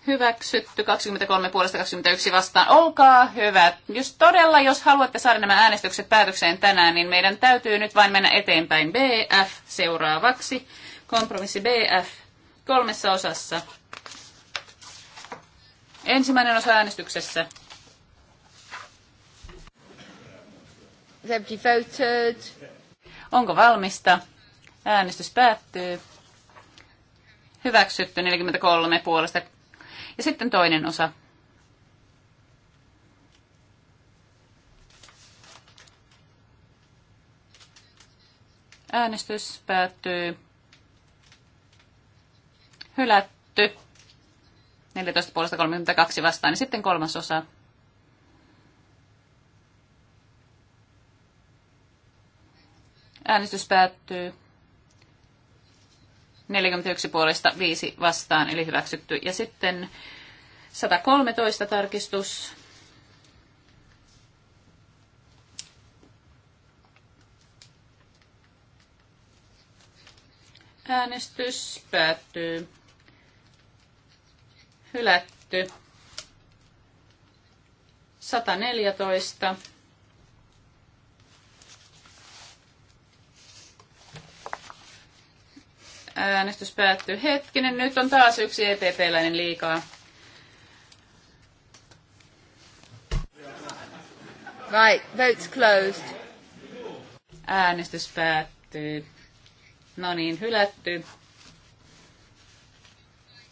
Hyväksytty 23 puolesta 21 vastaan. Olkaa hyvät. Jos todella, jos haluatte saada nämä äänestykset päätökseen tänään, niin meidän täytyy nyt vain mennä eteenpäin. BF seuraavaksi. Kompromissi BF kolmessa osassa. Ensimmäinen osa äänestyksessä. Onko valmista? Äänestys päättyy. Hyväksytty 43 puolesta. Ja sitten toinen osa. Äänestys päättyy. Hylätty. 14 puolesta 32 vastaan. Ja sitten kolmas osa. Äänestys päättyy. 41 puolesta 5 vastaan, eli hyväksytty. Ja sitten 113 tarkistus. Äänestys päättyy. Hylätty. 114 Äänestys päättyy. Hetkinen, nyt on taas yksi EPP-läinen liikaa. Right, vote's closed. Äänestys päättyy. No niin, hylätty.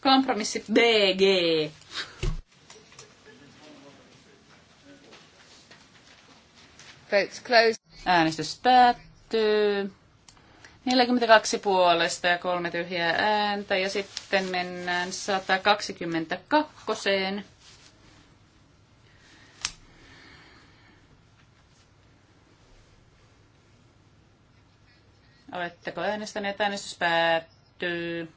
Kompromissi BG. Vote's closed. Äänestys päättyy. 42 puolesta ja kolme tyhjää ääntä. Ja sitten mennään 122. Oletteko äänestäneet? Äänestys päättyy.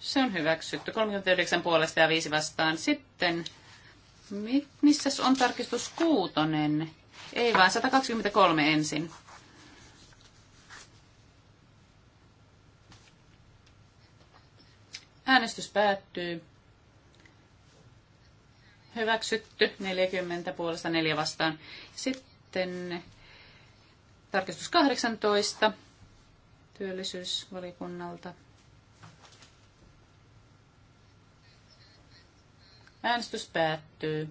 Se on hyväksytty. 39 puolesta ja 5 vastaan. Sitten, missä on tarkistus kuutonen? Ei vaan 123 ensin. Äänestys päättyy. Hyväksytty 40 puolesta 4 vastaan. Sitten tarkistus 18 työllisyysvalikunnalta. Äänestys päättyy.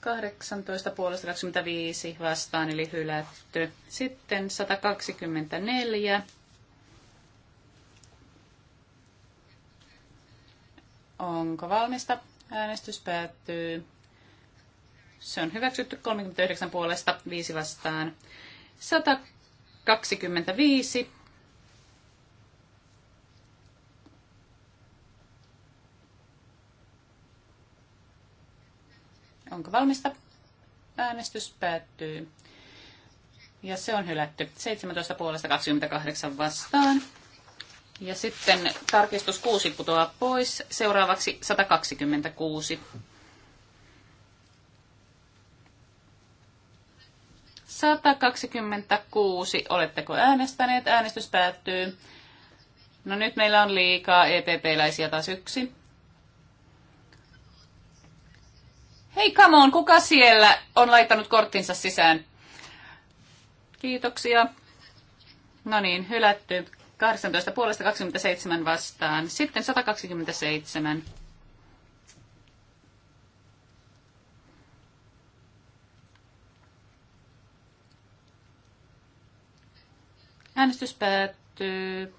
18 puolesta 25 vastaan eli hylätty. Sitten 124 Onko valmista? Äänestys päättyy. Se on hyväksytty 39 puolesta, 5 vastaan. 125. Onko valmista? Äänestys päättyy. Ja se on hylätty. 17 puolesta 28 vastaan. Ja sitten tarkistus 6 putoaa pois. Seuraavaksi 126. 126. Oletteko äänestäneet? Äänestys päättyy. No nyt meillä on liikaa EPP-läisiä taas yksi. Hei, come on, kuka siellä on laittanut korttinsa sisään? Kiitoksia. No niin, hylätty. 18 puolesta 27 vastaan. Sitten 127. Äänestys päättyy.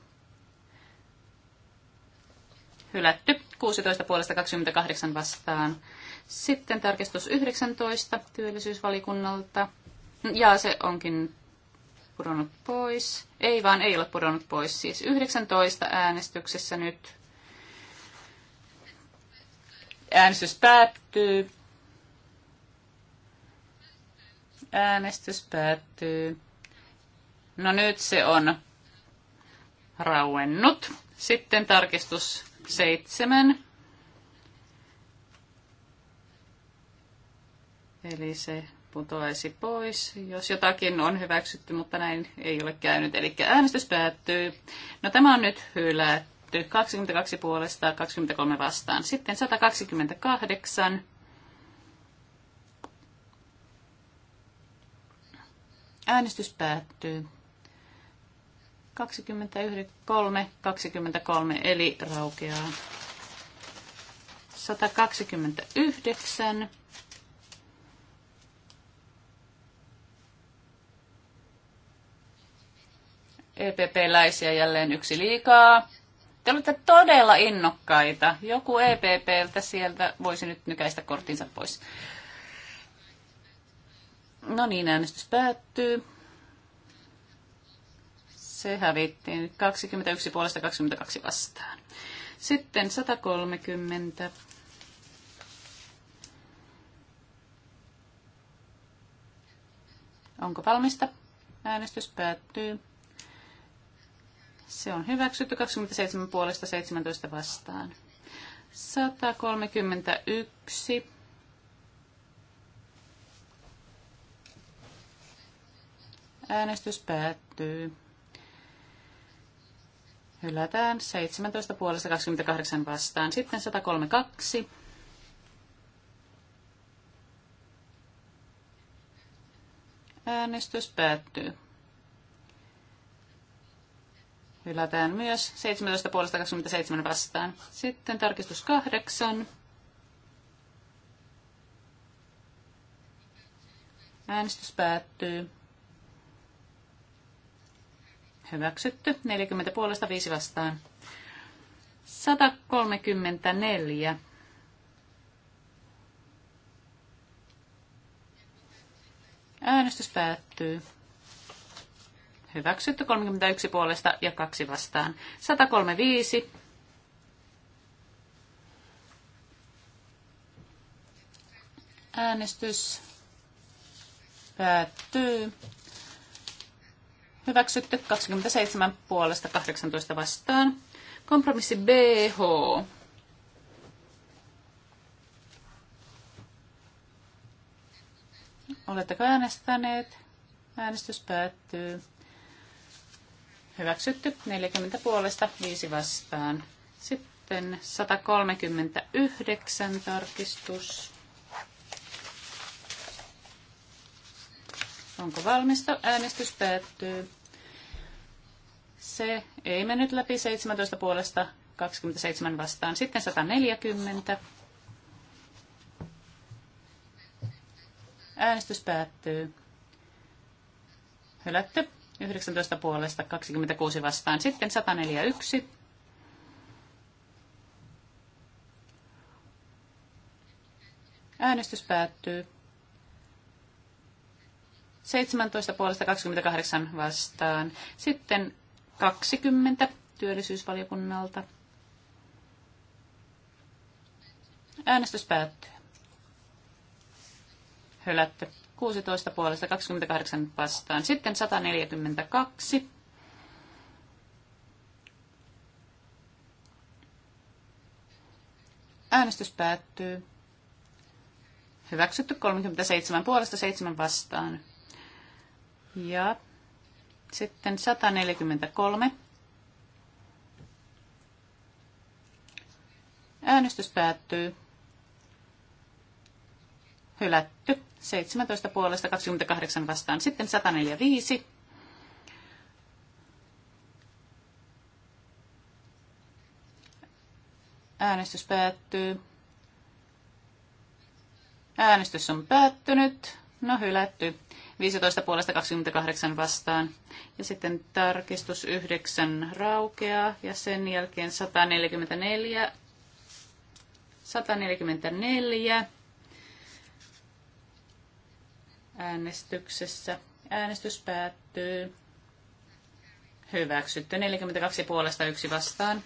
Hylätty. 16 puolesta 28 vastaan. Sitten tarkistus 19 työllisyysvalikunnalta. Ja se onkin pudonnut pois. Ei vaan ei ole pudonnut pois. Siis 19 äänestyksessä nyt. Äänestys päättyy. Äänestys päättyy. No nyt se on rauennut. Sitten tarkistus seitsemän. Eli se putoaisi pois, jos jotakin on hyväksytty, mutta näin ei ole käynyt. Eli äänestys päättyy. No tämä on nyt hylätty. 22 puolesta, 23 vastaan. Sitten 128. Äänestys päättyy. 23, 23 eli raukeaa. 129 EPP-läisiä jälleen yksi liikaa. Te olette todella innokkaita. Joku EPPltä sieltä voisi nyt nykäistä kortinsa pois. No niin, äänestys päättyy. Se hävittiin 21 puolesta 22 vastaan. Sitten 130. Onko valmista? Äänestys päättyy. Se on hyväksytty 27 puolesta 17 vastaan. 131. Äänestys päättyy. Hylätään 17 puolesta 28 vastaan. Sitten 132. Äänestys päättyy. Hylätään myös 17.27 vastaan. Sitten tarkistus 8. Äänestys päättyy. Hyväksytty. 40 puolesta 5 vastaan. 134. Äänestys päättyy hyväksytty 31 puolesta ja 2 vastaan. 135 äänestys päättyy. Hyväksytty 27 puolesta 18 vastaan. Kompromissi BH. Oletteko äänestäneet? Äänestys päättyy. Hyväksytty 40 puolesta 5 vastaan. Sitten 139 tarkistus. Onko valmista? Äänestys päättyy. Se ei mennyt läpi 17 puolesta 27 vastaan. Sitten 140. Äänestys päättyy. Hylätty 19 puolesta 26 vastaan. Sitten 141. Äänestys päättyy. 17 puolesta 28 vastaan. Sitten 20 työllisyysvaliokunnalta. Äänestys päättyy. Hylätty. 16 puolesta 28 vastaan. Sitten 142. Äänestys päättyy. Hyväksytty 37 puolesta 7 vastaan. Ja sitten 143. Äänestys päättyy hylätty. 17 puolesta 28 vastaan. Sitten 145. Äänestys päättyy. Äänestys on päättynyt. No hylätty. 15 puolesta 28 vastaan. Ja sitten tarkistus 9 raukeaa ja sen jälkeen 144. 144 äänestyksessä. Äänestys päättyy. Hyväksytty. 42 puolesta yksi vastaan.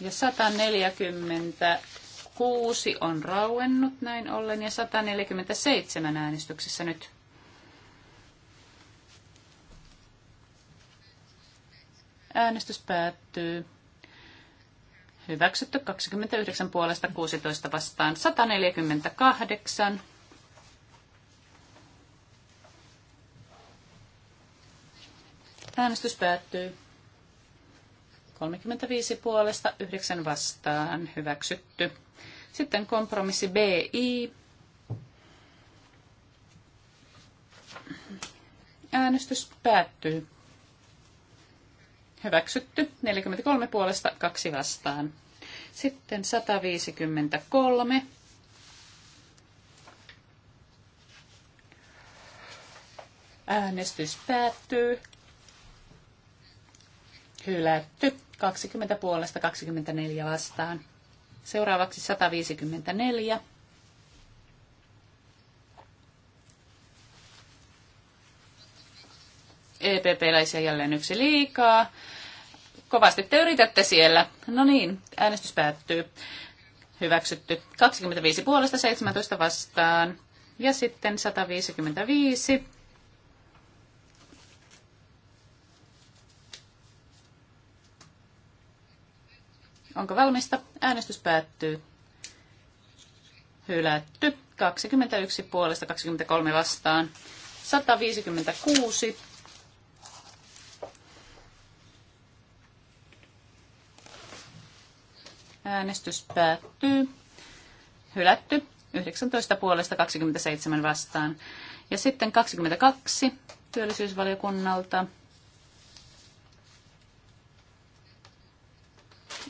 Ja 146 on rauennut näin ollen ja 147 äänestyksessä nyt. Äänestys päättyy. Hyväksytty 29 puolesta 16 vastaan 148. Äänestys päättyy. 35 puolesta, 9 vastaan. Hyväksytty. Sitten kompromissi BI. Äänestys päättyy. Hyväksytty. 43 puolesta, 2 vastaan. Sitten 153. Äänestys päättyy hylätty. 20 puolesta 24 vastaan. Seuraavaksi 154. EPP-läisiä jälleen yksi liikaa. Kovasti te yritätte siellä. No niin, äänestys päättyy. Hyväksytty. 25 puolesta 17 vastaan. Ja sitten 155 Onko valmista? Äänestys päättyy. Hylätty. 21 puolesta 23 vastaan. 156. Äänestys päättyy. Hylätty. 19 puolesta 27 vastaan. Ja sitten 22 työllisyysvaliokunnalta.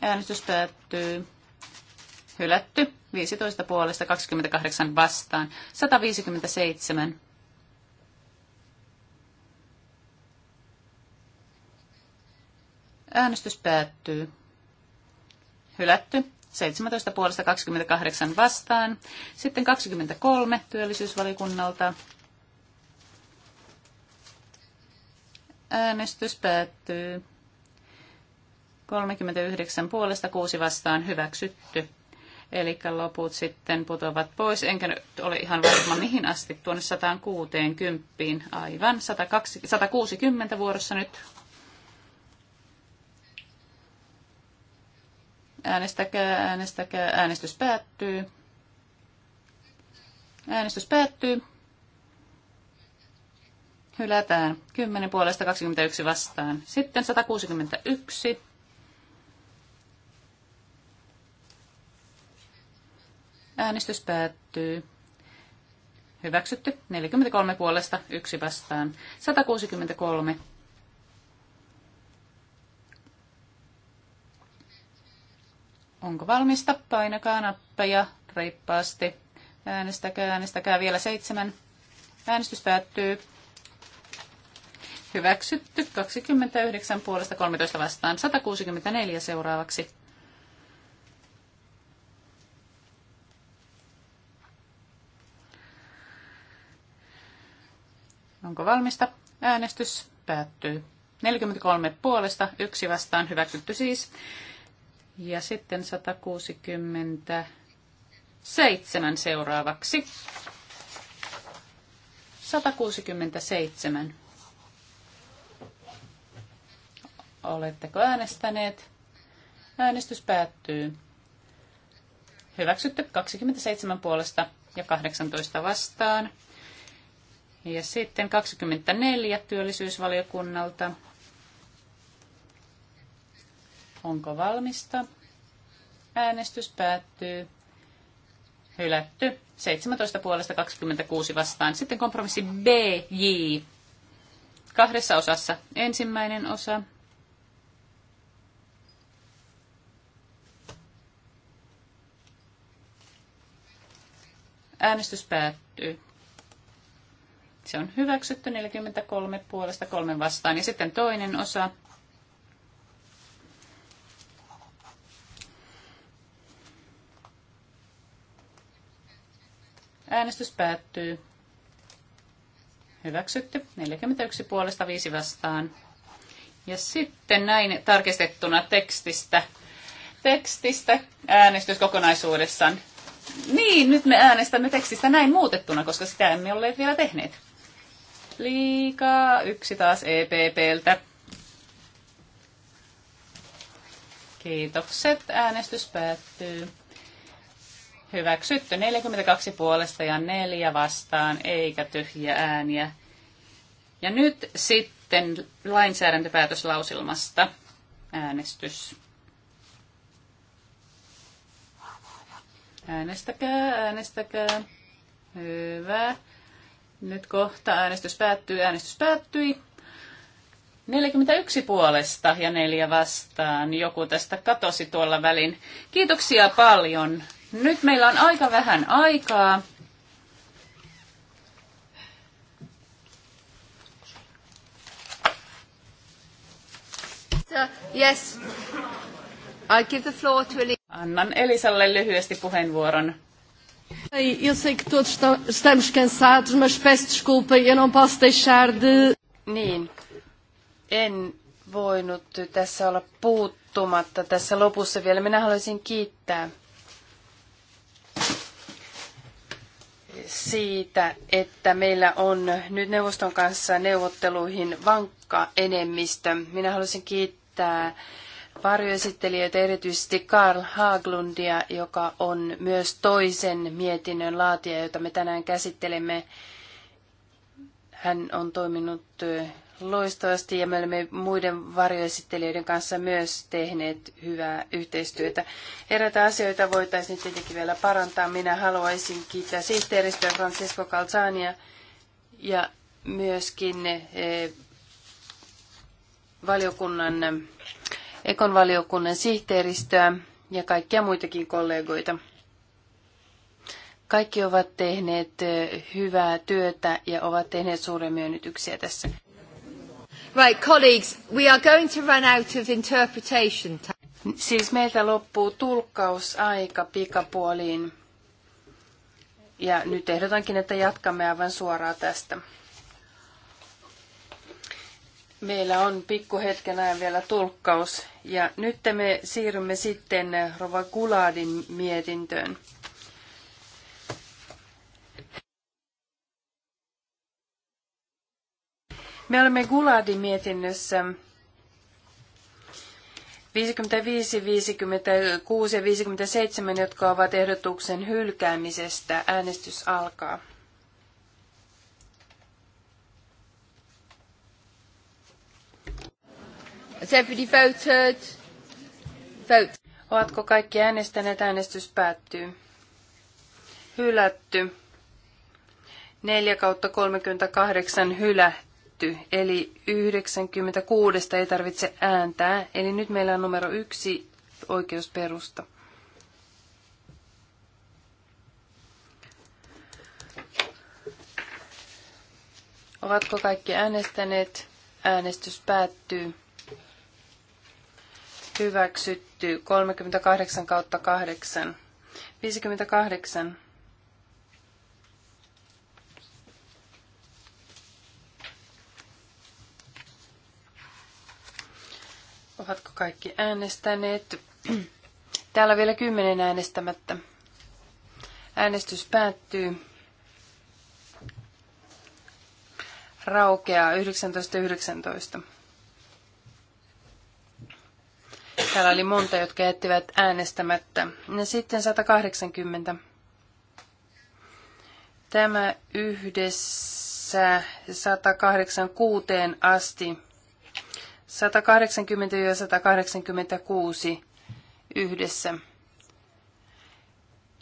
Äänestys päättyy. Hylätty. 15 puolesta 28 vastaan. 157. Äänestys päättyy. Hylätty. 17 puolesta 28 vastaan. Sitten 23 työllisyysvalikunnalta. Äänestys päättyy. 39 puolesta 6 vastaan hyväksytty. Eli loput sitten putoavat pois. Enkä nyt ole ihan varma mihin asti tuonne 160. Aivan 120, 160 vuorossa nyt. Äänestäkää, äänestäkää. Äänestys päättyy. Äänestys päättyy. Hylätään. 10 puolesta 21 vastaan. Sitten 161 Äänestys päättyy. Hyväksytty. 43 puolesta, yksi vastaan. 163. Onko valmista? Painakaa nappeja reippaasti. Äänestäkää, äänestäkää vielä seitsemän. Äänestys päättyy. Hyväksytty. 29 puolesta 13 vastaan. 164 seuraavaksi. Onko valmista? Äänestys päättyy. 43 puolesta, yksi vastaan hyväksytty siis. Ja sitten 167 seuraavaksi. 167. Oletteko äänestäneet? Äänestys päättyy. Hyväksytty 27 puolesta ja 18 vastaan. Ja sitten 24 työllisyysvaliokunnalta. Onko valmista? Äänestys päättyy. Hylätty. 17 puolesta 26 vastaan. Sitten kompromissi BJ. Kahdessa osassa. Ensimmäinen osa. Äänestys päättyy. Se on hyväksytty 43 puolesta kolmen vastaan. Ja sitten toinen osa. Äänestys päättyy. Hyväksytty 41 puolesta viisi vastaan. Ja sitten näin tarkistettuna tekstistä, tekstistä äänestys kokonaisuudessaan. Niin, nyt me äänestämme tekstistä näin muutettuna, koska sitä emme ole vielä tehneet liikaa. Yksi taas EPPltä. Kiitokset. Äänestys päättyy. Hyväksytty 42 puolesta ja 4 vastaan, eikä tyhjiä ääniä. Ja nyt sitten lainsäädäntöpäätöslausilmasta äänestys. Äänestäkää, äänestäkää. Hyvä. Nyt kohta äänestys päättyy. Äänestys päättyi. 41 puolesta ja neljä vastaan. Joku tästä katosi tuolla välin. Kiitoksia paljon. Nyt meillä on aika vähän aikaa. Yes. I give the floor to Annan Elisalle lyhyesti puheenvuoron. Eu sei que todos estamos cansados, mas peço desculpa, eu não posso deixar de... Niin, en voinut tässä olla puuttumatta tässä lopussa vielä. Minä haluaisin kiittää siitä, että meillä on nyt neuvoston kanssa neuvotteluihin vankka enemmistö. Minä haluaisin kiittää varjoesittelijöitä, erityisesti Karl Haglundia, joka on myös toisen mietinnön laatija, jota me tänään käsittelemme. Hän on toiminut loistavasti ja me olemme muiden varjoesittelijöiden kanssa myös tehneet hyvää yhteistyötä. Eräitä asioita voitaisiin tietenkin vielä parantaa. Minä haluaisin kiittää sihteeristöä Francesco Calzania ja myöskin valiokunnan Ekonvaliokunnan valiokunnan sihteeristöä ja kaikkia muitakin kollegoita. Kaikki ovat tehneet hyvää työtä ja ovat tehneet suuria myönnytyksiä tässä. Right, colleagues, we are going to run out of interpretation time. Siis meiltä loppuu tulkkausaika pikapuoliin. Ja nyt ehdotankin, että jatkamme aivan suoraan tästä. Meillä on pikkuhetken ajan vielä tulkkaus. Ja nyt me siirrymme sitten Rova Kuladin mietintöön. Me olemme Guladin mietinnössä 55, 56 ja 57, jotka ovat ehdotuksen hylkäämisestä. Äänestys alkaa. Has everybody voted? Vote. Ovatko kaikki äänestäneet? Äänestys päättyy. Hylätty. 4 kautta 38 hylätty, eli 96 ei tarvitse ääntää. Eli nyt meillä on numero yksi oikeusperusta. Ovatko kaikki äänestäneet? Äänestys päättyy hyväksytty 38 kautta 8. 58. Ovatko kaikki äänestäneet? Täällä vielä kymmenen äänestämättä. Äänestys päättyy. Raukeaa 19.19. 19. Täällä oli monta, jotka jättivät äänestämättä. Ja sitten 180. Tämä yhdessä 186 asti. 180 ja 186 yhdessä.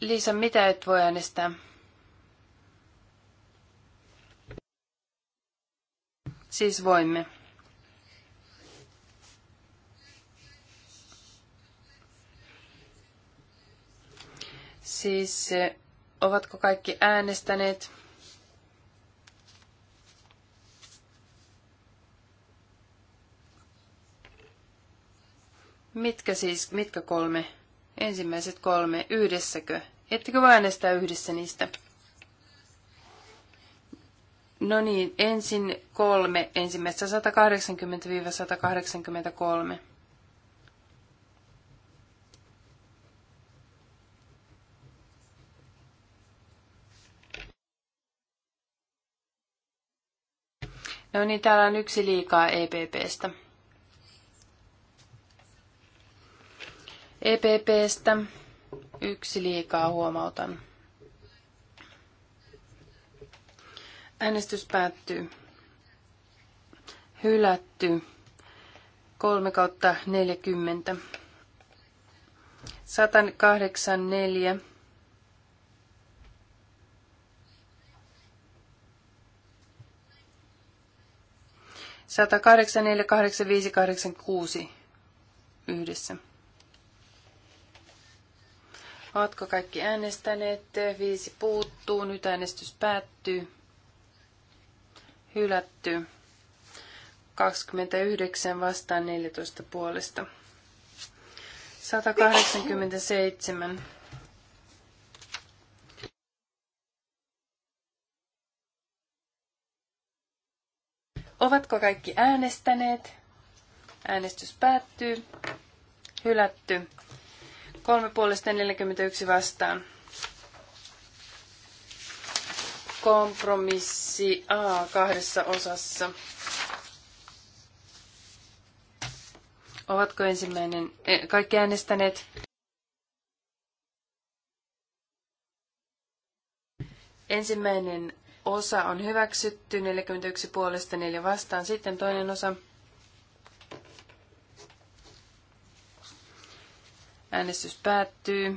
Liisa, mitä et voi äänestää? Siis voimme. Siis eh, ovatko kaikki äänestäneet? Mitkä siis, mitkä kolme? Ensimmäiset kolme, yhdessäkö? Ettekö voi äänestää yhdessä niistä? No niin, ensin kolme, ensimmäistä 180-183. No niin, täällä on yksi liikaa EPPstä. EPPstä yksi liikaa huomautan. Äänestys päättyy. Hylätty. 3 kautta 40. 184 1848586 yhdessä. Ovatko kaikki äänestäneet? Viisi puuttuu. Nyt äänestys päättyy. Hylätty. 29 vastaan 14 puolesta. 187 Ovatko kaikki äänestäneet? Äänestys päättyy. Hylätty. Kolme puolesta 41 vastaan. Kompromissi A kahdessa osassa. Ovatko ensimmäinen, eh, kaikki äänestäneet? Ensimmäinen osa on hyväksytty, 41 puolesta 4 vastaan. Sitten toinen osa. Äänestys päättyy.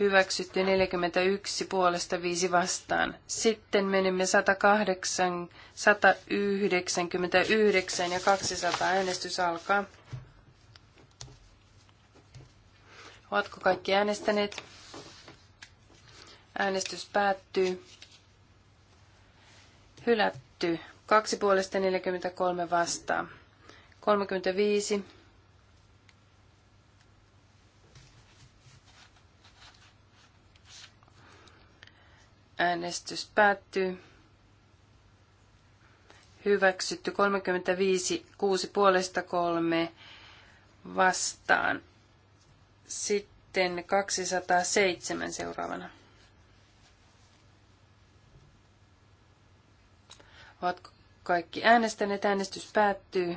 Hyväksytty 41 puolesta 5 vastaan. Sitten menemme 108, 199 ja 200. Äänestys alkaa. Ovatko kaikki äänestäneet? Äänestys päättyy. Hylätty. Kaksi puolesta 43 vastaan. 35. Äänestys päättyy. Hyväksytty 35, 6 puolesta 3 vastaan. Sitten 207 seuraavana. Ovat kaikki äänestäneet. Äänestys päättyy.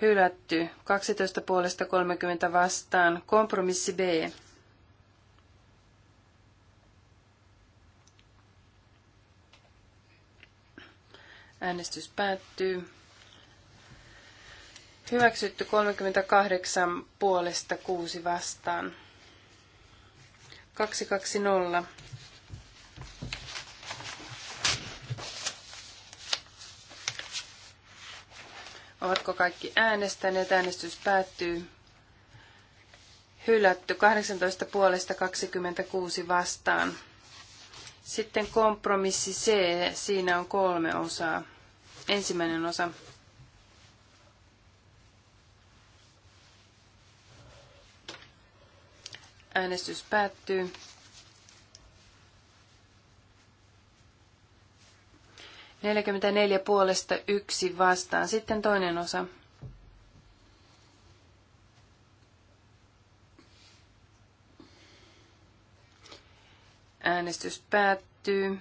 Hylätty. 12 puolesta 30 vastaan. Kompromissi B. Äänestys päättyy. Hyväksytty 38 puolesta 6 vastaan. 220 Ovatko kaikki äänestäneet? Äänestys päättyy. Hylätty 18 puolesta 26 vastaan. Sitten kompromissi C. Siinä on kolme osaa. Ensimmäinen osa. Äänestys päättyy. 44 puolesta yksi vastaan. Sitten toinen osa. Äänestys päättyy.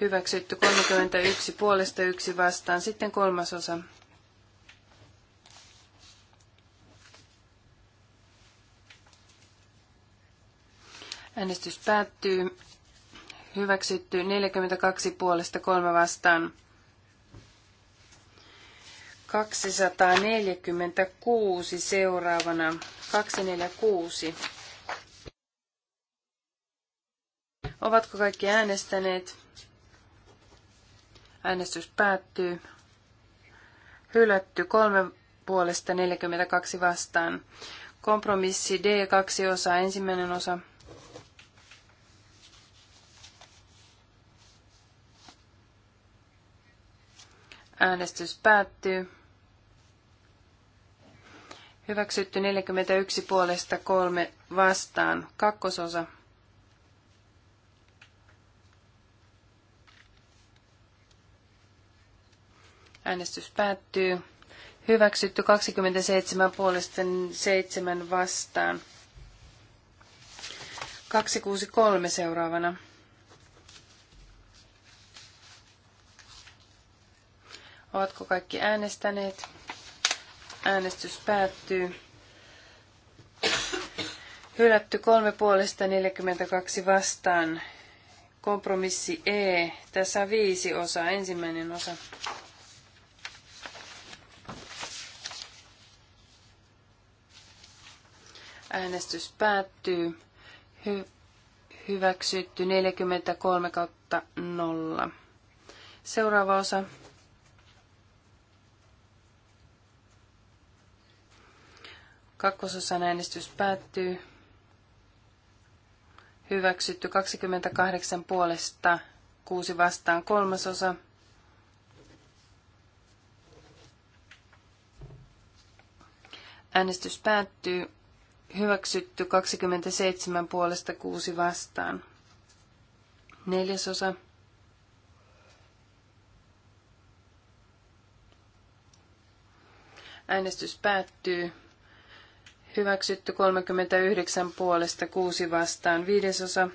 Hyväksytty 31 puolesta yksi vastaan. Sitten kolmas osa. Äänestys päättyy. Hyväksytty 42 puolesta kolme vastaan. 246 seuraavana. 246. Ovatko kaikki äänestäneet? Äänestys päättyy. Hylätty kolme puolesta 42 vastaan. Kompromissi D 2 osa Ensimmäinen osa Äänestys päättyy. Hyväksytty 41 puolesta 3 vastaan. Kakkososa. Äänestys päättyy. Hyväksytty 27 puolesta 7 vastaan. 263 seuraavana. Ovatko kaikki äänestäneet? Äänestys päättyy. Hylätty kolme puolesta 42 vastaan. Kompromissi E. Tässä on viisi osaa. Ensimmäinen osa. Äänestys päättyy. Hy- hyväksytty 43 kautta 0. Seuraava osa Kakkososan äänestys päättyy. Hyväksytty 28 puolesta, 6 vastaan kolmasosa. Äänestys päättyy. Hyväksytty 27 puolesta, 6 vastaan. Neljäsosa. Äänestys päättyy. Hyväksytty 39 puolesta 6 vastaan viidesosa.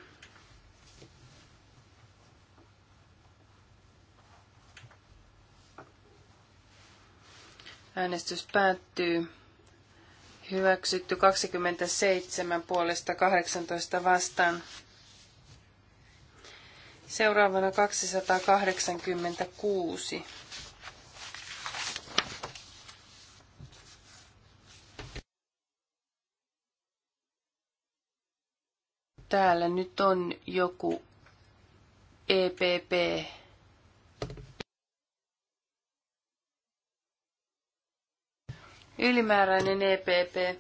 Äänestys päättyy. Hyväksytty 27 puolesta 18 vastaan. Seuraavana 286. täällä nyt on joku EPP. Ylimääräinen EPP.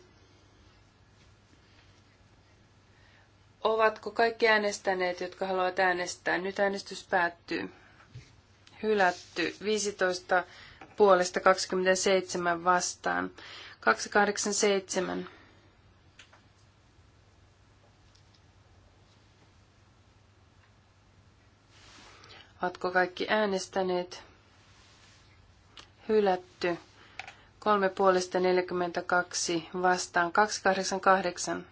Ovatko kaikki äänestäneet, jotka haluavat äänestää? Nyt äänestys päättyy. Hylätty 15 puolesta 27 vastaan. 287. Ovatko kaikki äänestäneet? Hylätty. Kolme puolesta 42 vastaan 288.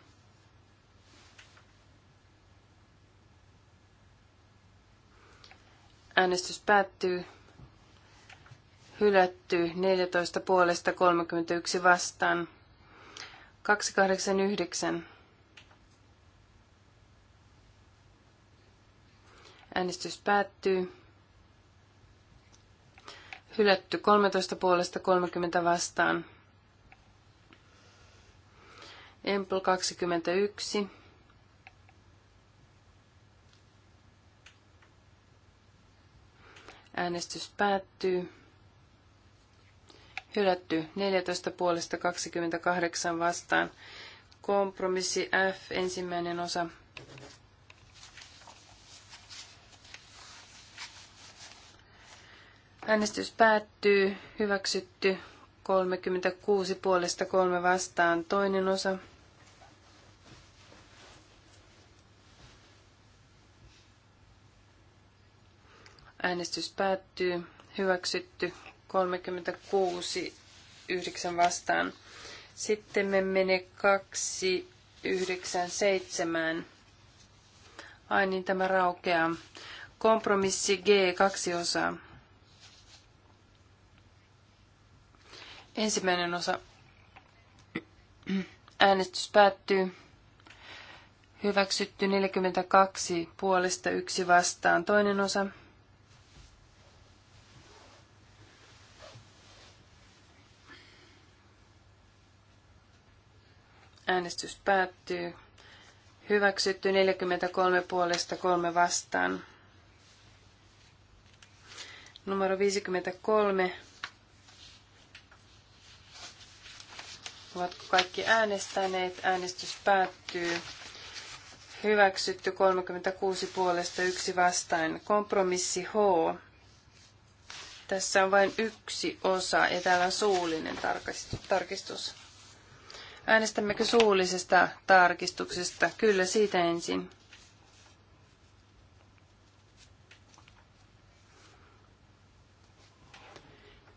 Äänestys päättyy. Hylätty 14 puolesta 31 vastaan. 289. Äänestys päättyy. Hylätty 13 puolesta 30 vastaan. Empl 21. Äänestys päättyy. Hylätty 14 puolesta 28 vastaan. Kompromissi F, ensimmäinen osa Äänestys päättyy. Hyväksytty 36 puolesta kolme vastaan. Toinen osa. Äänestys päättyy. Hyväksytty 36 9 vastaan. Sitten me mene 2 9 7. Ai niin tämä raukeaa. Kompromissi G kaksi osaa. Ensimmäinen osa. Äänestys päättyy. Hyväksytty 42 puolesta yksi vastaan. Toinen osa. Äänestys päättyy. Hyväksytty 43 puolesta kolme vastaan. Numero 53 Ovatko kaikki äänestäneet? Äänestys päättyy. Hyväksytty 36 puolesta yksi vastaan. Kompromissi H. Tässä on vain yksi osa ja täällä on suullinen tarkistus. Äänestämmekö suullisesta tarkistuksesta? Kyllä, siitä ensin.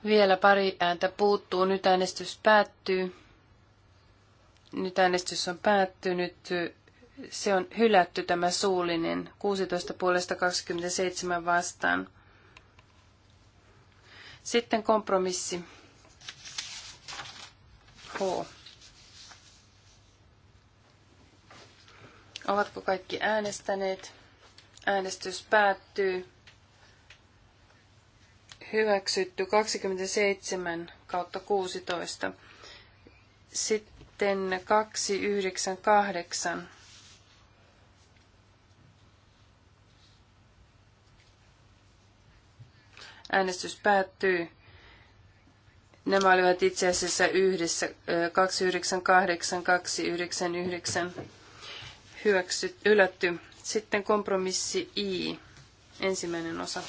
Vielä pari ääntä puuttuu. Nyt äänestys päättyy. Nyt äänestys on päättynyt. Se on hylätty tämä suullinen. 16 puolesta 27 vastaan. Sitten kompromissi. H. Ovatko kaikki äänestäneet? Äänestys päättyy. Hyväksytty 27 kautta 16. Sitten sitten 298. Äänestys päättyy. Nämä olivat itse asiassa yhdessä 298, 299 hyväksyt, ylätty. Sitten kompromissi I, ensimmäinen osa.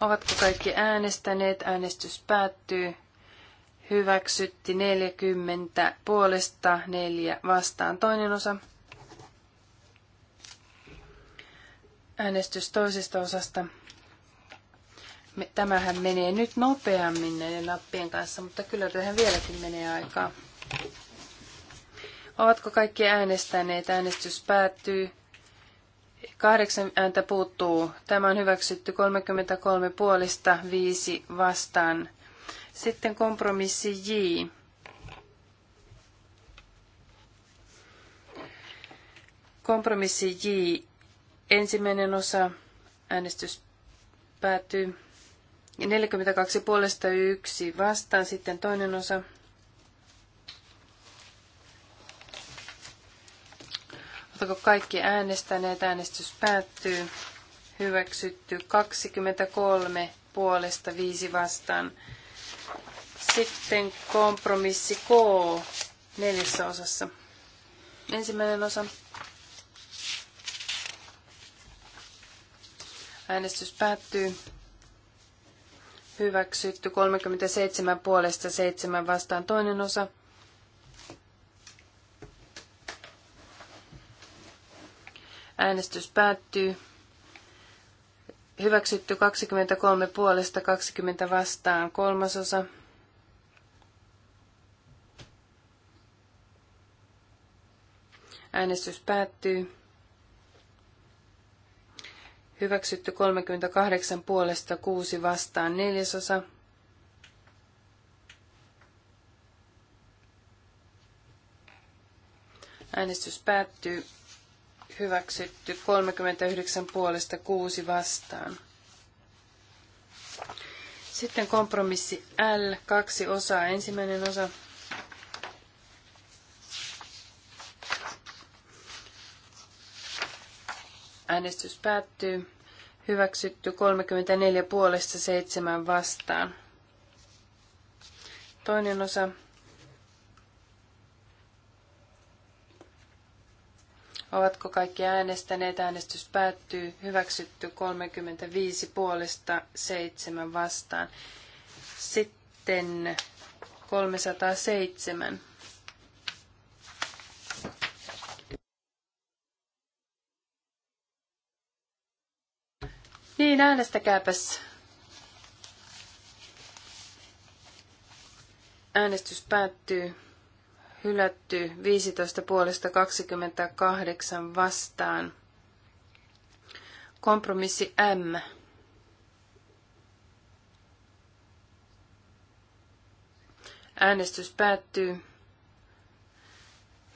Ovatko kaikki äänestäneet? Äänestys päättyy hyväksytti 40 puolesta, 4 vastaan toinen osa. Äänestys toisesta osasta. Tämähän menee nyt nopeammin näiden nappien kanssa, mutta kyllä tähän vieläkin menee aikaa. Ovatko kaikki äänestäneet? Äänestys päättyy. Kahdeksan ääntä puuttuu. Tämä on hyväksytty 33 puolesta, 5 vastaan sitten kompromissi J. Kompromissi J. Ensimmäinen osa äänestys päättyy. 42 puolesta yksi vastaan. Sitten toinen osa Oletko kaikki äänestäneet? Äänestys päättyy. Hyväksytty 23 puolesta 5 vastaan. Sitten kompromissi K neljässä osassa. Ensimmäinen osa. Äänestys päättyy. Hyväksytty 37 puolesta 7 vastaan toinen osa. Äänestys päättyy. Hyväksytty 23 puolesta 20 vastaan osa Äänestys päättyy. Hyväksytty 38 puolesta 6 vastaan neljäsosa. Äänestys päättyy. Hyväksytty 39 puolesta 6 vastaan. Sitten kompromissi L, kaksi osaa. Ensimmäinen osa Äänestys päättyy. Hyväksytty 34 puolesta 7 vastaan. Toinen osa. Ovatko kaikki äänestäneet? Äänestys päättyy. Hyväksytty 35 puolesta 7 vastaan. Sitten 307. Niin, äänestäkääpäs. Äänestys päättyy. Hylätty 15 puolesta 28 vastaan. Kompromissi M. Äänestys päättyy.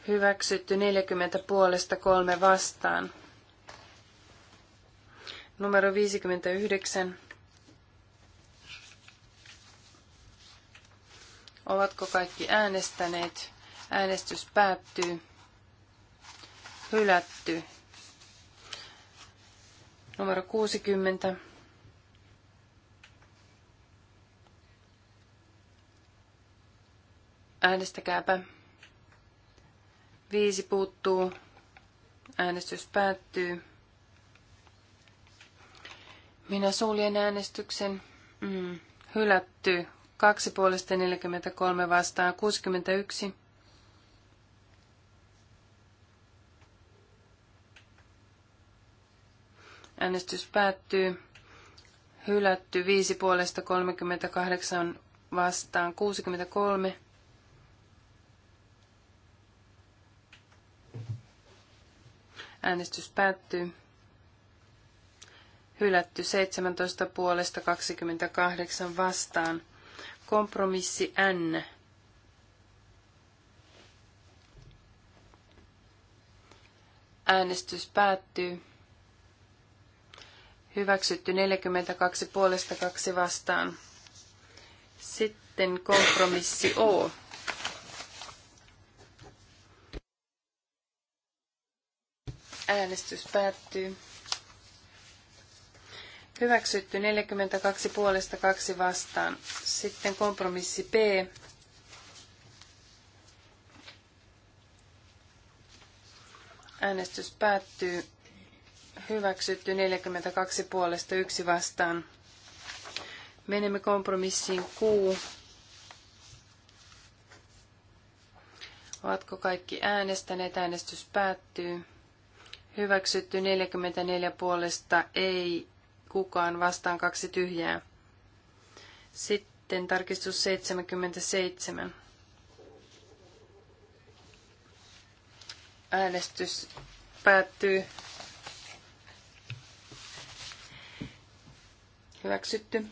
Hyväksytty 40 puolesta 3 vastaan numero 59. Ovatko kaikki äänestäneet? Äänestys päättyy. Hylätty. Numero 60. Äänestäkääpä. Viisi puuttuu. Äänestys päättyy. Minä suljen äänestyksen. Mm. Hylätty. Kaksi puolesta 43 vastaan 61. Äänestys päättyy. Hylätty Viisi puolesta 38 vastaan 63. Äänestys päättyy hylätty 17 puolesta 28 vastaan. Kompromissi N. Äänestys päättyy. Hyväksytty 42 puolesta 2 vastaan. Sitten kompromissi O. Äänestys päättyy. Hyväksytty 42 puolesta 2 vastaan. Sitten kompromissi B. Äänestys päättyy. Hyväksytty 42 puolesta 1 vastaan. Menemme kompromissiin Q. Ovatko kaikki äänestäneet? Äänestys päättyy. Hyväksytty 44 puolesta ei kukaan vastaan kaksi tyhjää. Sitten tarkistus 77. Äänestys päättyy. Hyväksytty.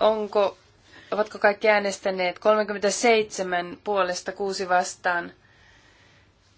Onko, ovatko kaikki äänestäneet 37 puolesta kuusi vastaan?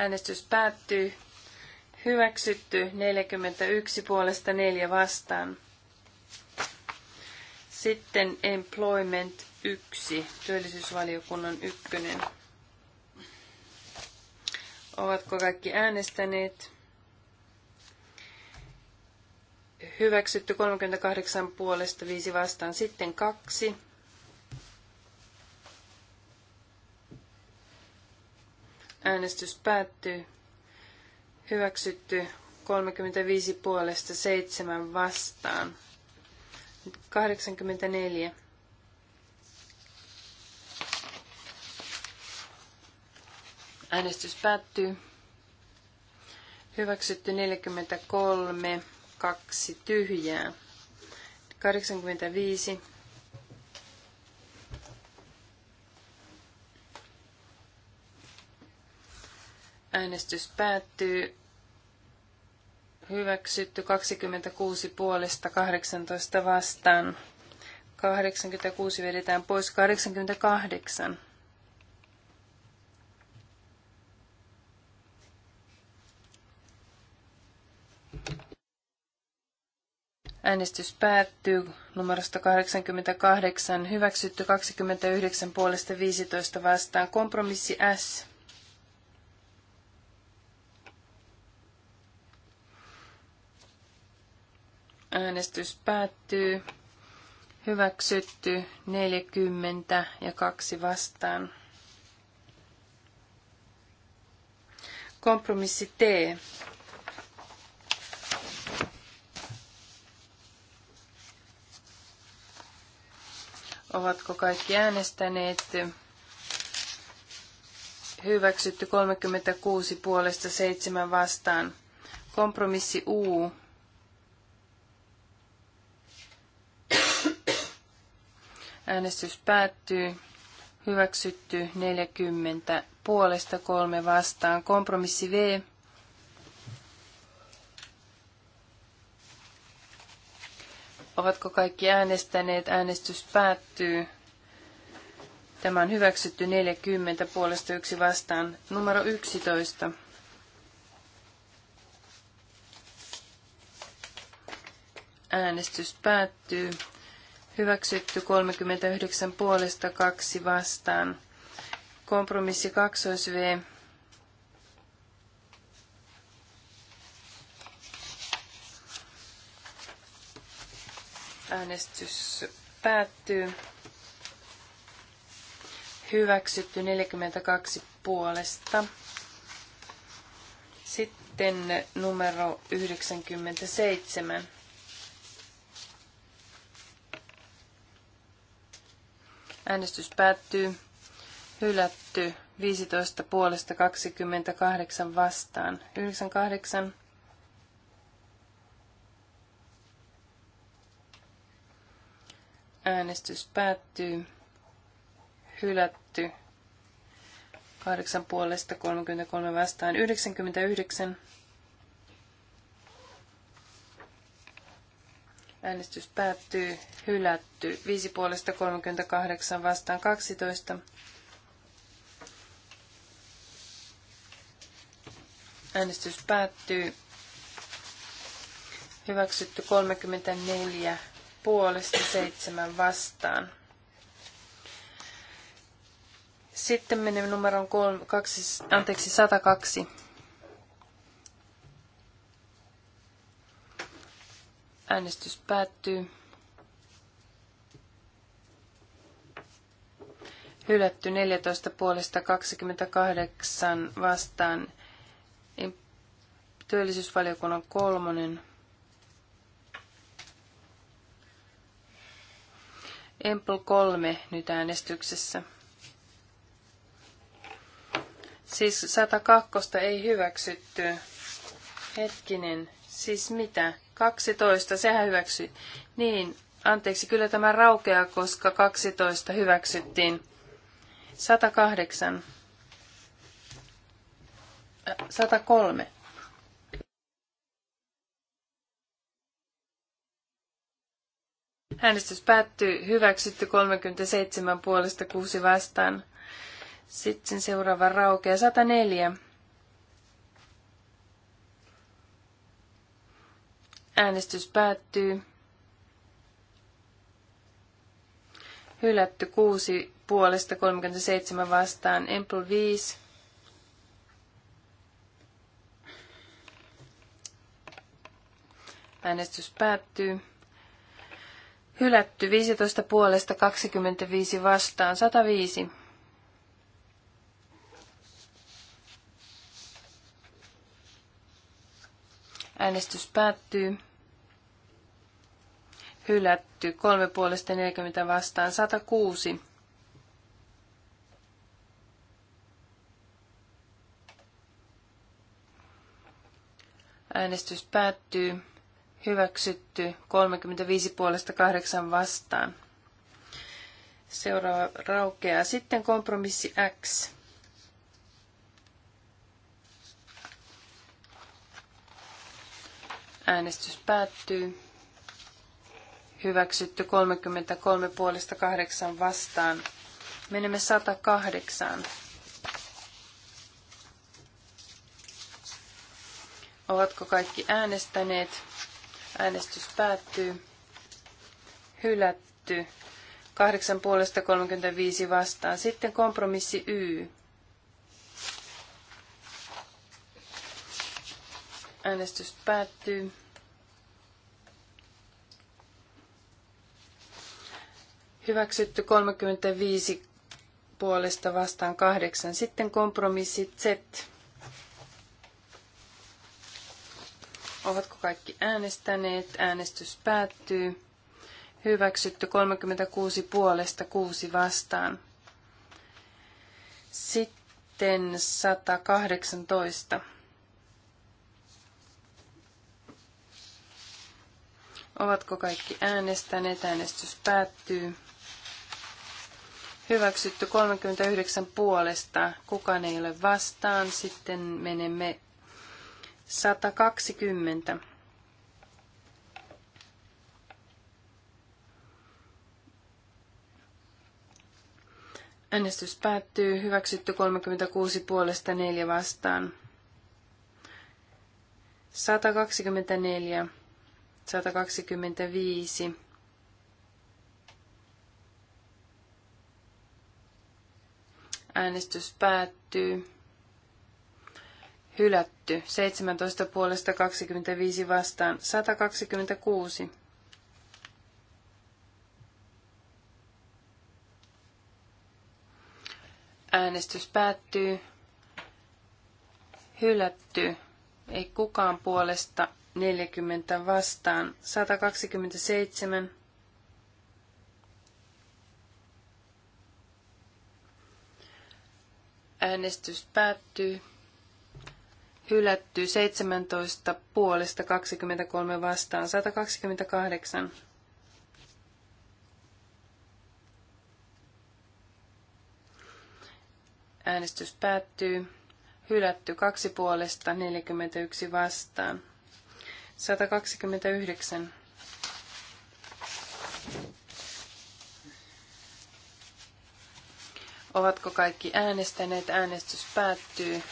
Äänestys päättyy. Hyväksytty 41 puolesta 4 vastaan. Sitten Employment 1, työllisyysvaliokunnan ykkönen. Ovatko kaikki äänestäneet? Hyväksytty 38 puolesta 5 vastaan. Sitten kaksi Äänestys päättyy. Hyväksytty 35 puolesta 7 vastaan. 84. Äänestys päättyy. Hyväksytty 43, 2 tyhjää. 85 Äänestys päättyy. Hyväksytty 26 puolesta 18 vastaan. 86 vedetään pois 88. Äänestys päättyy numerosta 88, hyväksytty 29 puolesta 15 vastaan, kompromissi S. Äänestys päättyy. Hyväksytty 40 ja 2 vastaan. Kompromissi T. Ovatko kaikki äänestäneet? Hyväksytty 36 puolesta 7 vastaan. Kompromissi U. Äänestys päättyy. Hyväksytty 40 puolesta kolme vastaan. Kompromissi V. Ovatko kaikki äänestäneet? Äänestys päättyy. Tämä on hyväksytty 40 puolesta yksi vastaan. Numero 11. Äänestys päättyy. Hyväksytty 39 puolesta 2 vastaan. Kompromissi 2 V. Äänestys päättyy. Hyväksytty 42 puolesta. Sitten numero 97. Äänestys päättyy. Hylätty 15 puolesta 28 vastaan. 98 äänestys päättyy. Hylätty 8 puolesta 33 vastaan 99. Äänestys päättyy. Hylätty. 5 puolesta 38 vastaan 12. Äänestys päättyy. Hyväksytty 34 puolesta 7 vastaan. Sitten menemme numeron 3, 2, anteeksi, 102 Äänestys päättyy. Hylätty 14 puolesta 28 vastaan. Työllisyysvaliokunnan kolmonen. Empl 3 nyt äänestyksessä. Siis 102 ei hyväksytty. Hetkinen. Siis mitä? 12, sehän hyväksyi. Niin, anteeksi, kyllä tämä raukeaa, koska 12 hyväksyttiin. 108. 103. Äh, Äänestys päättyy hyväksytty 37 puolesta 6 vastaan. Sitten seuraava raukea 104 Äänestys päättyy. Hylätty 6 puolesta 37 vastaan. Empl 5. Äänestys päättyy. Hylätty 15 puolesta 25 vastaan 105. Äänestys päättyy hylätty, kolme puolesta 40 vastaan, 106. Äänestys päättyy. Hyväksytty 35 puolesta 8 vastaan. Seuraava raukeaa. Sitten kompromissi X. Äänestys päättyy hyväksytty 33 puolesta 8 vastaan. Menemme 108. Ovatko kaikki äänestäneet? Äänestys päättyy. Hylätty. 8 puolesta 35 vastaan. Sitten kompromissi Y. Äänestys päättyy. Hyväksytty 35 puolesta vastaan kahdeksan. Sitten kompromissi Z. Ovatko kaikki äänestäneet? Äänestys päättyy. Hyväksytty 36 puolesta 6 vastaan. Sitten 118. Ovatko kaikki äänestäneet? Äänestys päättyy. Hyväksytty 39 puolesta. Kukaan ei ole vastaan. Sitten menemme 120. Äänestys päättyy. Hyväksytty 36 puolesta 4 vastaan. 124. 125. Äänestys päättyy. Hylätty. 17 puolesta 25 vastaan. 126. Äänestys päättyy. Hylätty. Ei kukaan puolesta 40 vastaan. 127. Äänestys päättyy. Hylätty 17 puolesta 23 vastaan 128. Äänestys päättyy. Hylätty 2 puolesta 41 vastaan. 129. Ovatko kaikki äänestäneet? Äänestys päättyy.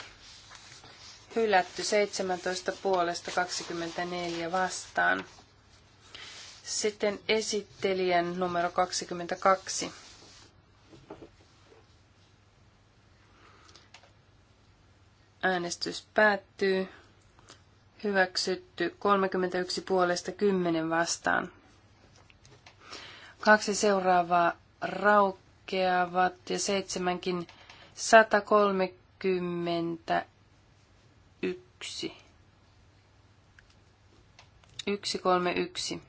Hylätty 17 puolesta 24 vastaan. Sitten esittelijän numero 22. Äänestys päättyy. Hyväksytty 31 puolesta 10 vastaan. Kaksi seuraavaa raukkaa raukeavat ja seitsemänkin 131. 131.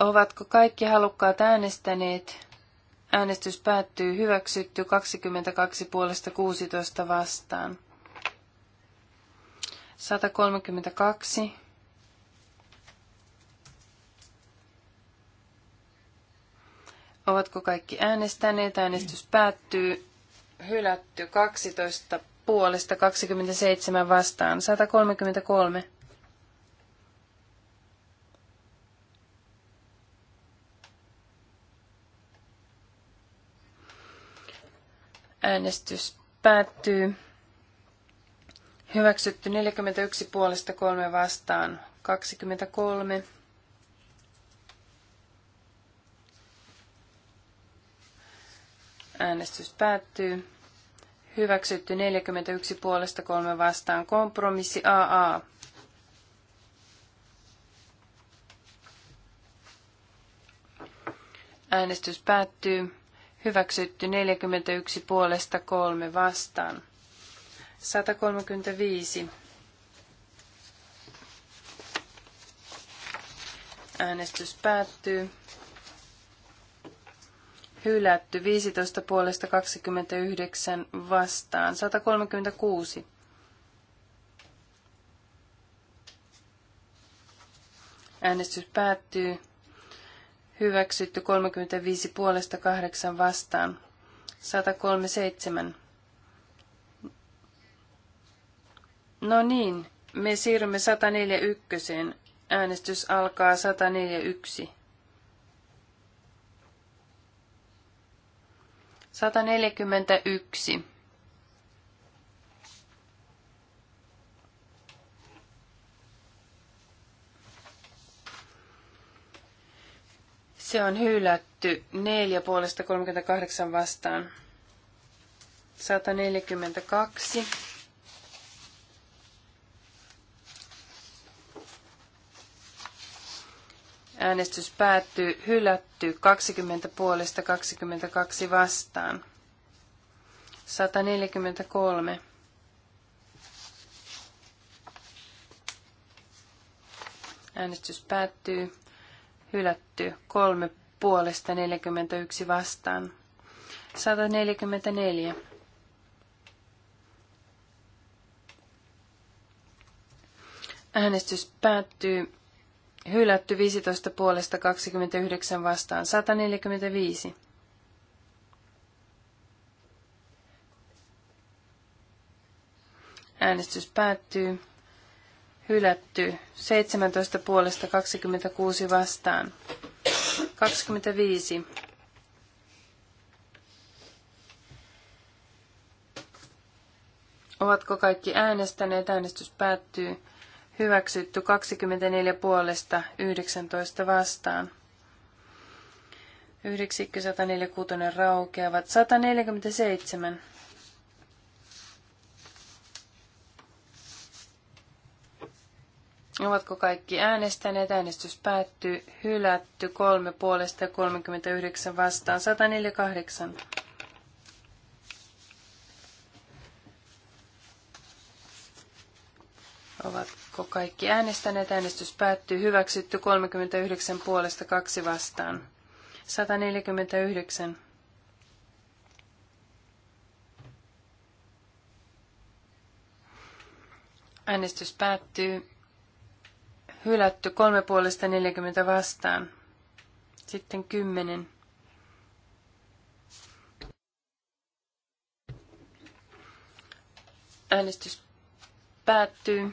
Ovatko kaikki halukkaat äänestäneet? Äänestys päättyy hyväksytty 22 puolesta 16 vastaan. 132 Ovatko kaikki äänestäneet? Äänestys päättyy. Hylätty 12 puolesta 27 vastaan. 133. Äänestys päättyy. Hyväksytty 41 puolesta 3 vastaan. 23. Äänestys päättyy. Hyväksytty 41 puolesta kolme vastaan. Kompromissi AA. Äänestys päättyy. Hyväksytty 41 puolesta kolme vastaan. 135. Äänestys päättyy hylätty 15 puolesta 29 vastaan 136. Äänestys päättyy. Hyväksytty 35 puolesta 8 vastaan 137. No niin, me siirrymme 141. Äänestys alkaa 141. 141. Se on hylätty 4 puolesta 38 vastaan. 142 Äänestys päättyy hylätty 20 puolesta 22 vastaan. 143. Äänestys päättyy hylätty 3 puolesta 41 vastaan. 144. Äänestys päättyy hylätty 15 puolesta 29 vastaan 145. Äänestys päättyy. Hylätty 17 puolesta 26 vastaan. 25. Ovatko kaikki äänestäneet? Äänestys päättyy hyväksytty 24 puolesta 19 vastaan. 9146 raukeavat 147. Ovatko kaikki äänestäneet? Äänestys päättyy. Hylätty 3 puolesta ja 39 vastaan. 148. Ovat Ovatko kaikki äänestäneet? Äänestys päättyy. Hyväksytty 39 puolesta kaksi vastaan. 149. Äänestys päättyy. Hylätty kolme puolesta 40 vastaan. Sitten 10. Äänestys päättyy.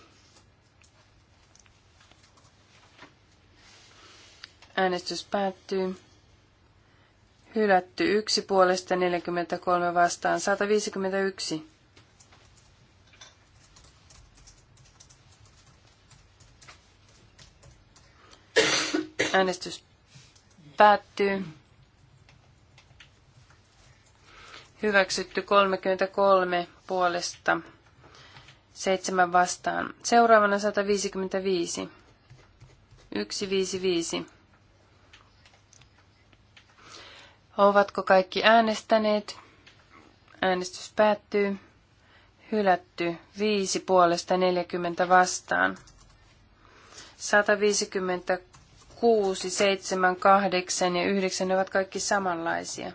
Äänestys päättyy. Hylätty yksi puolesta 43 vastaan 151. Äänestys päättyy. Hyväksytty 33 puolesta 7 vastaan. Seuraavana 155. 155. Ovatko kaikki äänestäneet? Äänestys päättyy. Hylätty 5 puolesta 40 vastaan. 156, 7, 8 ja 9 ne ovat kaikki samanlaisia.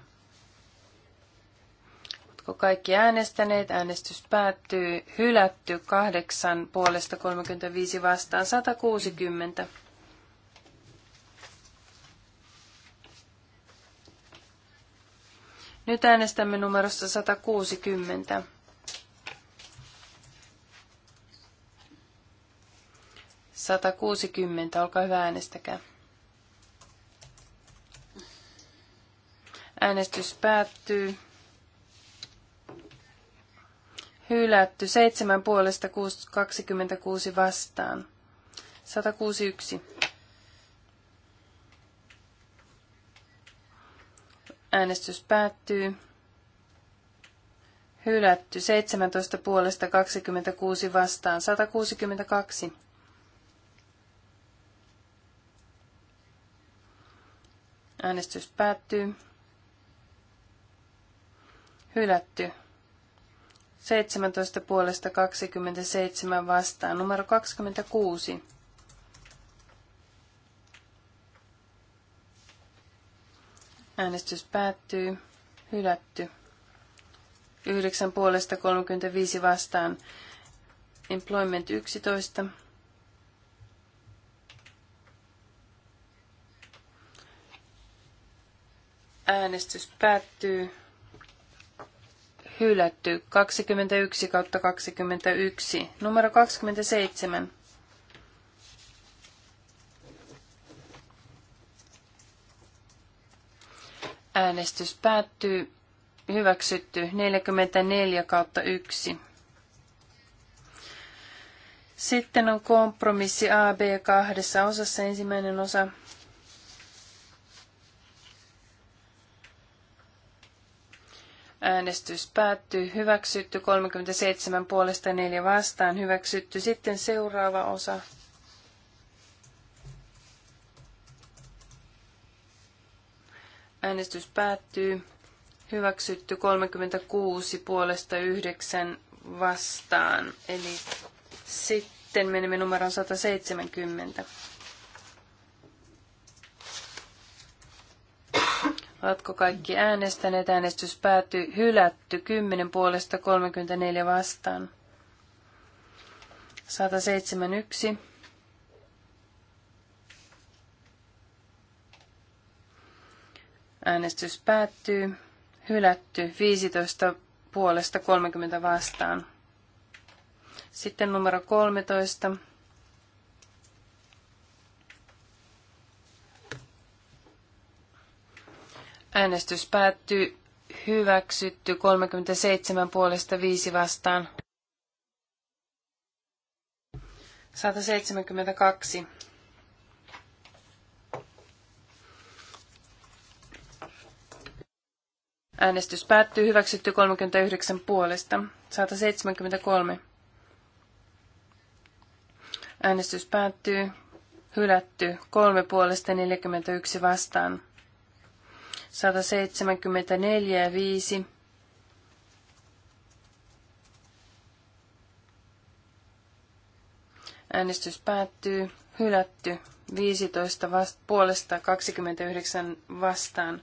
Oletko kaikki äänestäneet? Äänestys päättyy. Hylätty 8 puolesta 35 vastaan 160. Nyt äänestämme numerosta 160. Sata kuusikymmentä, olkaa hyvä, äänestäkää. Äänestys päättyy. Hylätty seitsemän puolesta 26 vastaan. 161. Äänestys päättyy. Hylätty 17 puolesta 26 vastaan 162. Äänestys päättyy. Hylätty 17 puolesta 27 vastaan numero 26. Äänestys päättyy. Hylätty. 9 puolesta 35 vastaan. Employment 11. Äänestys päättyy. Hylätty 21 kautta 21. Numero 27. Äänestys päättyy. Hyväksytty 44 kautta 1. Sitten on kompromissi AB kahdessa osassa. Ensimmäinen osa Äänestys päättyy. Hyväksytty 37 puolesta 4 vastaan. Hyväksytty. Sitten seuraava osa. Äänestys päättyy. Hyväksytty 36 puolesta 9 vastaan. Eli sitten menemme numeron 170. Oletko kaikki äänestäneet? Äänestys päättyy hylätty 10 puolesta 34 vastaan. 171 Äänestys päättyy. Hylätty 15 puolesta 30 vastaan. Sitten numero 13. Äänestys päättyy. Hyväksytty 37 puolesta 5 vastaan. 172 Äänestys päättyy. Hyväksytty 39 puolesta. 173. Äänestys päättyy. Hylätty 3 puolesta 41 vastaan. 174 ja 5. Äänestys päättyy. Hylätty 15 vast- puolesta 29 vastaan.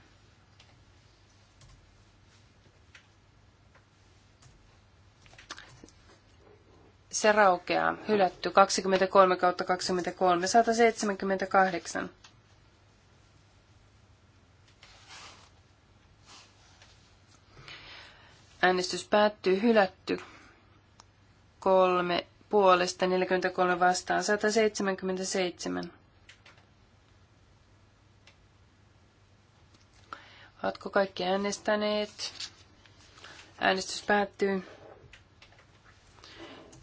Se raukeaa. Hylätty. 23 kautta 23. 178. Äänestys päättyy. Hylätty. Kolme puolesta, 43 vastaan, 177. Oletko kaikki äänestäneet? Äänestys päättyy.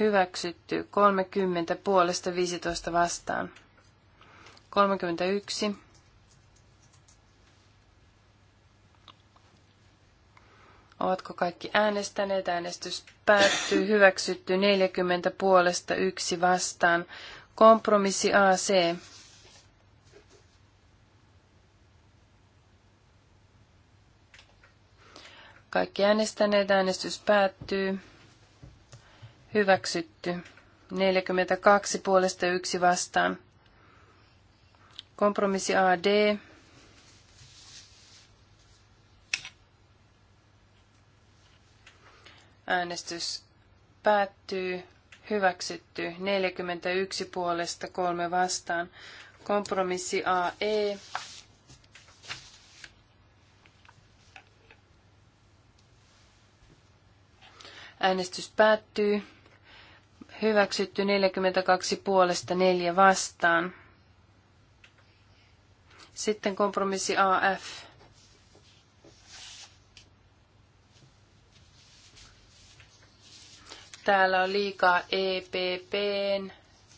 hyväksytty 30 puolesta 15 vastaan. 31 Ovatko kaikki äänestäneet? Äänestys päättyy. Hyväksytty 40 puolesta 1 vastaan. Kompromissi AC. Kaikki äänestäneet. Äänestys päättyy. Hyväksytty. 42 puolesta yksi vastaan. Kompromissi AD. Äänestys päättyy. Hyväksytty. 41 puolesta kolme vastaan. Kompromissi AE. Äänestys päättyy hyväksytty 42 puolesta 4 vastaan. Sitten kompromissi AF. Täällä on liikaa EPPn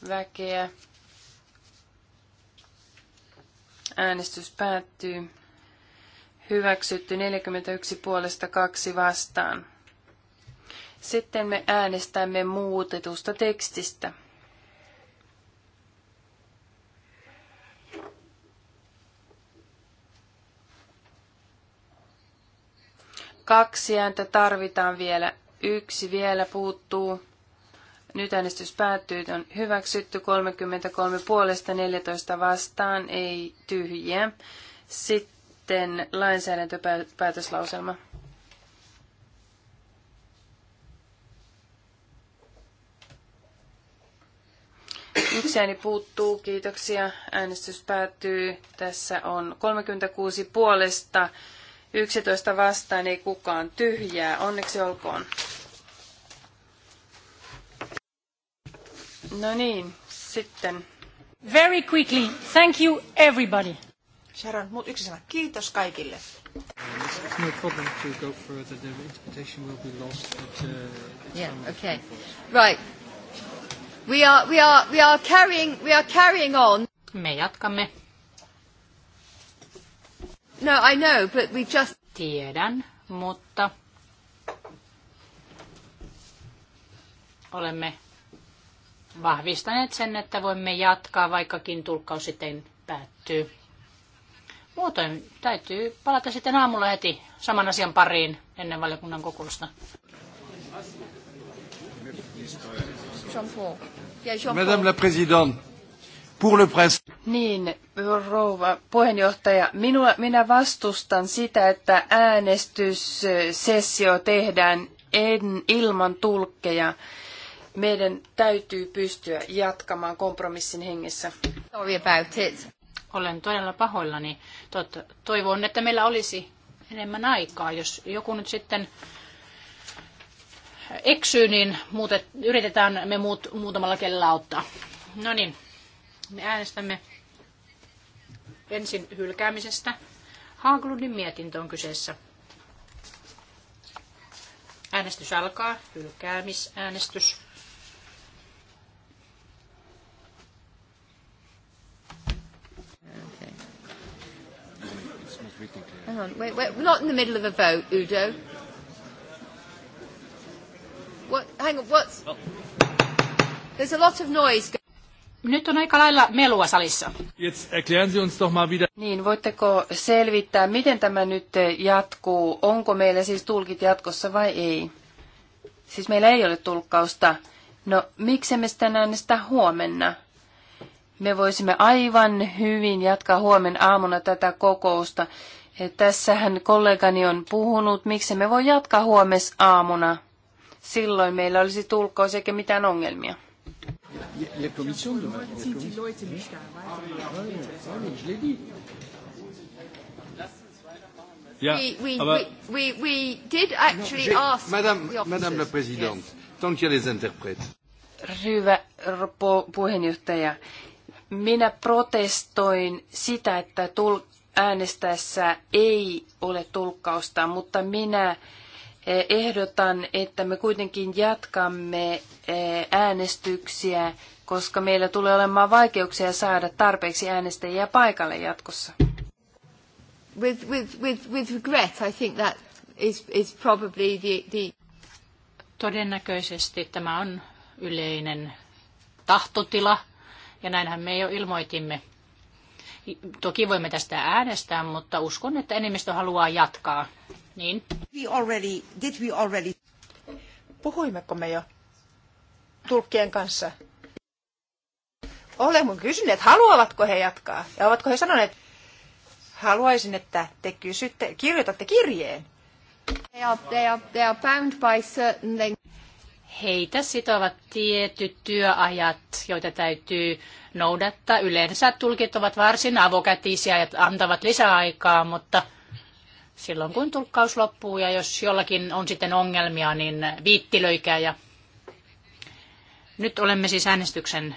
väkeä. Äänestys päättyy. Hyväksytty 41 puolesta 2 vastaan. Sitten me äänestämme muutetusta tekstistä. Kaksi ääntä tarvitaan vielä. Yksi vielä puuttuu. Nyt äänestys päättyy. On hyväksytty 33 puolesta 14 vastaan. Ei tyhjiä. Sitten lainsäädäntöpäätöslauselma. Yksi ääni puuttuu, kiitoksia. Äänestys päättyy. Tässä on 36 puolesta, 11 vastaan, ei kukaan tyhjää. Onneksi olkoon. No niin, sitten. Very quickly, thank you everybody. Sharon, mut yksi sana. Kiitos kaikille. It's no problem to go further. The interpretation will be lost. But, uh, yeah, okay. Right. We are, we are, we are carrying, we are carrying on. Me jatkamme. No, I know, but we just... Tiedän, mutta olemme vahvistaneet sen, että voimme jatkaa, vaikkakin tulkkaus sitten päättyy. Muutoin täytyy palata sitten aamulla heti saman asian pariin ennen valiokunnan kokousta. Madame la Présidente, pour le Niin, rouva puheenjohtaja, minua, minä vastustan sitä, että äänestyssessio tehdään en, ilman tulkkeja. Meidän täytyy pystyä jatkamaan kompromissin hengessä. Olen todella pahoillani. Toivon, että meillä olisi enemmän aikaa, jos joku nyt sitten eksyy, niin muutet, yritetään me muut, muutamalla kellä auttaa. No niin, me äänestämme ensin hylkäämisestä. Haaglundin mietintö on kyseessä. Äänestys alkaa, hylkäämisäänestys. Okay. Hang on, wait, wait, we're not in the middle of a vote, Udo. What, hang on, what's... There's a lot of noise. Nyt on aika lailla melua salissa. Niin, voitteko selvittää, miten tämä nyt jatkuu? Onko meillä siis tulkit jatkossa vai ei? Siis meillä ei ole tulkkausta. No, miksemme sitä äänestä huomenna? Me voisimme aivan hyvin jatkaa huomenna aamuna tätä kokousta. Ja tässähän kollegani on puhunut, miksi me voi jatkaa huomis aamuna silloin meillä olisi tulkoa sekä mitään ongelmia. we, we, did actually ask Madame, la Présidente, Hyvä puheenjohtaja, minä protestoin sitä, että tul- äänestäessä ei ole tulkkausta, mutta minä ehdotan, että me kuitenkin jatkamme eh, äänestyksiä, koska meillä tulee olemaan vaikeuksia saada tarpeeksi äänestäjiä paikalle jatkossa. With, with, with, with regret, I think that is, is probably the, the... Todennäköisesti tämä on yleinen tahtotila, ja näinhän me jo ilmoitimme. Toki voimme tästä äänestää, mutta uskon, että enemmistö haluaa jatkaa niin. We already, did we already... Puhuimmeko me jo tulkkien kanssa? Olemme kysyneet, haluavatko he jatkaa? Ja ovatko he sanoneet, haluaisin, että te kysytte, kirjoitatte kirjeen. They are, they are, they are bound by certain Heitä sitovat tietyt työajat, joita täytyy noudattaa. Yleensä tulkit ovat varsin avokätisiä ja antavat lisäaikaa, mutta – silloin, kun tulkkaus loppuu. Ja jos jollakin on sitten ongelmia, niin viittilöikää. Ja nyt olemme siis äänestyksen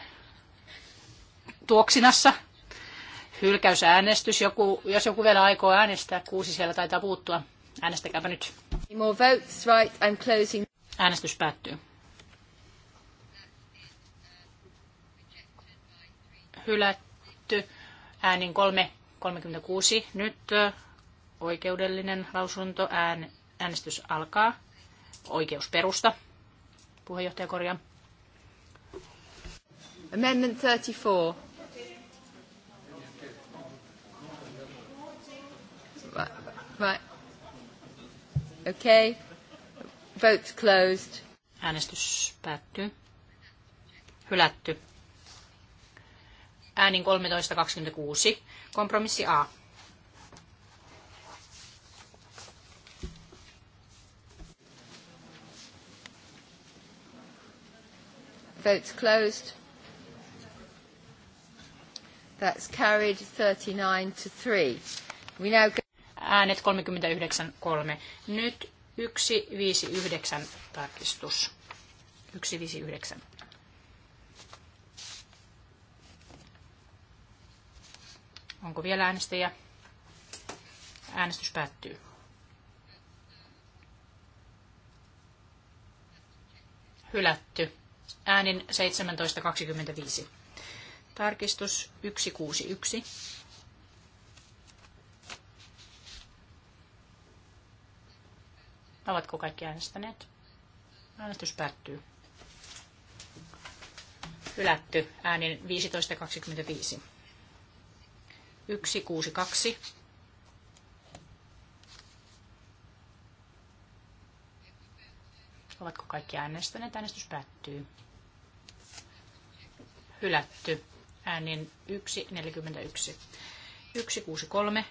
tuoksinassa. Hylkäysäänestys, joku, jos joku vielä aikoo äänestää, kuusi siellä taitaa puuttua. Äänestäkääpä nyt. More votes, right, I'm closing. Äänestys päättyy. Hylätty. Äänin 3, 36. Nyt oikeudellinen lausunto. Ään, äänestys alkaa. Oikeusperusta. Puheenjohtaja korjaa. Amendment 34. Right. right. Okay. Vote's closed. Äänestys päättyy. Hylätty. Äänin 13.26. Kompromissi A Votes closed. That's carried 39 to 3. We now go... Äänet 39.3. Nyt 159 tarkistus. 159. Onko vielä äänestäjä? Äänestys päättyy. Hylätty äänin 17.25. Tarkistus 161. Ovatko kaikki äänestäneet? Äänestys päättyy. Hylätty äänin 15.25. 162. Ovatko kaikki äänestäneet? Äänestys päättyy hylätty äänin 1.41. 1.63.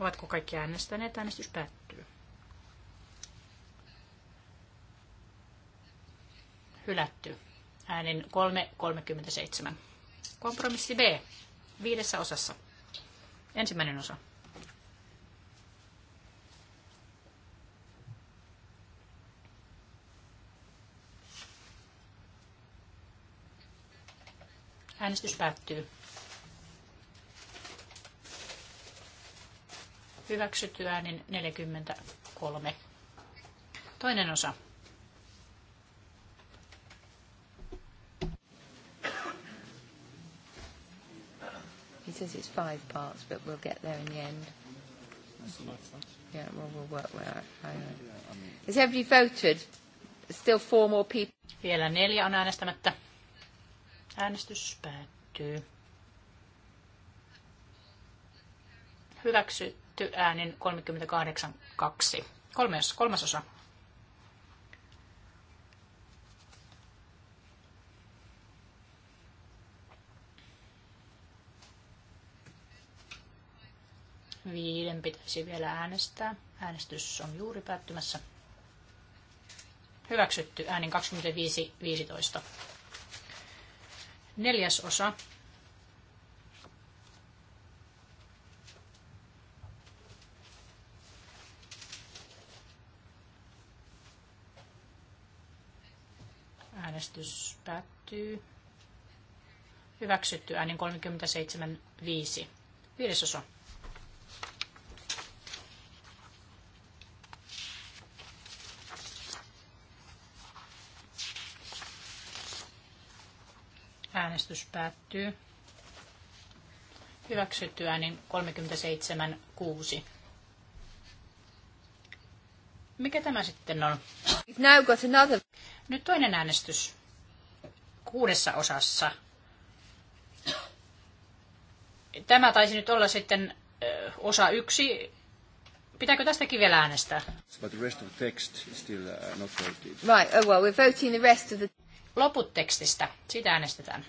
Ovatko kaikki äänestäneet? Äänestys päättyy. Hylätty. Äänin 3.37. Kompromissi B. Viidessä osassa. Ensimmäinen osa. Äänestys päättyy. Hyväksytty äänin 43. Toinen osa. He says it's five parts, but we'll get there in the end. Yeah, well, we'll work out. Has everybody voted? Still four more people. Vielä neljä on äänestämättä. Äänestys päättyy. Hyväksytty äänin 38.2. Kolmas, kolmasosa. Viiden pitäisi vielä äänestää. Äänestys on juuri päättymässä. Hyväksytty äänin 25.15. Neljäs osa. Äänestys päättyy. Hyväksytty äänin 37.5. Viidesosa. Äänestys päättyy. Hyväksytty äänin 37.6. Mikä tämä sitten on? Now got another. Nyt toinen äänestys. Kuudessa osassa. Tämä taisi nyt olla sitten osa yksi. Pitääkö tästäkin vielä äänestää? But the rest of the text is still uh, not voted. Right, oh well, we're voting the rest of the... Loput tekstistä, siitä äänestetään.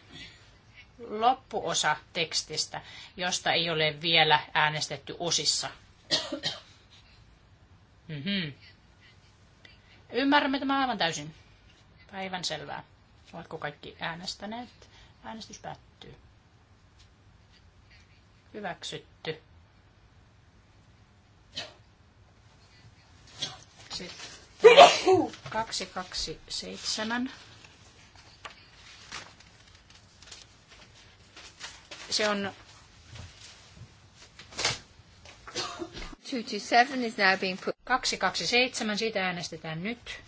Loppuosa tekstistä, josta ei ole vielä äänestetty osissa. mm-hmm. Ymmärrämme tämän aivan täysin. Päivän selvää. Oletko kaikki äänestäneet? Äänestys päättyy. Hyväksytty. Sitten 227. Se on 227 is now being put. 227, siitä äänestetään nyt.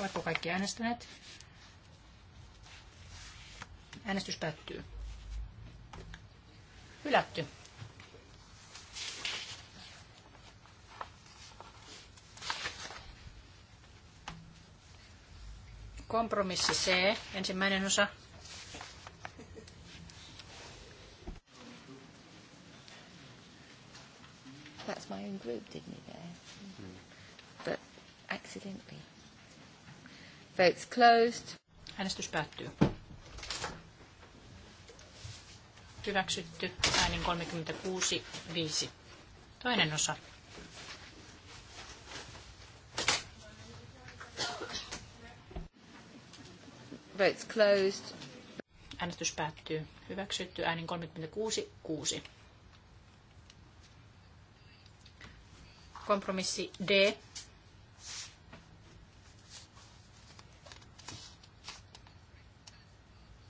Oletko kaikki äänestäneet? Äänestys päättyy. Hylätty. Kompromissi C, ensimmäinen osa. That's my own group, didn't it, there? Mm. But accidentally. Votes closed. Äänestys päättyy. Hyväksytty äänin 36, 5. Toinen osa. Votes closed. Äänestys päättyy. Hyväksytty äänin 36, 6. Kompromissi D.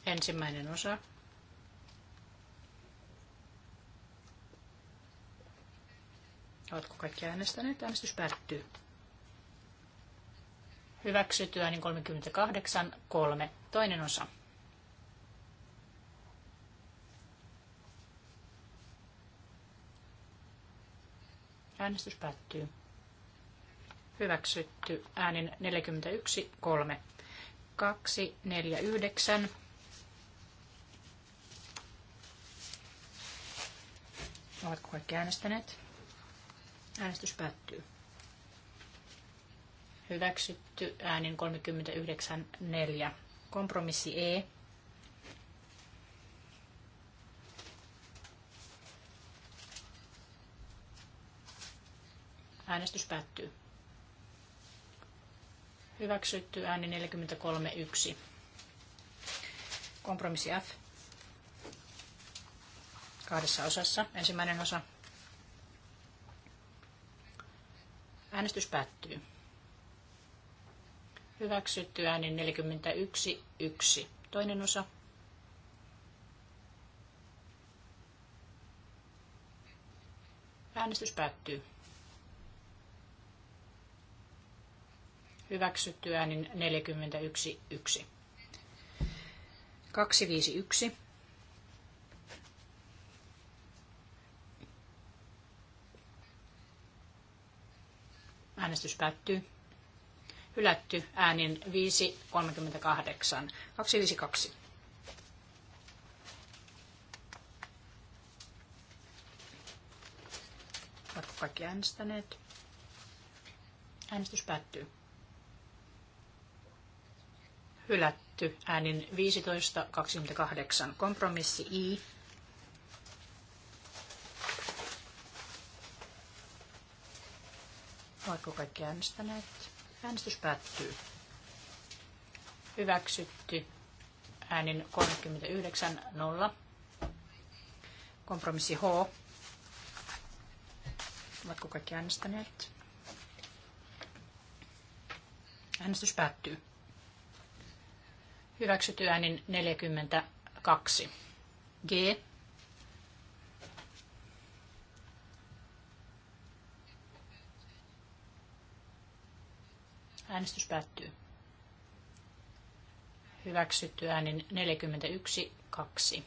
Ensimmäinen osa. Oletko kaikki äänestäneet? Äänestys päättyy. Hyväksytty äänin 38, 3. Toinen osa. Äänestys päättyy. Hyväksytty äänin 41, 3. 2, 4, 9. Oletko kaikki äänestäneet? Äänestys päättyy. Hyväksytty äänin 39, 4. Kompromissi E. Äänestys päättyy. Hyväksytty ääni 43.1. Kompromissi F. Kahdessa osassa. Ensimmäinen osa. Äänestys päättyy. Hyväksytty äänin 41, 1. Toinen osa. Äänestys päättyy. Hyväksytty äänin 41, 1. 251. Äänestys päättyy hylätty äänin 5.38. 252. Ovatko kaikki äänestäneet? Äänestys päättyy. Hylätty äänin 15.28. Kompromissi I. Oletko kaikki äänestäneet? Äänestys päättyy. Hyväksytty äänin 39.0. Kompromissi H. Ovatko kaikki äänestäneet? Äänestys päättyy. Hyväksytty äänin 42. G. Äänestys päättyy. Hyväksytty äänin 41, 2.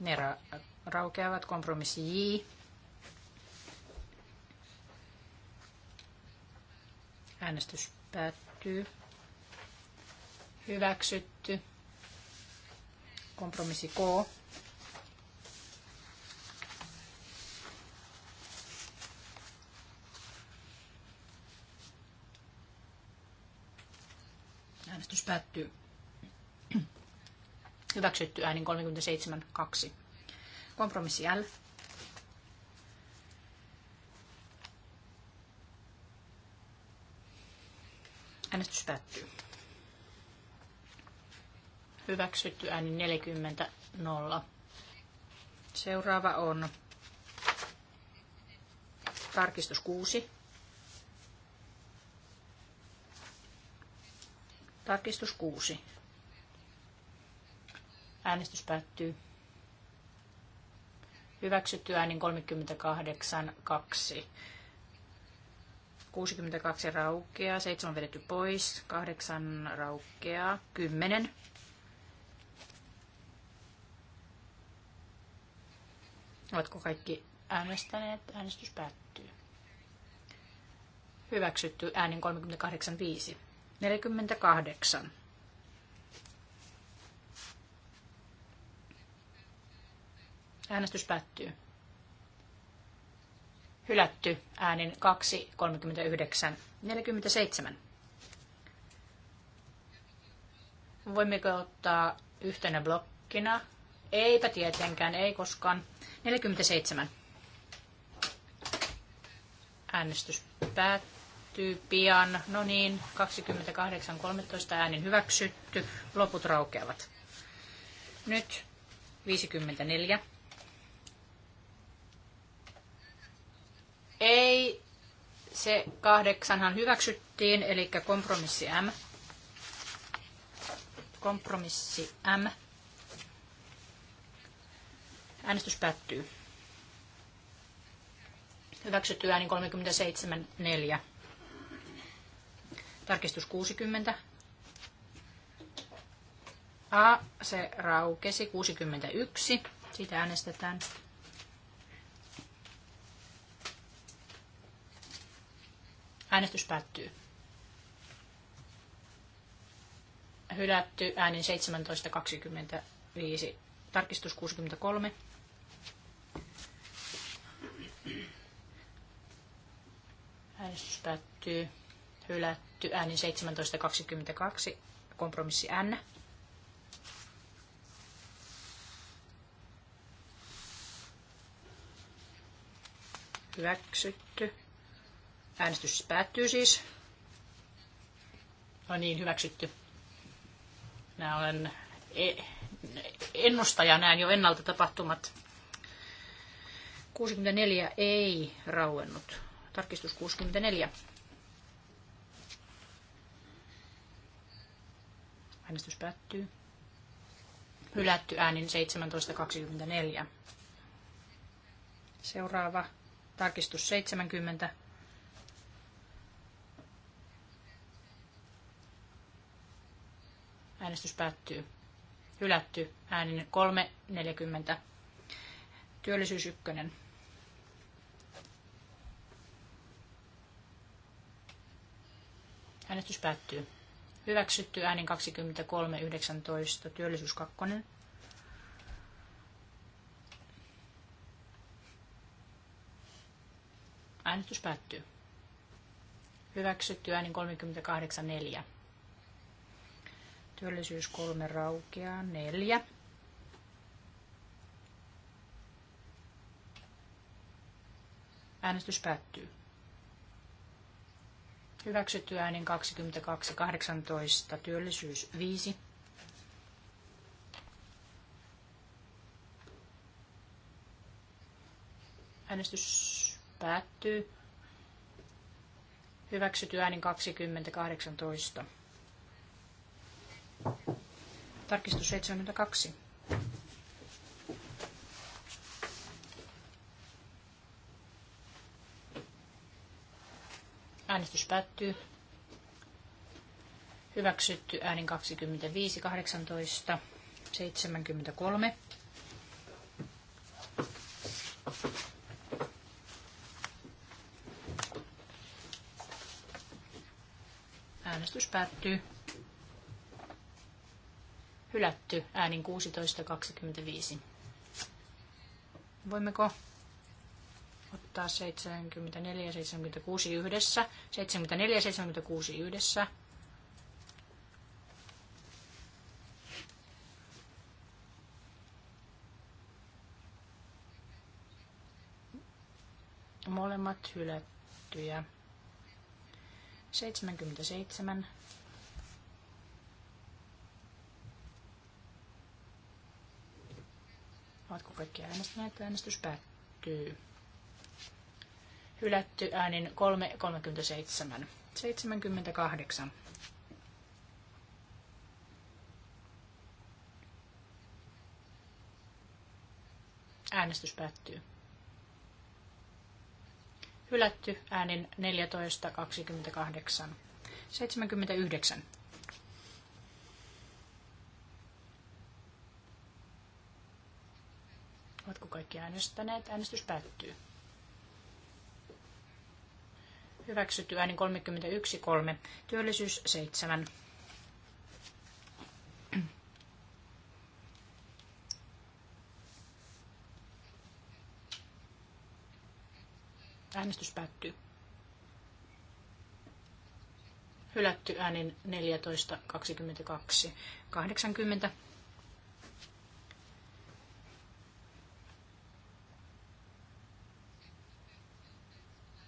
Ne ra- raukeavat kompromissi J. Äänestys päättyy. Hyväksytty. Kompromissi K. päättyy. Hyväksytty äänin 37.2. Kompromissi L. Äänestys päättyy. Hyväksytty ääni 40 0. Seuraava on tarkistus 6. Tarkistus 6. Äänestys päättyy. Hyväksytty äänin 38, 2. 62 raukkea, 7 vedetty pois, 8 raukkea, 10. Oletko kaikki äänestäneet? Äänestys päättyy. Hyväksytty äänin 38.5. 48. Äänestys päättyy. Hylätty äänin 2, 39, 47. Voimmeko ottaa yhtenä blokkina? Eipä tietenkään, ei koskaan. 47. Äänestys päättyy päättyy pian. No niin, 28.13 äänin hyväksytty. Loput raukeavat. Nyt 54. Ei, se kahdeksanhan hyväksyttiin, eli kompromissi M. Kompromissi M. Äänestys päättyy. Hyväksytty ääni 37.4. Tarkistus 60. A, se raukesi 61. Siitä äänestetään. Äänestys päättyy. Hylätty äänin 17.25. Tarkistus 63. Äänestys päättyy. Hylätty hyväksytty äänin 17.22, kompromissi N. Hyväksytty. Äänestys siis päättyy siis. No niin, hyväksytty. Mä olen e- ennustaja, näen jo ennalta tapahtumat. 64 ei rauennut. Tarkistus 64. Äänestys päättyy. Hylätty äänin 17.24. Seuraava tarkistus 70. Äänestys päättyy. Hylätty äänin 3.40. Työllisyys 1. Äänestys päättyy. Hyväksytty äänin 23.19. Työllisyys 2. Äänestys päättyy. Hyväksytty äänin 38.4. Työllisyys 3 raukeaa 4. Äänestys päättyy. Hyväksytty äänin 22.18. Työllisyys 5. Äänestys päättyy. Hyväksytty äänin 20.18. Tarkistus 72. Äänestys päättyy. Hyväksytty äänin 25, 18, 73. Äänestys päättyy. Hylätty äänin 16.25. Voimmeko ottaa 74 ja 76 yhdessä. 74 ja 76 yhdessä. Molemmat hylättyjä. 77. Ovatko kaikki äänestäneet? Äänestys päättyy hylätty äänin 3.37. 78. Äänestys päättyy. Hylätty äänin 14.28. 79. Ovatko kaikki äänestäneet? Äänestys päättyy hyväksytty ääni 31.3, työllisyys 7. Äänestys päättyy. Hylätty äänin 14.22, 80.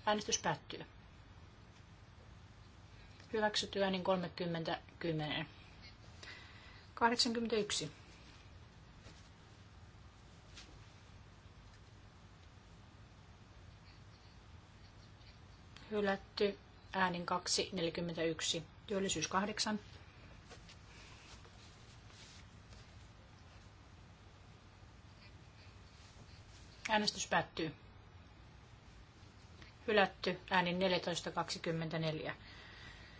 Äänestys päättyy. Hyväksytty niin 30 10. 81. Hylätty äänin 2 41. Työllisyys 8. Äänestys päättyy. Hylätty äänin 14.24.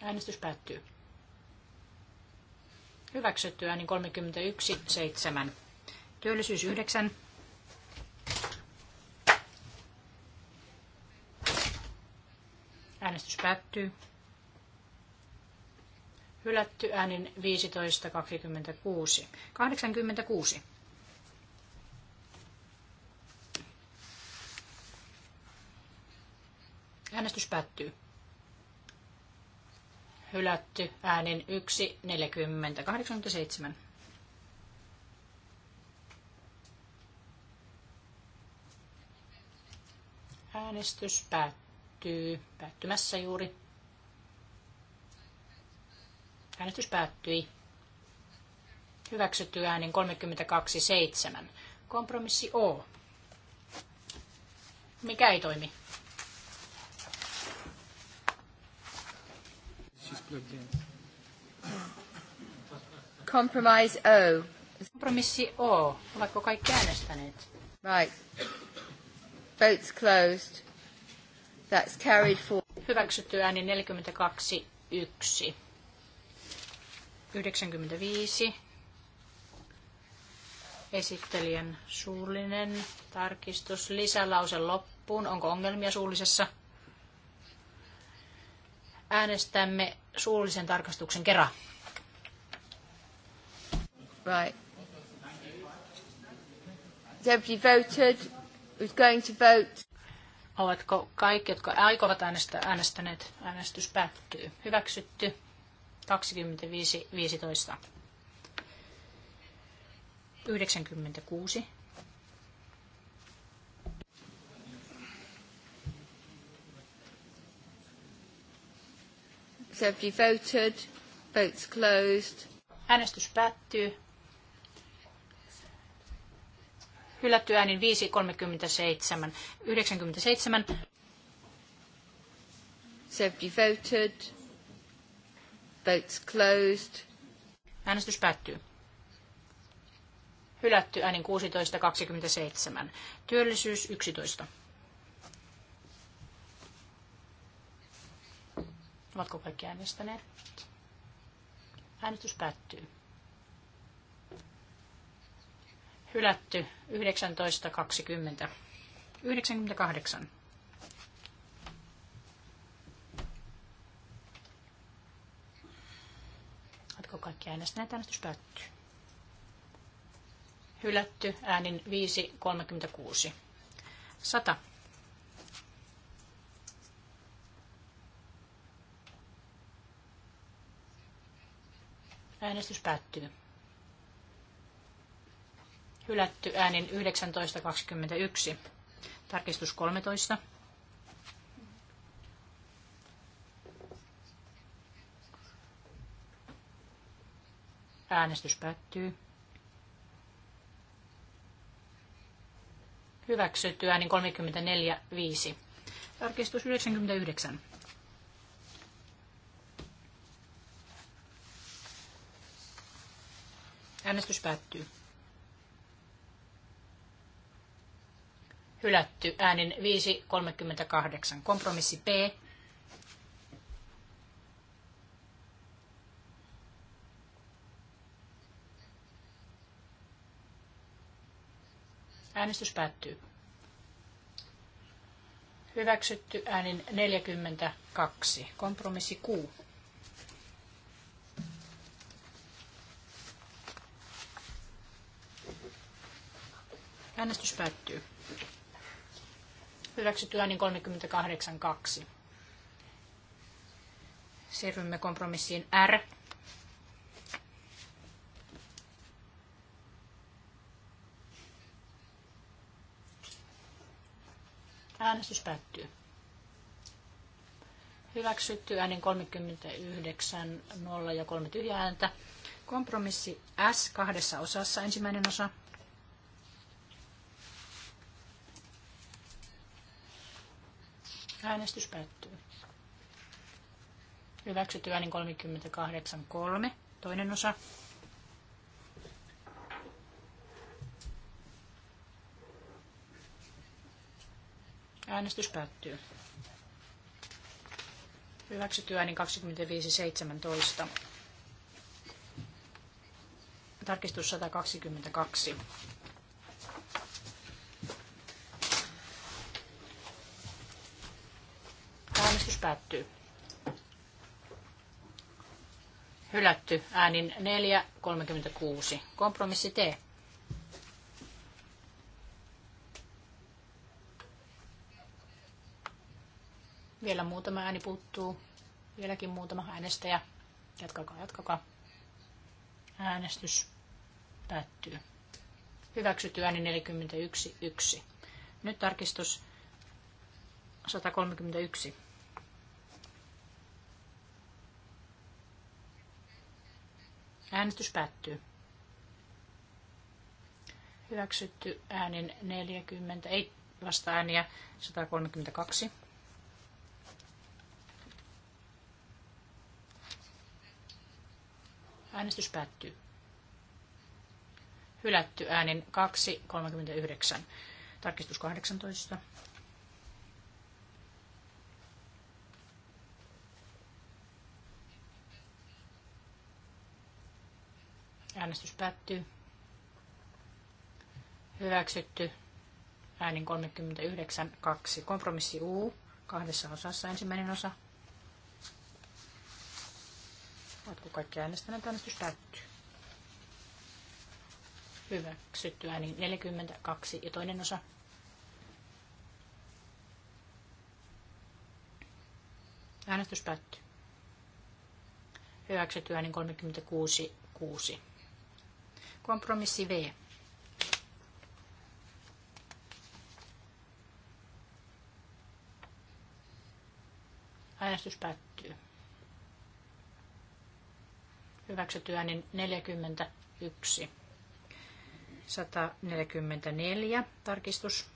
Äänestys päättyy. Hyväksytty ääni 31, 7. Työllisyys 9. Äänestys päättyy. Hylätty äänin 15, 26. 86. Äänestys päättyy hylätty äänin 1.40.87. Äänestys päättyy, päättymässä juuri. Äänestys päättyi. Hyväksytty äänin 32.7. Kompromissi O. Mikä ei toimi? Compromise O. Kompromissi O. Ovatko kaikki äänestäneet? Right. Votes closed. That's carried for... Hyväksytty ääni 42, 1. 95. Esittelijän suullinen tarkistus. Lisälause loppuun. Onko ongelmia suullisessa? äänestämme suullisen tarkastuksen kerran. Right. Deputy voted. Who's going to vote? Ovatko kaikki, jotka aikovat äänestää, äänestäneet? Äänestys päättyy. Hyväksytty. 15. 96. Has everybody voted? Votes closed. Äänestys päättyy. Hylätty äänin 5.37. 97. Has everybody voted? Votes closed. Äänestys päättyy. Hylätty äänin 16.27. Työllisyys 11. Ovatko kaikki äänestäneet? Äänestys päättyy. Hylätty 19.20. 98. Oletko kaikki äänestäneet? Äänestys päättyy. Hylätty äänin 5.36. 100. Äänestys päättyy. Hylätty äänin 19.21. Tarkistus 13. Äänestys päättyy. Hyväksytty äänin 34.5. Tarkistus 99. Äänestys päättyy. Hylätty äänin 5.38. Kompromissi P. Äänestys päättyy. Hyväksytty äänin 42. Kompromissi 6. Äänestys päättyy. Hyväksytty äänin 38.2. Siirrymme kompromissiin R. Äänestys päättyy. Hyväksytty äänin 39, 0 ja 3 tyhjää ääntä. Kompromissi S kahdessa osassa. Ensimmäinen osa Äänestys päättyy. Hyväksytty äänin 38.3. Toinen osa. Äänestys päättyy. Hyväksytty äänin 25.17. Tarkistus 122. Päättyy. Hylätty äänin 4.36. Kompromissi T. Vielä muutama ääni puuttuu. Vieläkin muutama äänestäjä. Jatkakaa, jatkakaa. Äänestys päättyy. Hyväksytty ääni 41.1. Nyt tarkistus 131. Äänestys päättyy. Hyväksytty äänin 40, ei vasta ääniä 132. Äänestys päättyy. Hylätty äänin 2.39. Tarkistus 18. Äänestys päättyy. Hyväksytty. Äänin 39.2. Kompromissi U. Kahdessa osassa ensimmäinen osa. Oletko kaikki äänestäneet? Äänestys päättyy. Hyväksytty ääni 42 ja toinen osa. Äänestys päättyy. Hyväksytty ääni 36, 6. Kompromissi V. Äänestys päättyy. Hyväksytty äänin 41. 144 tarkistus.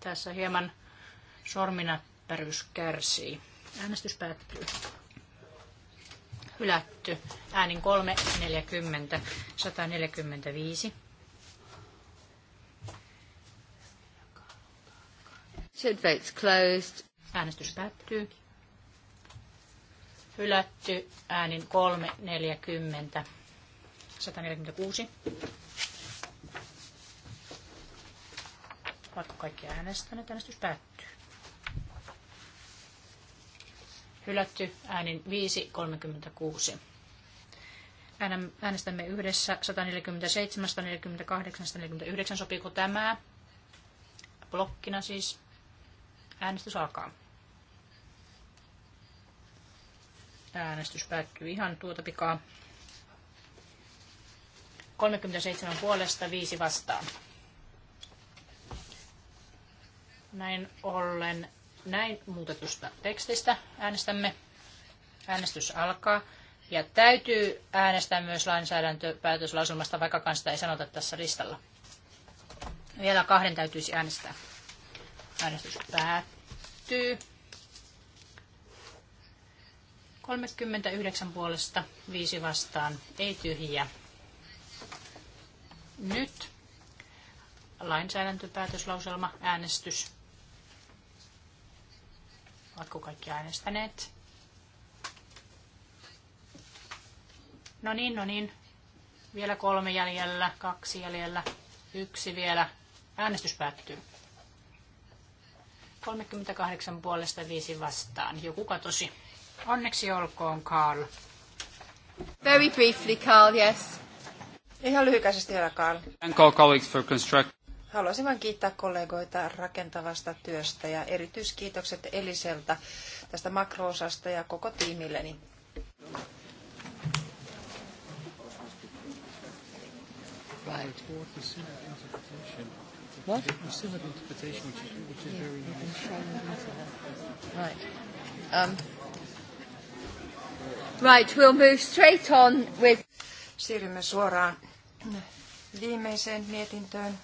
Tässä hieman sorminäppäryys kärsii. Äänestys päättyy. Hylätty. Äänin 3, 40, 145. Should votes closed. Äänestys päättyy. Hylätty äänin 3, 40, 146. Ovatko kaikki äänestäneet? Äänestys päättyy. hylätty äänin 5.36. Äänestämme yhdessä 147, 148, 149. Sopiiko tämä? Blokkina siis. Äänestys alkaa. Äänestys päättyy ihan tuota pikaa. 37 puolesta, 5 vastaan. Näin ollen näin muutetusta tekstistä äänestämme. Äänestys alkaa. Ja täytyy äänestää myös lainsäädäntöpäätöslausumasta, vaikka sitä ei sanota tässä listalla. Vielä kahden täytyisi äänestää. Äänestys päättyy. 39 puolesta, 5 vastaan, ei tyhjiä. Nyt lainsäädäntöpäätöslauselma, äänestys. Oletko kaikki äänestäneet? No niin, no niin. Vielä kolme jäljellä, kaksi jäljellä, yksi vielä. Äänestys päättyy. 38 puolesta viisi vastaan. Joku katosi. Onneksi olkoon, Carl. Very briefly, Carl, yes. Ihan lyhykäisesti vielä, Carl. Thank all colleagues for construct... Haluaisin vain kiittää kollegoita rakentavasta työstä ja erityiskiitokset Eliseltä tästä makroosasta ja koko tiimilleni. Right. What? Right. Um, right, we'll move straight on with... Siirrymme suoraan viimeiseen mietintöön.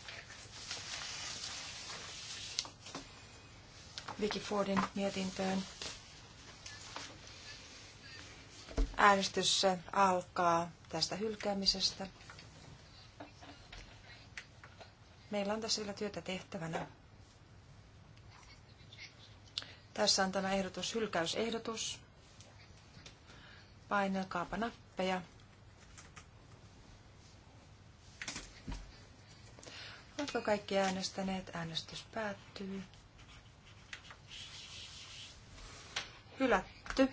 Vicky Fordin mietintöön. Äänestys alkaa tästä hylkäämisestä. Meillä on tässä vielä työtä tehtävänä. Tässä on tämä ehdotus, hylkäysehdotus. Painelkaapa nappeja. Oletko kaikki äänestäneet? Äänestys päättyy. hylätty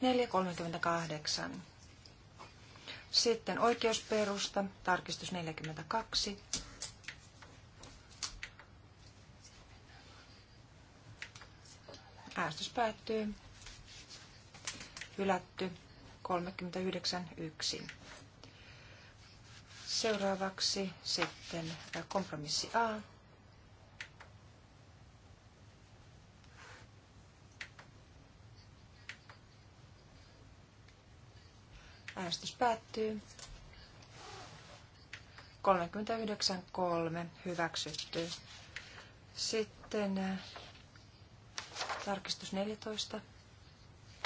438. Sitten oikeusperusta, tarkistus 42. Äänestys päättyy. Hylätty 39.1. Seuraavaksi sitten kompromissi A. Äänestys päättyy. 39.3. Hyväksytty. Sitten äh, tarkistus 14.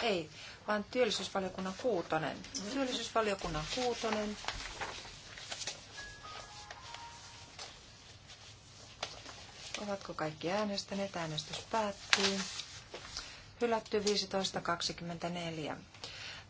Ei, vaan työllisyysvaliokunnan kuutonen. Työllisyysvaliokunnan kuutonen. Ovatko kaikki äänestäneet? Äänestys päättyy. Hylätty 15.24.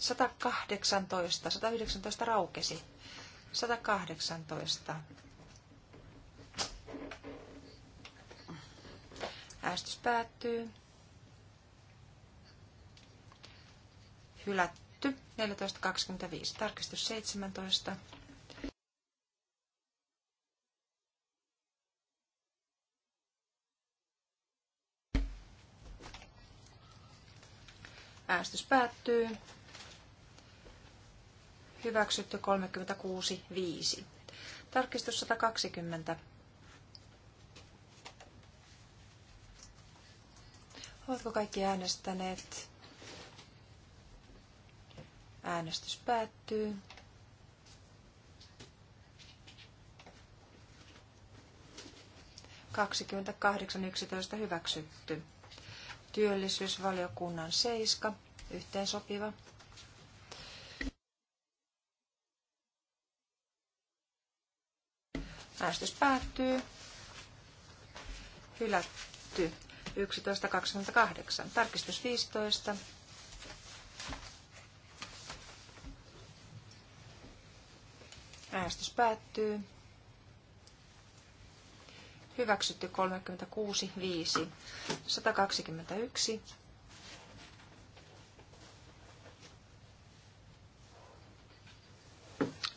118, 119 raukesi. 118. Äästys päättyy. Hylätty. 14.25. Tarkistus 17. Äänestys päättyy. Hyväksytty 36.5. Tarkistus 120. Oletko kaikki äänestäneet? Äänestys päättyy. yksitoista hyväksytty. Työllisyysvaliokunnan seiska, yhteensopiva. Äänestys päättyy. Hylätty. 11.28. Tarkistus 15. Äänestys päättyy. Hyväksytty 36, 5, 121.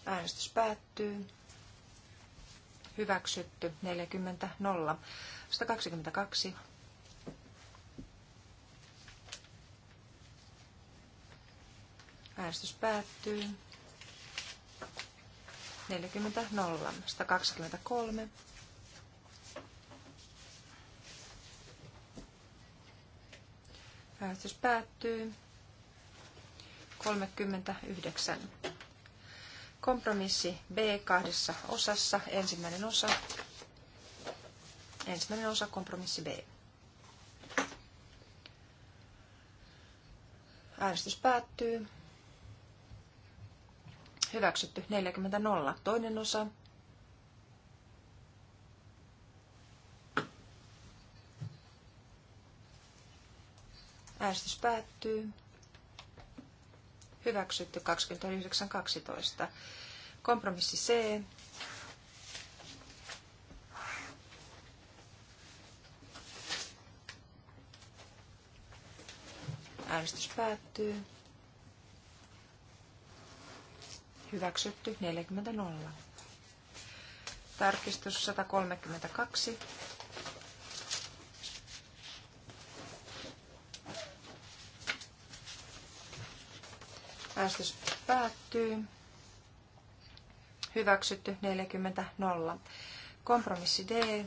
Äänestys päättyy hyväksytty 40 0. 122 Äänestys päättyy. 40 0. 123. Äänestys päättyy. 39. Kompromissi B kahdessa osassa. Ensimmäinen osa. Ensimmäinen osa kompromissi B. Äänestys päättyy. Hyväksytty nolla Toinen osa. Äänestys päättyy hyväksytty 29.12. Kompromissi C. Äänestys päättyy. Hyväksytty 40.0. Tarkistus 132 Äänestys päättyy. Hyväksytty 40 0. Kompromissi D.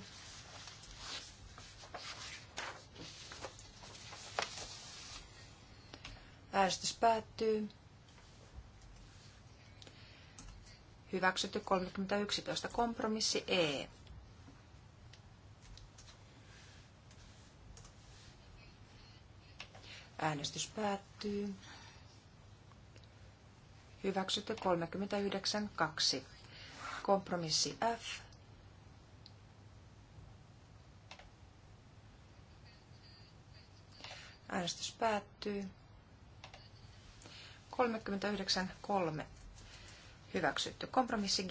Äänestys päättyy. Hyväksytty 3011 kompromissi E. Äänestys päättyy. Hyväksytty 39.2. Kompromissi F. Äänestys päättyy. 39.3. Hyväksytty. Kompromissi G.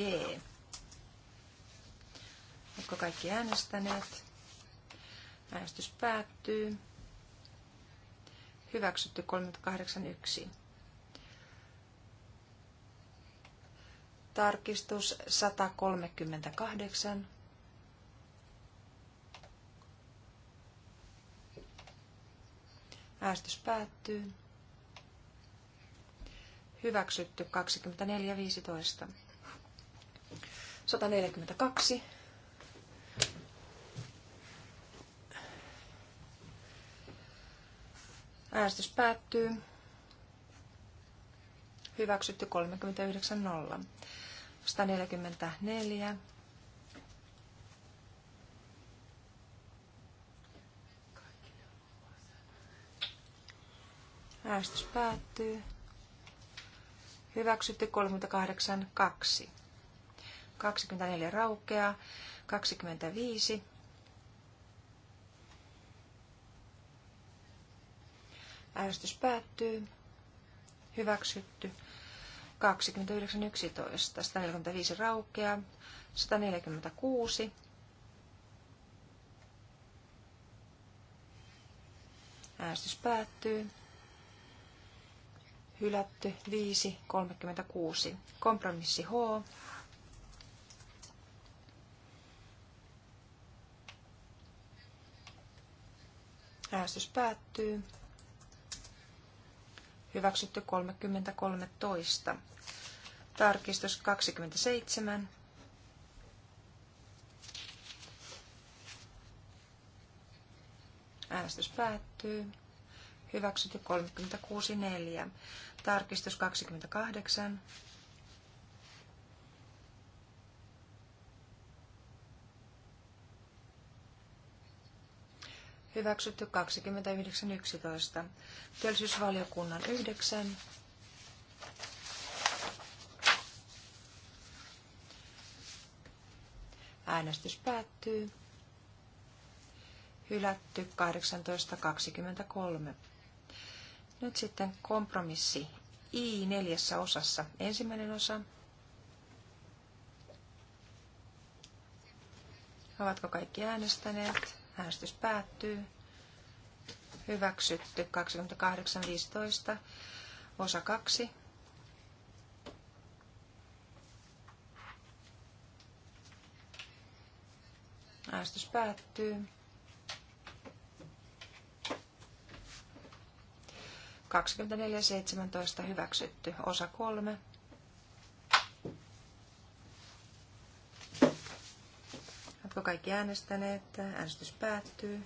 Oletko kaikki äänestäneet? Äänestys päättyy. Hyväksytty 381. Tarkistus 138. Äästys päättyy. Hyväksytty 24.15. 142. Äänestys päättyy. Hyväksytty 39.0. 144. Äänestys päättyy. Hyväksytty 38, 2. 24 raukeaa, 25. Äänestys päättyy. Hyväksytty 29.11. 145 raukea, 146. Äänestys päättyy. Hylätty 5, 36. Kompromissi H. Äänestys päättyy hyväksytty 30.13. Tarkistus 27. Äänestys päättyy. Hyväksytty 36.4. Tarkistus 28. Hyväksytty 29.11. Työllisyysvaliokunnan 9. Äänestys päättyy. Hylätty 18.23. Nyt sitten kompromissi I neljässä osassa. Ensimmäinen osa. Ovatko kaikki äänestäneet? Äänestys päättyy. Hyväksytty 28.15. Osa 2. Äänestys päättyy. 24.17 hyväksytty. Osa 3. kaikki äänestäneet? Äänestys päättyy.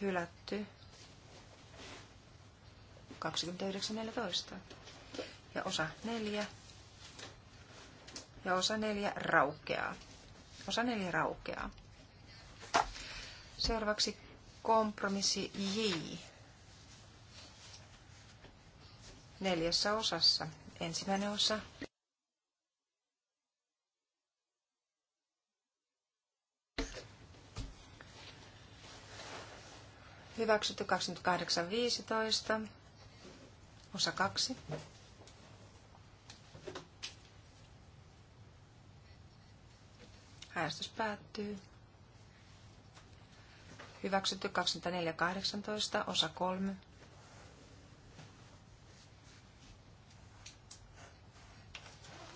Hylätty. 29.14. Ja osa 4. Ja osa 4 raukeaa. Osa 4 raukeaa. Seuraavaksi kompromissi J. Neljässä osassa. Ensimmäinen osa Hyväksytty 2815. Osa 2. Äänestys päättyy. Hyväksytty 2418, osa 3.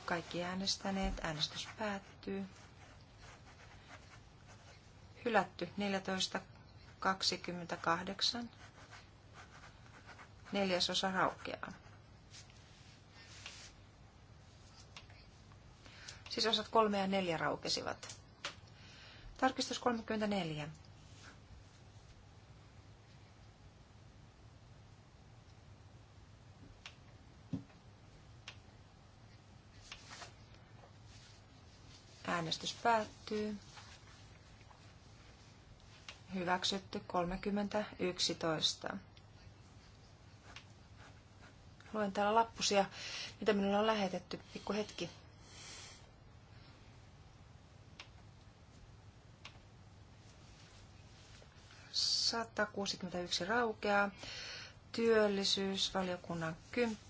Kaikki äänestäneet. Äänestys päättyy. Hylätty 14 28. Neljäsosa raukeaa. Siis osat kolme ja neljä raukesivat. Tarkistus 34. Äänestys päättyy hyväksytty 30.11. Luen täällä lappusia, mitä minulle on lähetetty. Pikku hetki. Sata raukeaa. Työllisyysvaliokunnan kymppi.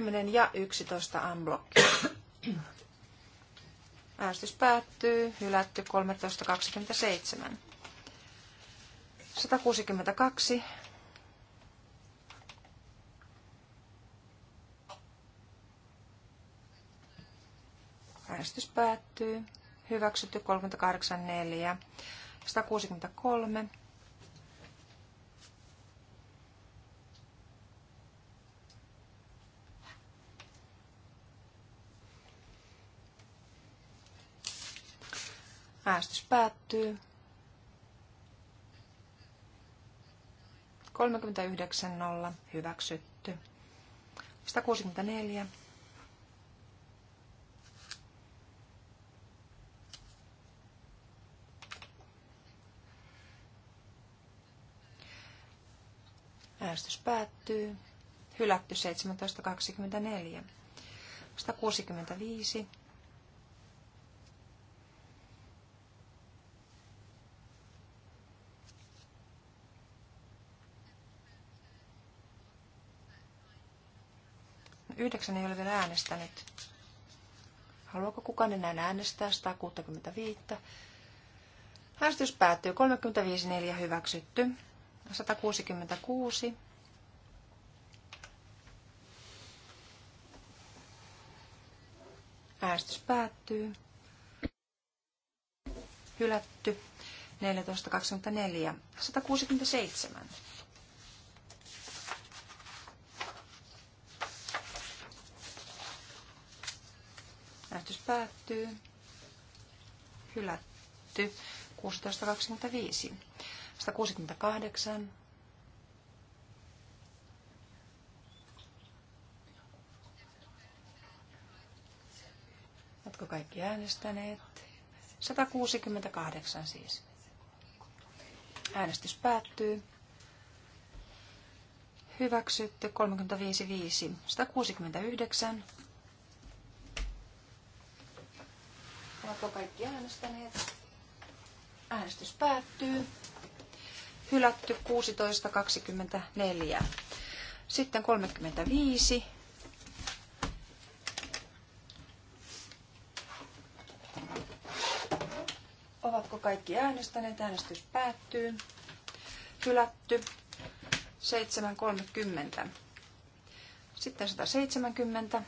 10 ja 11 unblock. Äänestys päättyy. Hylätty 13.27. 162. Äänestys päättyy. Hyväksytty 384. 163. Äänestys päättyy. 39.0. Hyväksytty. 164. Äänestys päättyy. Hylätty 17.24. 165. 169 ei ole vielä äänestänyt. Haluaako kukaan enää äänestää 165? Äänestys päättyy 35.4. hyväksytty. 166. Äänestys päättyy. Hylätty. 14.24. 167. Äänestys päättyy. Hylätty. 16.25. 168. Oletko kaikki äänestäneet? 168 siis. Äänestys päättyy. Hyväksytty 35.5. 169. Ovatko kaikki äänestäneet? Äänestys päättyy. Hylätty 16.24. Sitten 35. Ovatko kaikki äänestäneet? Äänestys päättyy. Hylätty 7.30. Sitten 170.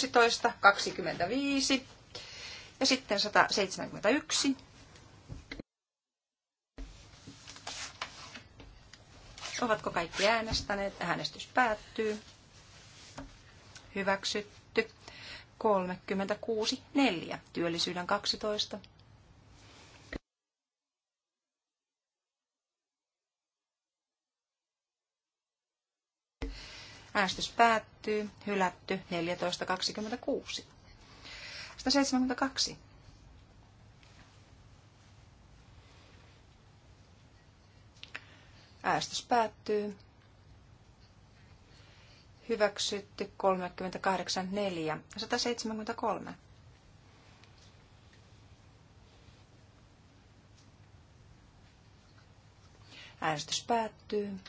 16, 25 ja sitten 171. Ovatko kaikki äänestäneet? Äänestys päättyy. Hyväksytty. 36, 4. Työllisyyden 12. Äänestys päättyy. Hylätty 14.26. 172. Äänestys päättyy. Hyväksytty 38.4. 173. Äänestys päättyy.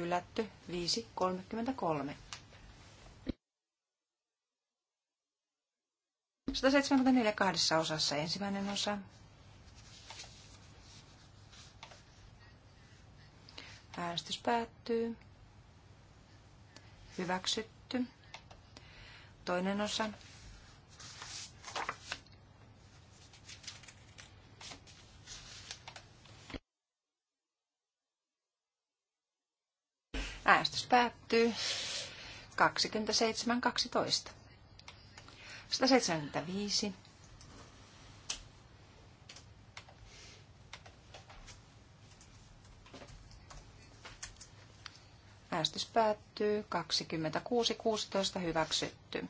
hylätty 5.33. 174 kahdessa osassa ensimmäinen osa. Äänestys päättyy. Hyväksytty. Toinen osa. Äänestys päättyy 27.12. 175. Äänestys päättyy 26.16 hyväksytty.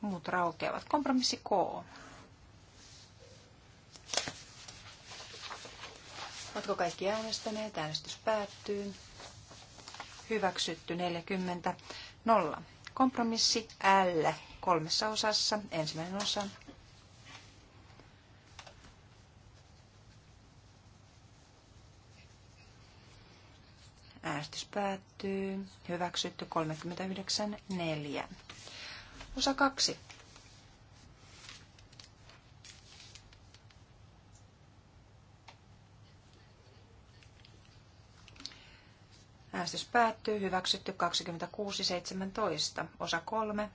Muut raukeavat. Kompromissi K. Oletko kaikki äänestäneet? Äänestys päättyy. Hyväksytty 40. 0. Kompromissi L kolmessa osassa. Ensimmäinen osa. Äänestys päättyy. Hyväksytty 39.4. Osa 2. Äänestys päättyy. Hyväksytty 26.17. Osa 3.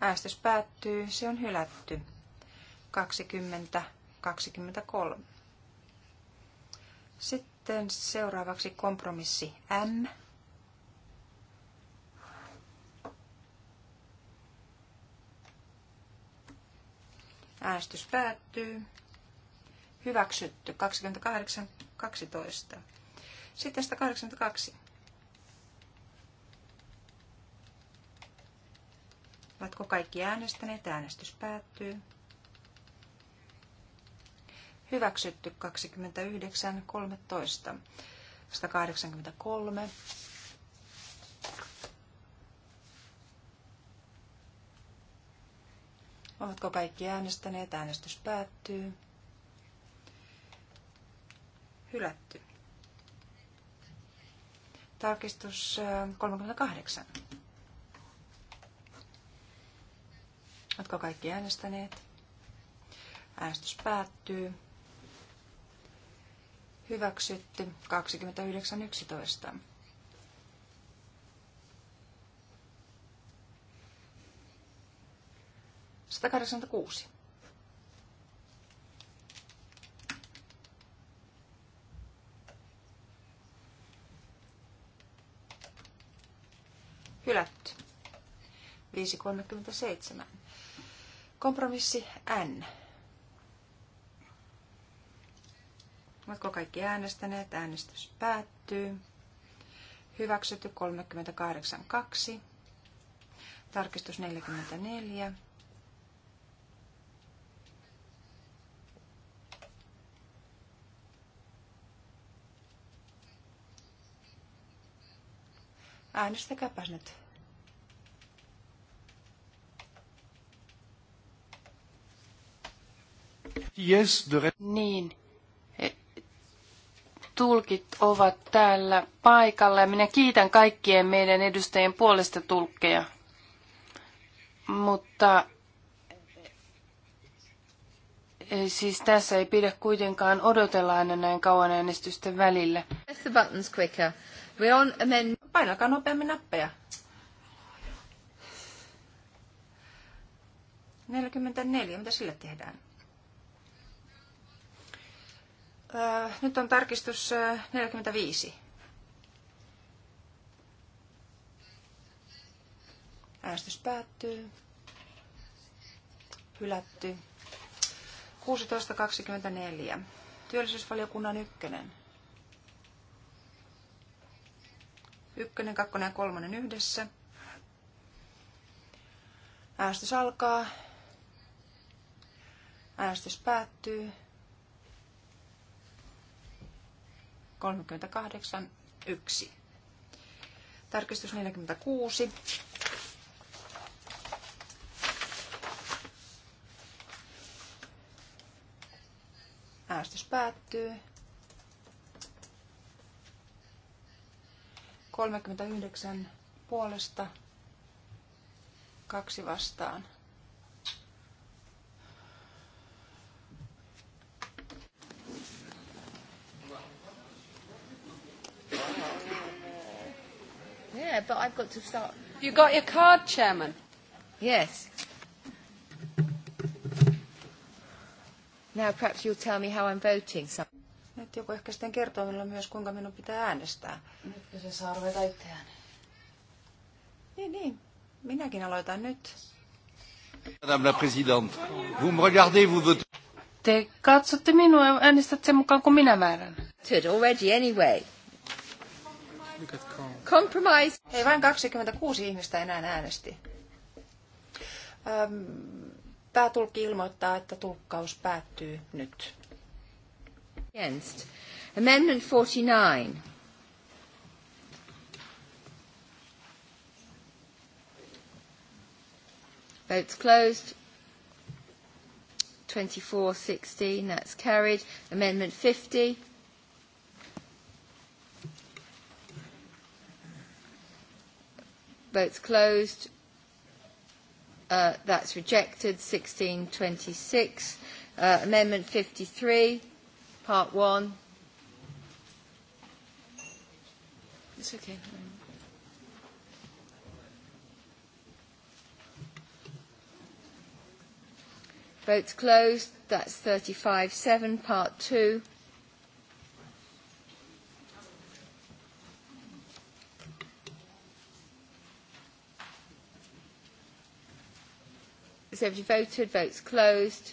Äänestys päättyy. Se on hylätty. 20.23. Sitten seuraavaksi kompromissi M. Äänestys päättyy. Hyväksytty. 28, 12. Sitten 182. Ovatko kaikki äänestäneet? Äänestys päättyy. Hyväksytty 29, 13. 183. Ovatko kaikki äänestäneet? Äänestys päättyy. Hylätty. Tarkistus 38. Äh, Oletko kaikki äänestäneet? Äänestys päättyy. Hyväksytty 29.11. 186. Hylätty. 5.37. Kompromissi N. Oletko kaikki äänestäneet? Äänestys päättyy. Hyväksytty 38.2. Tarkistus 44. Äänestäkääpäs nyt. Yes, the... Niin. Tulkit ovat täällä paikalla ja minä kiitän kaikkien meidän edustajien puolesta tulkkeja. Mutta eh, siis tässä ei pidä kuitenkaan odotella aina näin kauan äänestysten välillä. Painakaa nopeammin nappeja. 44, mitä sille tehdään? Öö, nyt on tarkistus 45. Äänestys päättyy. Hylätty. 16.24. Työllisyysvaliokunnan ykkönen. Ykkönen, kakkonen ja kolmonen yhdessä. Äänestys alkaa. Äänestys päättyy. 38, 1. Tarkistus 46. Äänestys päättyy. 39 puolesta, kaksi vastaan. Yeah, but I've got to start. You got your card, Chairman? Yes. Now perhaps you'll tell me how I'm voting. Some- että joku ehkä sitten kertoo minulle myös, kuinka minun pitää äänestää. Nytkö se saa ruveta ääneen? Niin, niin. Minäkin aloitan nyt. Madame la présidente, vous me regardez, vous votez. Te katsotte minua ja äänestätte sen mukaan, kun minä määrän. already anyway. Compromise. Ei vain 26 ihmistä enää äänesti. Öm, päätulkki ilmoittaa, että tulkkaus päättyy nyt. Against. Amendment 49. Votes closed. 24-16, that's carried. Amendment 50. Votes closed. Uh, that's rejected. 1626. Uh, amendment 53. Part one. It's okay. Votes closed. That's 35-7, part two. Has everybody voted? Votes closed.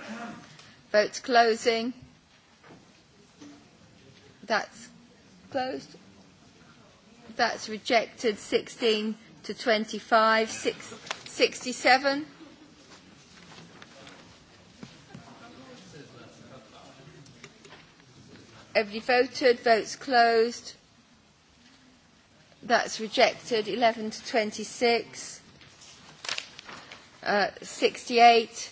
Vote's closing. That's closed. That's rejected 16 to 25. Six, 67. Everybody voted. Vote's closed. That's rejected 11 to 26. Uh, 68.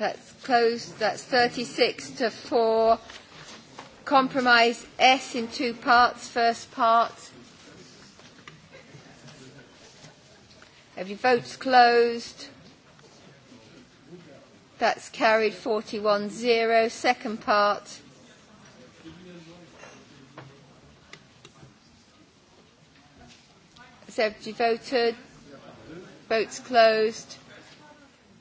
That's closed. That's 36 to 4. Compromise S in two parts. First part. Have your vote's closed. That's carried 41-0. Second part. Have you voted? Votes closed.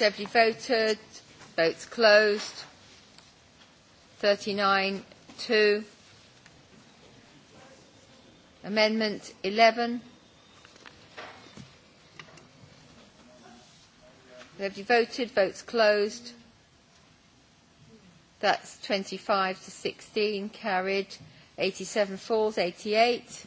Everybody voted. Votes closed. 39, 2. Amendment 11. Everybody voted. Votes closed. That's 25 to 16. Carried. 87 falls. 88.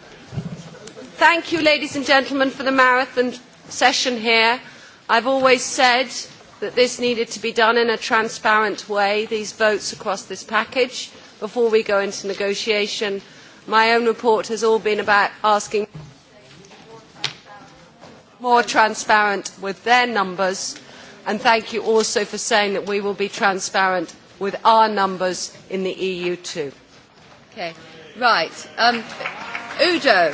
thank you, ladies and gentlemen, for the marathon session here. I have always said that this needed to be done in a transparent way, these votes across this package, before we go into negotiation. My own report has all been about asking more transparent with their numbers, and thank you also for saying that we will be transparent with our numbers in the EU too. Okay, right. Um, Udo.